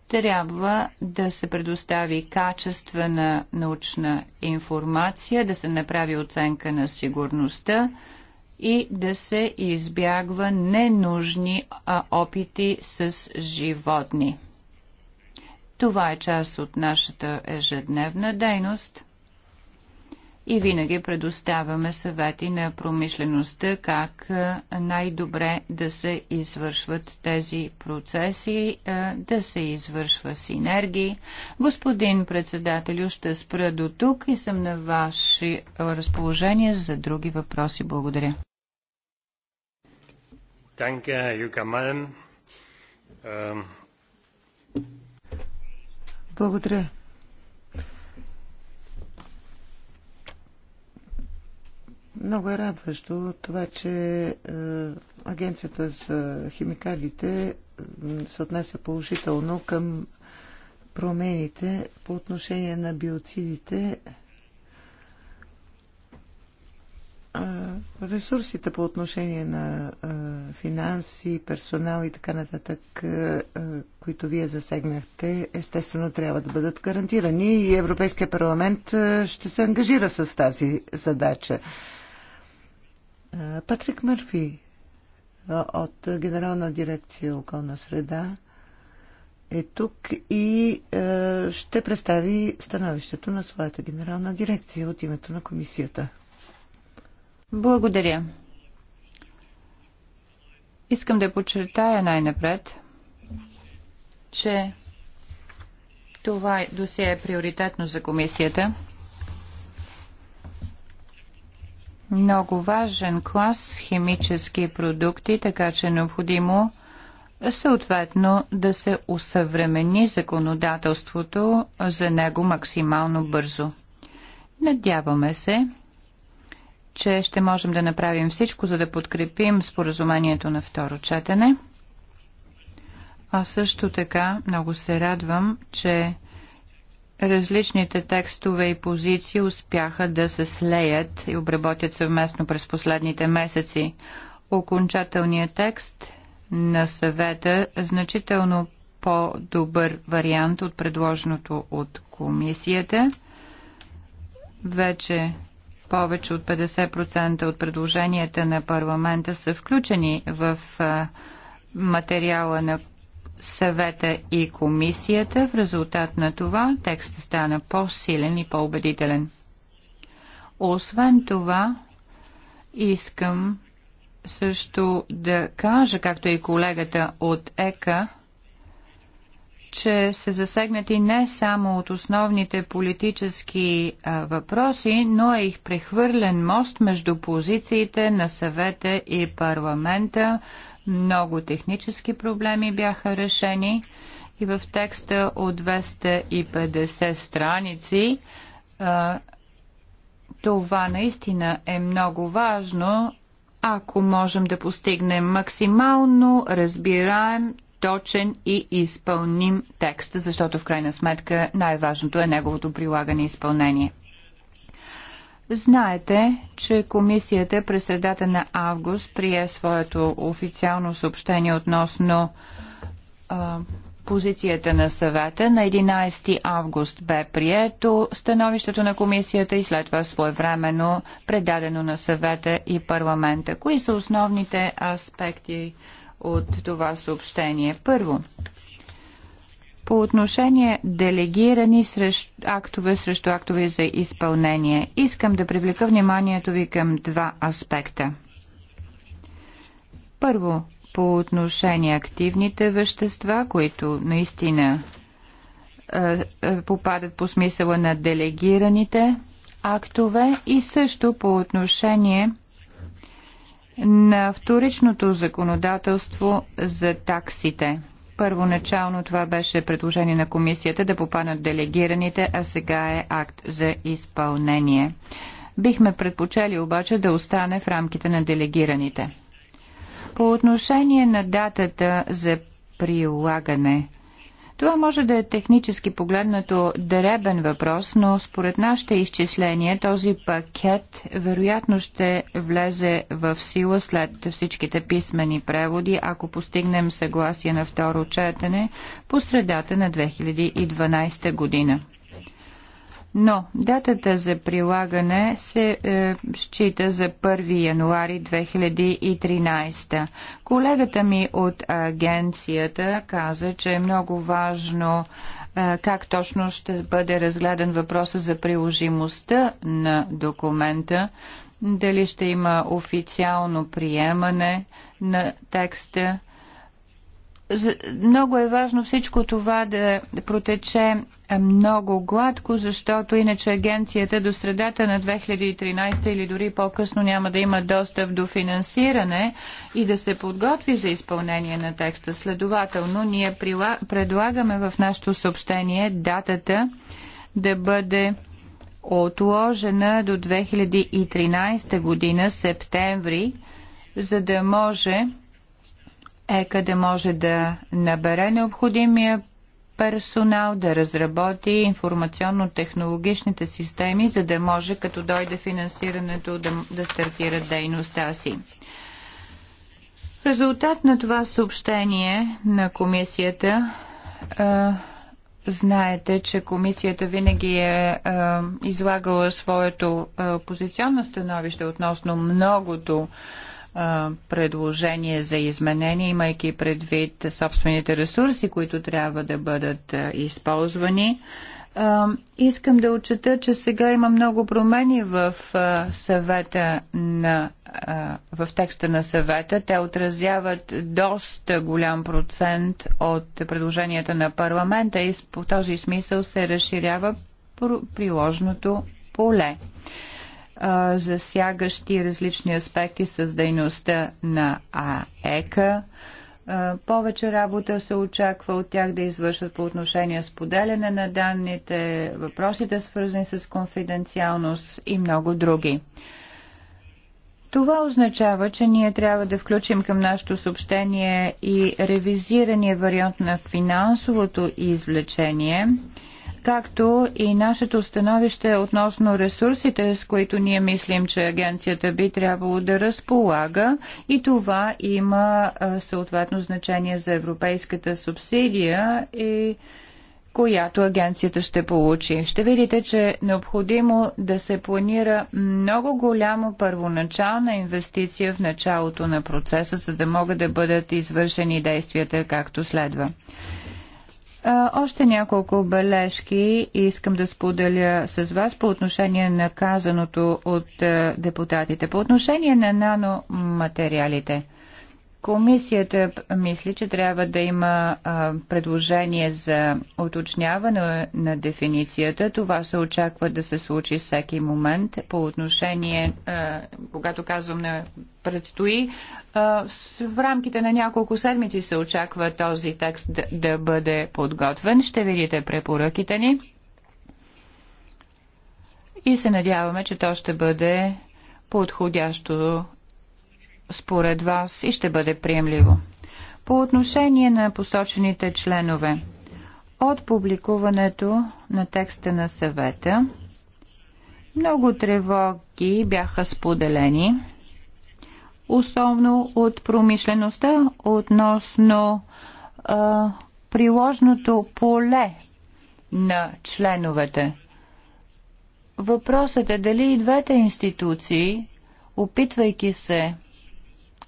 Трябва да се предостави качествена научна информация, да се направи оценка на сигурността и да се избягва ненужни опити с животни. Това е част от нашата ежедневна дейност и винаги предоставяме съвети на промишлеността как най-добре да се извършват тези процеси, да се извършва синергии. Господин председателю, ще спра до тук и съм на ваше разположение за други въпроси. Благодаря. Danke, Herr ähm, Благодаря. Много е радващо това, че е, Агенцията за химикалите се отнася положително към промените по отношение на биоцидите Ресурсите по отношение на финанси, персонал и така нататък, които вие засегнахте, естествено трябва да бъдат гарантирани и Европейския парламент ще се ангажира с тази задача. Патрик Мърфи от Генерална дирекция околна среда е тук и ще представи становището на своята генерална дирекция от името на комисията. Благодаря. Искам да подчертая най-напред, че това досие е приоритетно за комисията. Много важен клас химически продукти, така че е необходимо съответно да се усъвремени законодателството за него максимално бързо. Надяваме се, че ще можем да направим всичко, за да подкрепим споразумението на второ четене. А също така много се радвам, че различните текстове и позиции успяха да се слеят и обработят съвместно през последните месеци. Окончателният текст на съвета е значително по-добър вариант от предложеното от комисията. Вече повече от 50% от предложенията на парламента са включени в материала на съвета и комисията. В резултат на това текстът стана по-силен и по-убедителен. Освен това, искам също да кажа, както и колегата от ЕКА, че са засегнати не само от основните политически а, въпроси, но е их прехвърлен мост между позициите на съвета и парламента. Много технически проблеми бяха решени и в текста от 250 страници а, това наистина е много важно, ако можем да постигнем максимално разбираем точен и изпълним текст, защото в крайна сметка най-важното е неговото прилагане и изпълнение. Знаете, че комисията през средата на август прие своето официално съобщение относно а, позицията на съвета. На 11 август бе прието становището на комисията и след това своевременно предадено на съвета и парламента. Кои са основните аспекти? от това съобщение. Първо, по отношение делегирани срещу, актове срещу актове за изпълнение, искам да привлека вниманието ви към два аспекта. Първо, по отношение активните вещества, които наистина е, е, попадат по смисъла на делегираните актове и също по отношение на вторичното законодателство за таксите. Първоначално това беше предложение на комисията да попаднат делегираните, а сега е акт за изпълнение. Бихме предпочели обаче да остане в рамките на делегираните. По отношение на датата за прилагане – това може да е технически погледнато дребен въпрос, но според нашите изчисления този пакет вероятно ще влезе в сила след всичките писмени преводи, ако постигнем съгласие на второ четене по средата на 2012 година но датата за прилагане се е, счита за 1 януари 2013. Колегата ми от агенцията каза, че е много важно е, как точно ще бъде разгледан въпроса за приложимостта на документа, дали ще има официално приемане на текста много е важно всичко това да протече е, много гладко, защото иначе агенцията до средата на 2013 или дори по-късно няма да има достъп до финансиране и да се подготви за изпълнение на текста. Следователно, ние предлагаме в нашето съобщение датата да бъде отложена до 2013 година, септември, за да може ЕКА да може да набере необходимия персонал, да разработи информационно-технологичните системи, за да може, като дойде финансирането, да, да стартира дейността си. В резултат на това съобщение на комисията, а, знаете, че комисията винаги е а, излагала своето а, позиционно становище относно многото предложение за изменение, имайки предвид собствените ресурси, които трябва да бъдат използвани. Искам да отчета, че сега има много промени в съвета на в текста на съвета. Те отразяват доста голям процент от предложенията на парламента и по този смисъл се разширява приложното поле а, засягащи различни аспекти с дейността на АЕКА. Повече работа се очаква от тях да извършат по отношение с поделяне на данните, въпросите свързани с конфиденциалност и много други. Това означава, че ние трябва да включим към нашето съобщение и ревизирания вариант на финансовото извлечение – както и нашето становище относно ресурсите, с които ние мислим, че агенцията би трябвало да разполага и това има съответно значение за европейската субсидия и която агенцията ще получи. Ще видите, че е необходимо да се планира много голяма първоначална инвестиция в началото на процеса, за да могат да бъдат извършени действията както следва. Още няколко бележки искам да споделя с вас по отношение на казаното от депутатите. По отношение на наноматериалите. Комисията мисли, че трябва да има а, предложение за уточняване на дефиницията. Това се очаква да се случи всеки момент по отношение, а, когато казвам на предстои, в рамките на няколко седмици се очаква този текст да бъде подготвен. Ще видите препоръките ни и се надяваме, че то ще бъде подходящо според вас и ще бъде приемливо. По отношение на посочените членове, от публикуването на текста на съвета много тревоги бяха споделени основно от промишлеността относно а, приложното поле на членовете. Въпросът е дали и двете институции, опитвайки се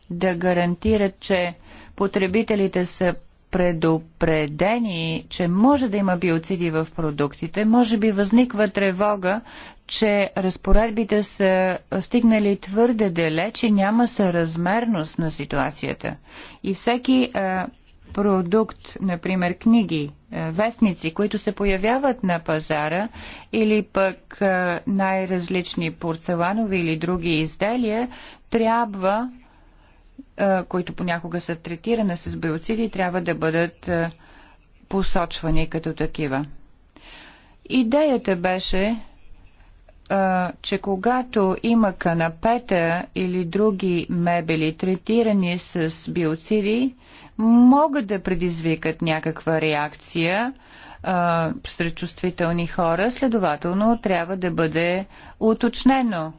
да гарантират, че потребителите са предупредени, че може да има биоциди в продуктите, може би възниква тревога, че разпоредбите са стигнали твърде далеч и няма съразмерност на ситуацията. И всеки а, е, продукт, например книги, а, е, вестници, които се появяват на пазара или пък е, най-различни порцеланови или други изделия, трябва, а, които понякога са третирани с биоциди, трябва да бъдат а, посочвани като такива. Идеята беше че когато има канапета или други мебели, третирани с биоциди, могат да предизвикат някаква реакция а, сред чувствителни хора, следователно трябва да бъде уточнено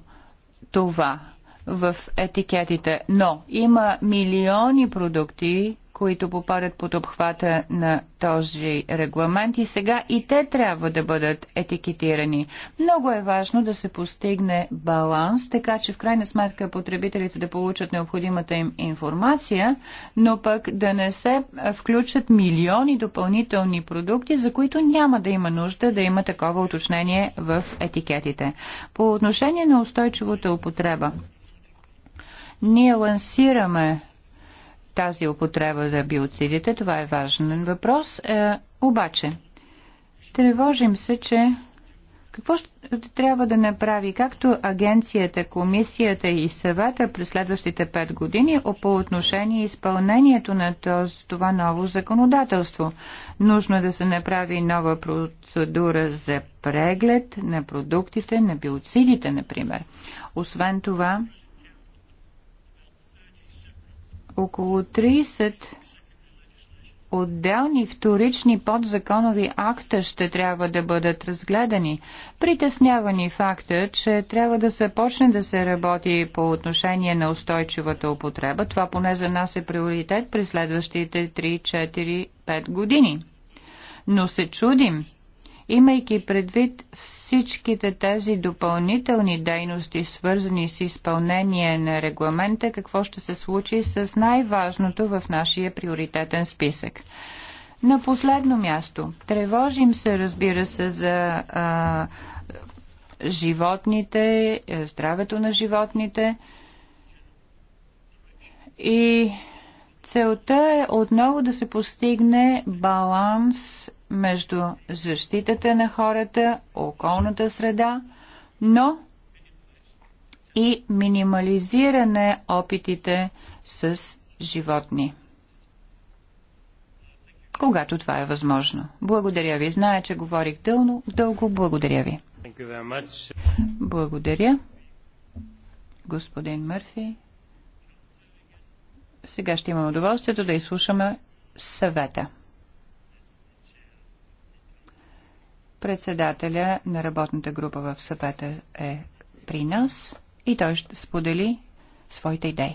това в етикетите. Но има милиони продукти, които попадат под обхвата на този регламент и сега и те трябва да бъдат етикетирани. Много е важно да се постигне баланс, така че в крайна сметка потребителите да получат необходимата им информация, но пък да не се включат милиони допълнителни продукти, за които няма да има нужда да има такова уточнение в етикетите. По отношение на устойчивата употреба, ние лансираме тази употреба за биоцидите. Това е важен въпрос. Е, обаче, тревожим се, че какво ще трябва да направи както агенцията, комисията и съвета през следващите пет години по отношение изпълнението на този, това ново законодателство? Нужно е да се направи нова процедура за преглед на продуктите, на биоцидите, например. Освен това, около 30 отделни вторични подзаконови акта ще трябва да бъдат разгледани. притеснявани факта, че трябва да се почне да се работи по отношение на устойчивата употреба. Това поне за нас е приоритет през следващите 3-4-5 години. Но се чудим – имайки предвид всичките тези допълнителни дейности, свързани с изпълнение на регламента, какво ще се случи с най-важното в нашия приоритетен списък. На последно място, тревожим се, разбира се, за а, животните, е, здравето на животните и Целта е отново да се постигне баланс между защитата на хората, околната среда, но и минимализиране опитите с животни. Когато това е възможно. Благодаря ви. Зная, че говорих дълно, дълго. Благодаря ви. Благодаря. Господин Мърфи. Сега ще имам удоволствието да изслушаме съвета. Председателя на работната група в съвета е при нас и той ще сподели своите идеи.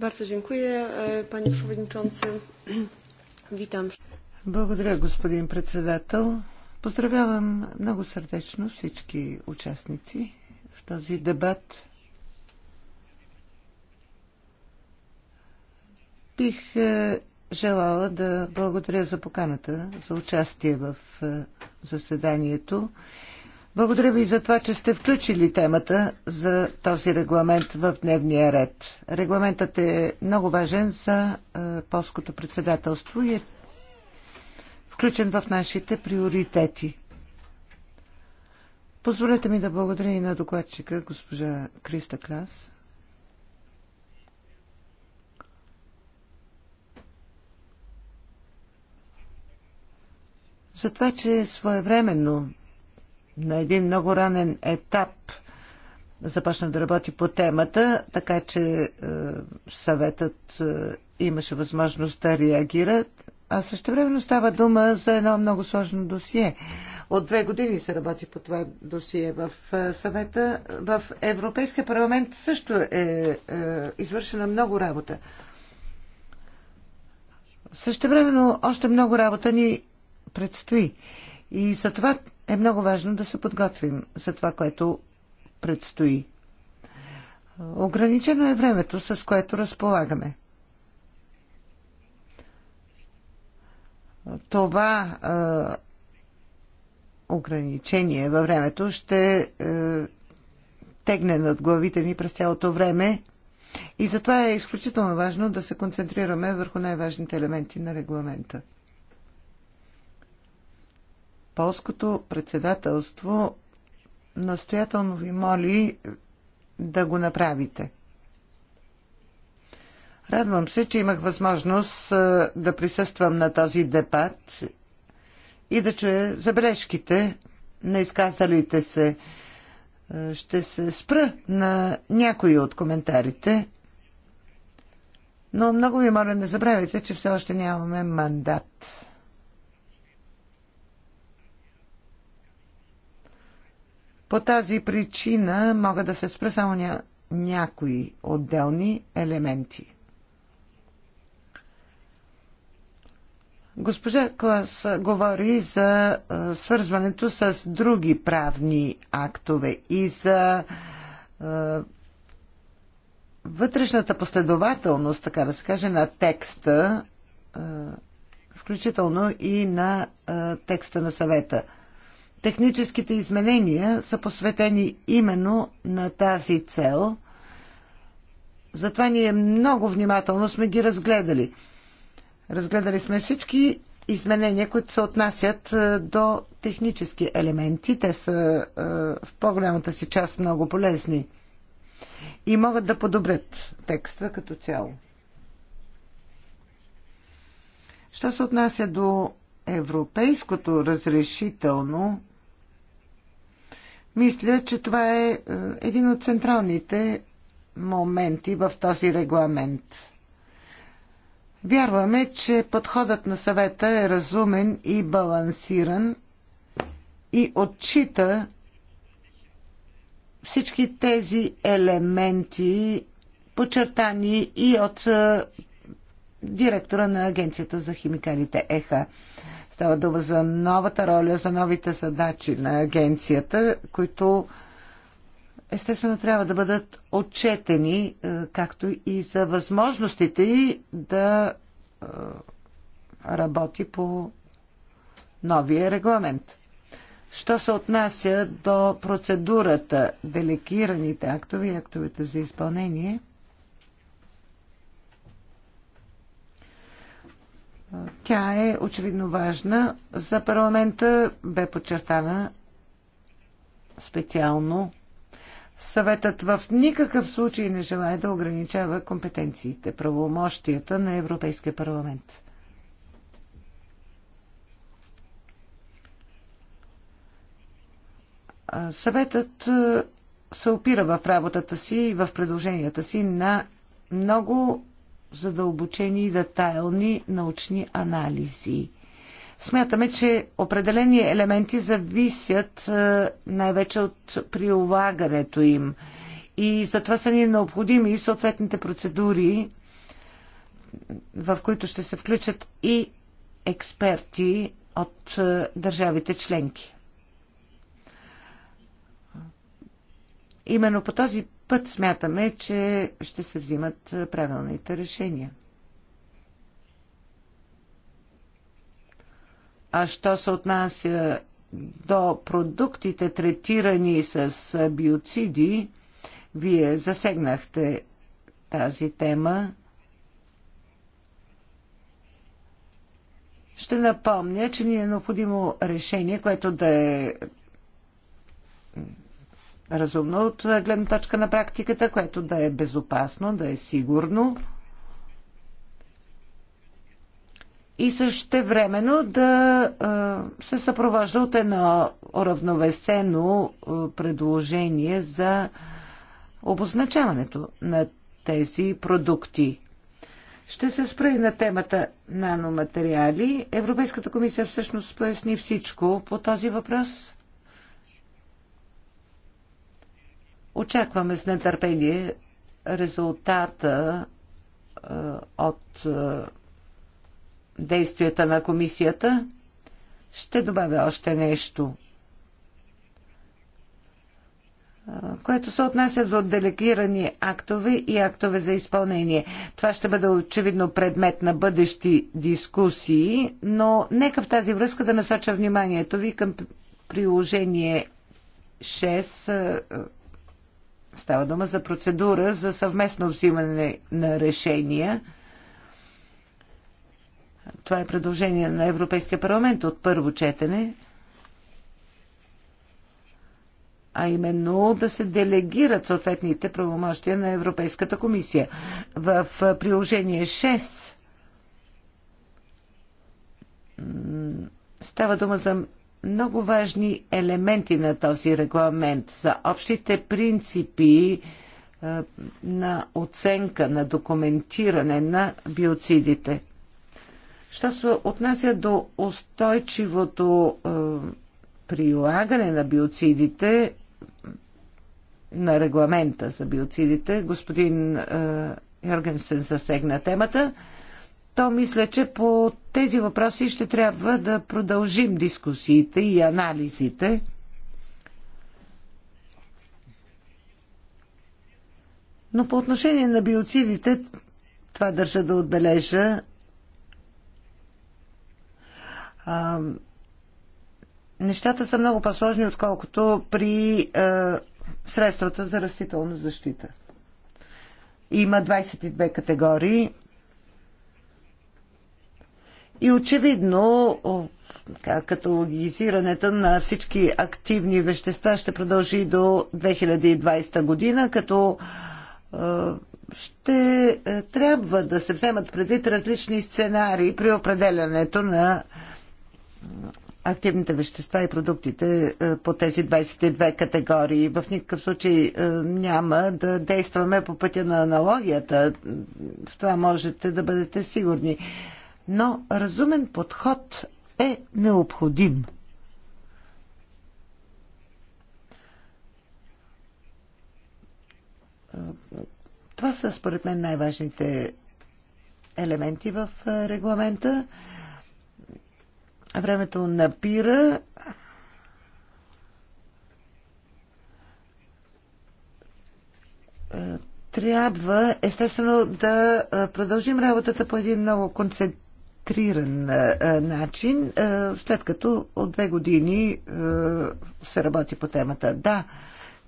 E, Благодаря, господин председател. Поздравявам много сърдечно всички участници в този дебат. Бих е, желала да благодаря за поканата, за участие в е, заседанието. Благодаря ви за това, че сте включили темата за този регламент в дневния ред. Регламентът е много важен за е, полското председателство и е включен в нашите приоритети. Позволете ми да благодаря и на докладчика, госпожа Криста Клас. за това, че е своевременно на един много ранен етап започна да работи по темата, така че е, съветът е, имаше възможност да реагира. А също времено става дума за едно много сложно досие. От две години се работи по това досие в е, съвета. В Европейския парламент също е, е извършена много работа. Също времено още много работа ни предстои. И за това е много важно да се подготвим за това, което предстои. Ограничено е времето, с което разполагаме. Това е, ограничение във времето ще е, тегне над главите ни през цялото време и затова е изключително важно да се концентрираме върху най-важните елементи на регламента. Полското председателство настоятелно ви моли да го направите. Радвам се, че имах възможност да присъствам на този дебат и да чуя забележките на изказалите се. Ще се спра на някои от коментарите, но много ви моля, не забравяйте, че все още нямаме мандат. По тази причина мога да се спра само ня... някои отделни елементи. Госпожа Клас говори за свързването с други правни актове и за вътрешната последователност, така да се каже, на текста, включително и на текста на съвета – Техническите изменения са посветени именно на тази цел. Затова ние много внимателно сме ги разгледали. Разгледали сме всички изменения, които се отнасят е, до технически елементи. Те са е, в по-голямата си част много полезни и могат да подобрят текста като цяло. Що се отнася до европейското разрешително, мисля, че това е, е един от централните моменти в този регламент. Вярваме, че подходът на съвета е разумен и балансиран и отчита всички тези елементи, подчертани и от е, директора на Агенцията за химикалите ЕХА. Става дума за новата роля, за новите задачи на агенцията, които естествено трябва да бъдат отчетени, е, както и за възможностите й да е, работи по новия регламент. Що се отнася до процедурата, делегираните актове и актовете за изпълнение, Тя е очевидно важна за парламента, бе подчертана специално. Съветът в никакъв случай не желая да ограничава компетенциите, правомощията на Европейския парламент. Съветът се опира в работата си и в предложенията си на много задълбочени и детайлни научни анализи. Смятаме, че определени елементи зависят е, най-вече от прилагането им и затова са ни необходими и съответните процедури, в които ще се включат и експерти от е, държавите членки. Именно по този път смятаме, че ще се взимат правилните решения. А що се отнася до продуктите, третирани с биоциди, вие засегнахте тази тема. Ще напомня, че ни е необходимо решение, което да е разумно от гледна точка на практиката, което да е безопасно, да е сигурно и също времено да се съпровожда от едно уравновесено предложение за обозначаването на тези продукти. Ще се спра и на темата наноматериали. Европейската комисия всъщност поясни всичко по този въпрос. Очакваме с нетърпение резултата от действията на комисията. Ще добавя още нещо, което се отнася до делегирани актове и актове за изпълнение. Това ще бъде очевидно предмет на бъдещи дискусии, но нека в тази връзка да насоча вниманието ви към приложение 6 Става дума за процедура за съвместно взимане на решения. Това е предложение на Европейския парламент от първо четене, а именно да се делегират съответните правомощия на Европейската комисия. В приложение 6 става дума за много важни елементи на този регламент за общите принципи е, на оценка, на документиране на биоцидите. Що се отнася до устойчивото е, прилагане на биоцидите, на регламента за биоцидите, господин е, Йоргенсен засегна темата то мисля, че по тези въпроси ще трябва да продължим дискусиите и анализите. Но по отношение на биоцидите, това държа да отбележа, а, нещата са много по-сложни, отколкото при а, средствата за растителна защита. Има 22 категории и очевидно каталогизирането на всички активни вещества ще продължи до 2020 година, като ще е, трябва да се вземат предвид различни сценарии при определянето на активните вещества и продуктите е, по тези 22 категории. В никакъв случай е, няма да действаме по пътя на аналогията. В това можете да бъдете сигурни но разумен подход е необходим. Това са според мен най-важните елементи в регламента. Времето напира. Трябва, естествено, да продължим работата по един много концентриран а, начин, след като от две години се работи по темата. Да,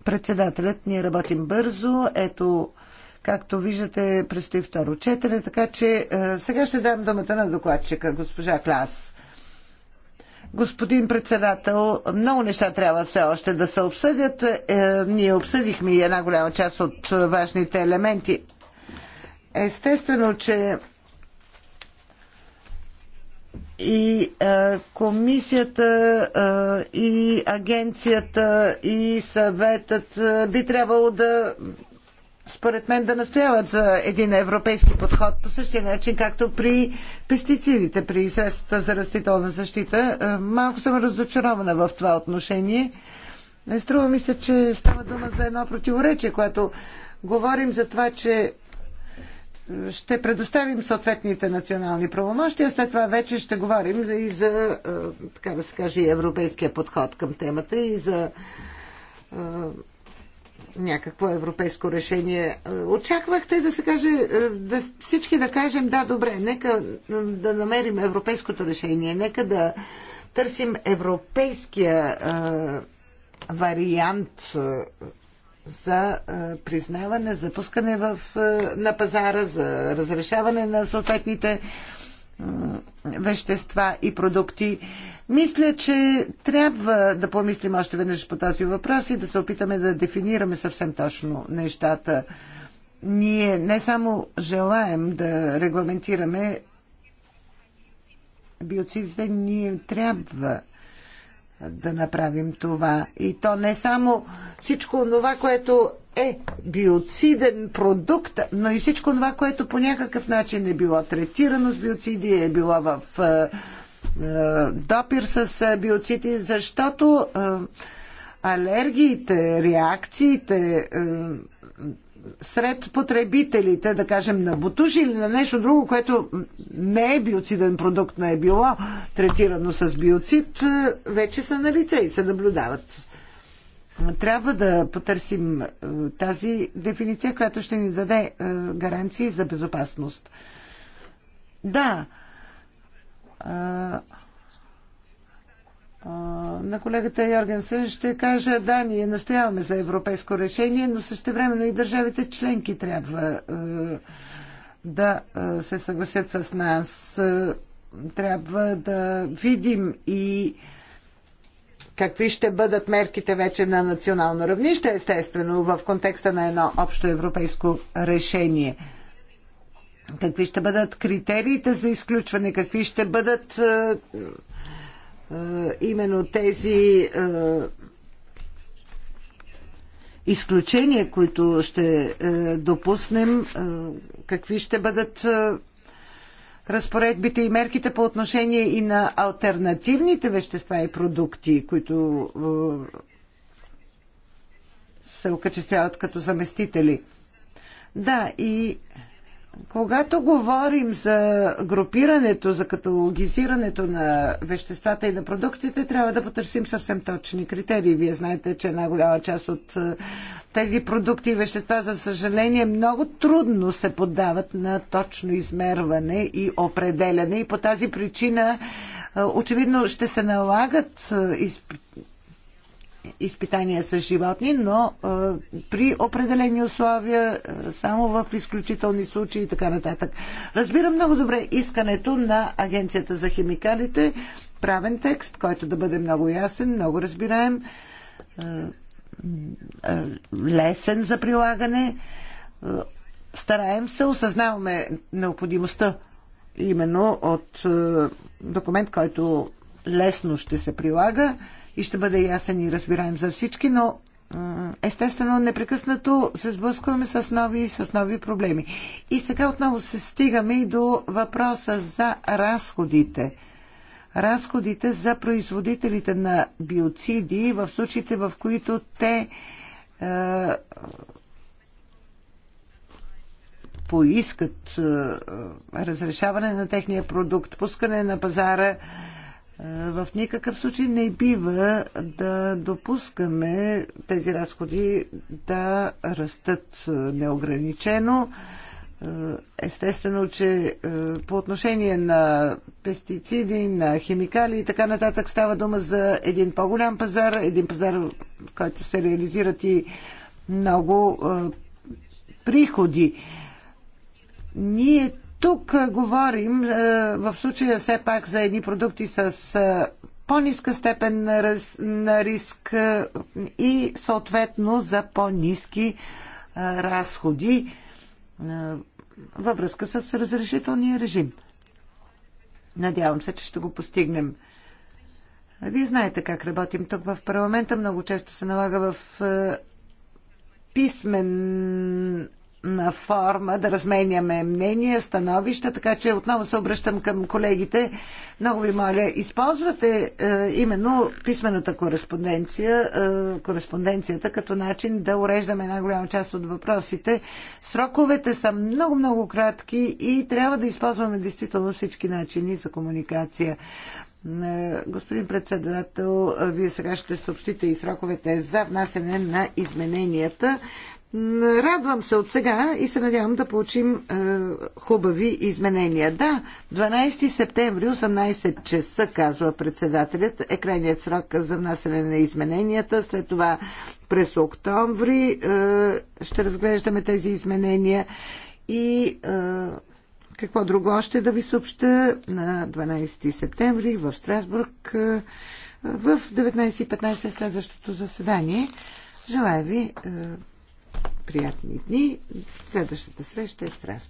председателят, ние работим бързо. Ето, както виждате, предстои второ четене, така че сега ще дам думата на докладчика, госпожа Клас. Господин председател, много неща трябва все още да се обсъдят. Е, ние обсъдихме и една голяма част от важните елементи. Естествено, че и а, е, комисията а, е, и агенцията и съветът а, е, би трябвало да според мен да настояват за един европейски подход по същия начин, както при пестицидите, при средствата за растителна защита. А, малко съм разочарована в това отношение. Не Струва ми се, че става дума за едно противоречие, което говорим за това, че ще предоставим съответните национални правомощия, след това вече ще говорим и за, така да се каже, европейския подход към темата и за някакво европейско решение. Очаквахте да се каже, да всички да кажем, да, добре, нека да намерим европейското решение, нека да търсим европейския вариант за признаване, за пускане в, на пазара, за разрешаване на съответните вещества и продукти. Мисля, че трябва да помислим още веднъж по този въпрос и да се опитаме да дефинираме съвсем точно нещата. Ние не само желаем да регламентираме биоцидите, ние трябва да направим това. И то не само всичко това, което е биоциден продукт, но и всичко това, което по някакъв начин е било третирано с биоциди, е било в е, е, допир с е, биоциди, защото е, алергиите, реакциите е, сред потребителите, да кажем на бутуши или на нещо друго, което не е биоциден продукт, не е било третирано с биоцид, е, вече са на лице и се наблюдават. Трябва да потърсим е, тази дефиниция, която ще ни даде е, гаранции за безопасност. Да, на колегата Йоргенсън ще кажа, да, ние настояваме за европейско решение, но същевременно и държавите членки трябва да се съгласят с нас. Трябва да видим и какви ще бъдат мерките вече на национално равнище, естествено, в контекста на едно общо европейско решение. Какви ще бъдат критериите за изключване, какви ще бъдат именно тези изключения, които ще допуснем, какви ще бъдат разпоредбите и мерките по отношение и на альтернативните вещества и продукти, които се окачествяват като заместители. Да, и когато говорим за групирането, за каталогизирането на веществата и на продуктите, трябва да потърсим съвсем точни критерии. Вие знаете, че една голяма част от е, тези продукти и вещества, за съжаление, много трудно се поддават на точно измерване и определяне. И по тази причина, е, очевидно, ще се налагат е, изпитания с животни, но а, при определени условия, а, само в изключителни случаи и така нататък. Разбира много добре искането на Агенцията за химикалите, правен текст, който да бъде много ясен, много разбираем, а, а, лесен за прилагане. А, стараем се, осъзнаваме необходимостта именно от а, документ, който лесно ще се прилага. А, и ще бъде ясен и разбираем за всички, но естествено непрекъснато се сблъскваме с нови и с нови проблеми. И сега отново се стигаме и до въпроса за разходите. Разходите за производителите на биоциди в случаите, в които те е, поискат е, разрешаване на техния продукт, пускане на пазара, е, е, в никакъв случай не бива да допускаме тези разходи да растат е, неограничено. Е, естествено, че по отношение на пестициди, на химикали и така нататък става дума за един по-голям пазар, един пазар, в който се реализират и много приходи. Ние тук е, говорим е, в случая все пак за едни продукти с е, по-ниска степен на риск и съответно за по-низки разходи във връзка с разрешителния режим. Надявам се, че ще го постигнем. Вие знаете как работим тук в парламента. Много често се налага в писмен форма да разменяме мнения, становища, така че отново се обръщам към колегите. Много ви моля, използвате е, именно писмената кореспонденция, е, кореспонденцията като начин да уреждаме една голяма част от въпросите. Сроковете са много-много кратки и трябва да използваме действително всички начини за комуникация. Е, господин председател, е, вие сега ще съобщите и сроковете за внасяне на измененията. Радвам се от сега и се надявам да получим е, хубави изменения. Да, 12 септември, 18 часа, казва председателят, е крайният срок за внасяне на измененията. След това през октомври е, ще разглеждаме тези изменения и е, какво друго още да ви съобща на 12 септември в Страсбург е, в 19.15 следващото заседание. Желая ви е, приятни дни. Следващата среща е в Страсбург.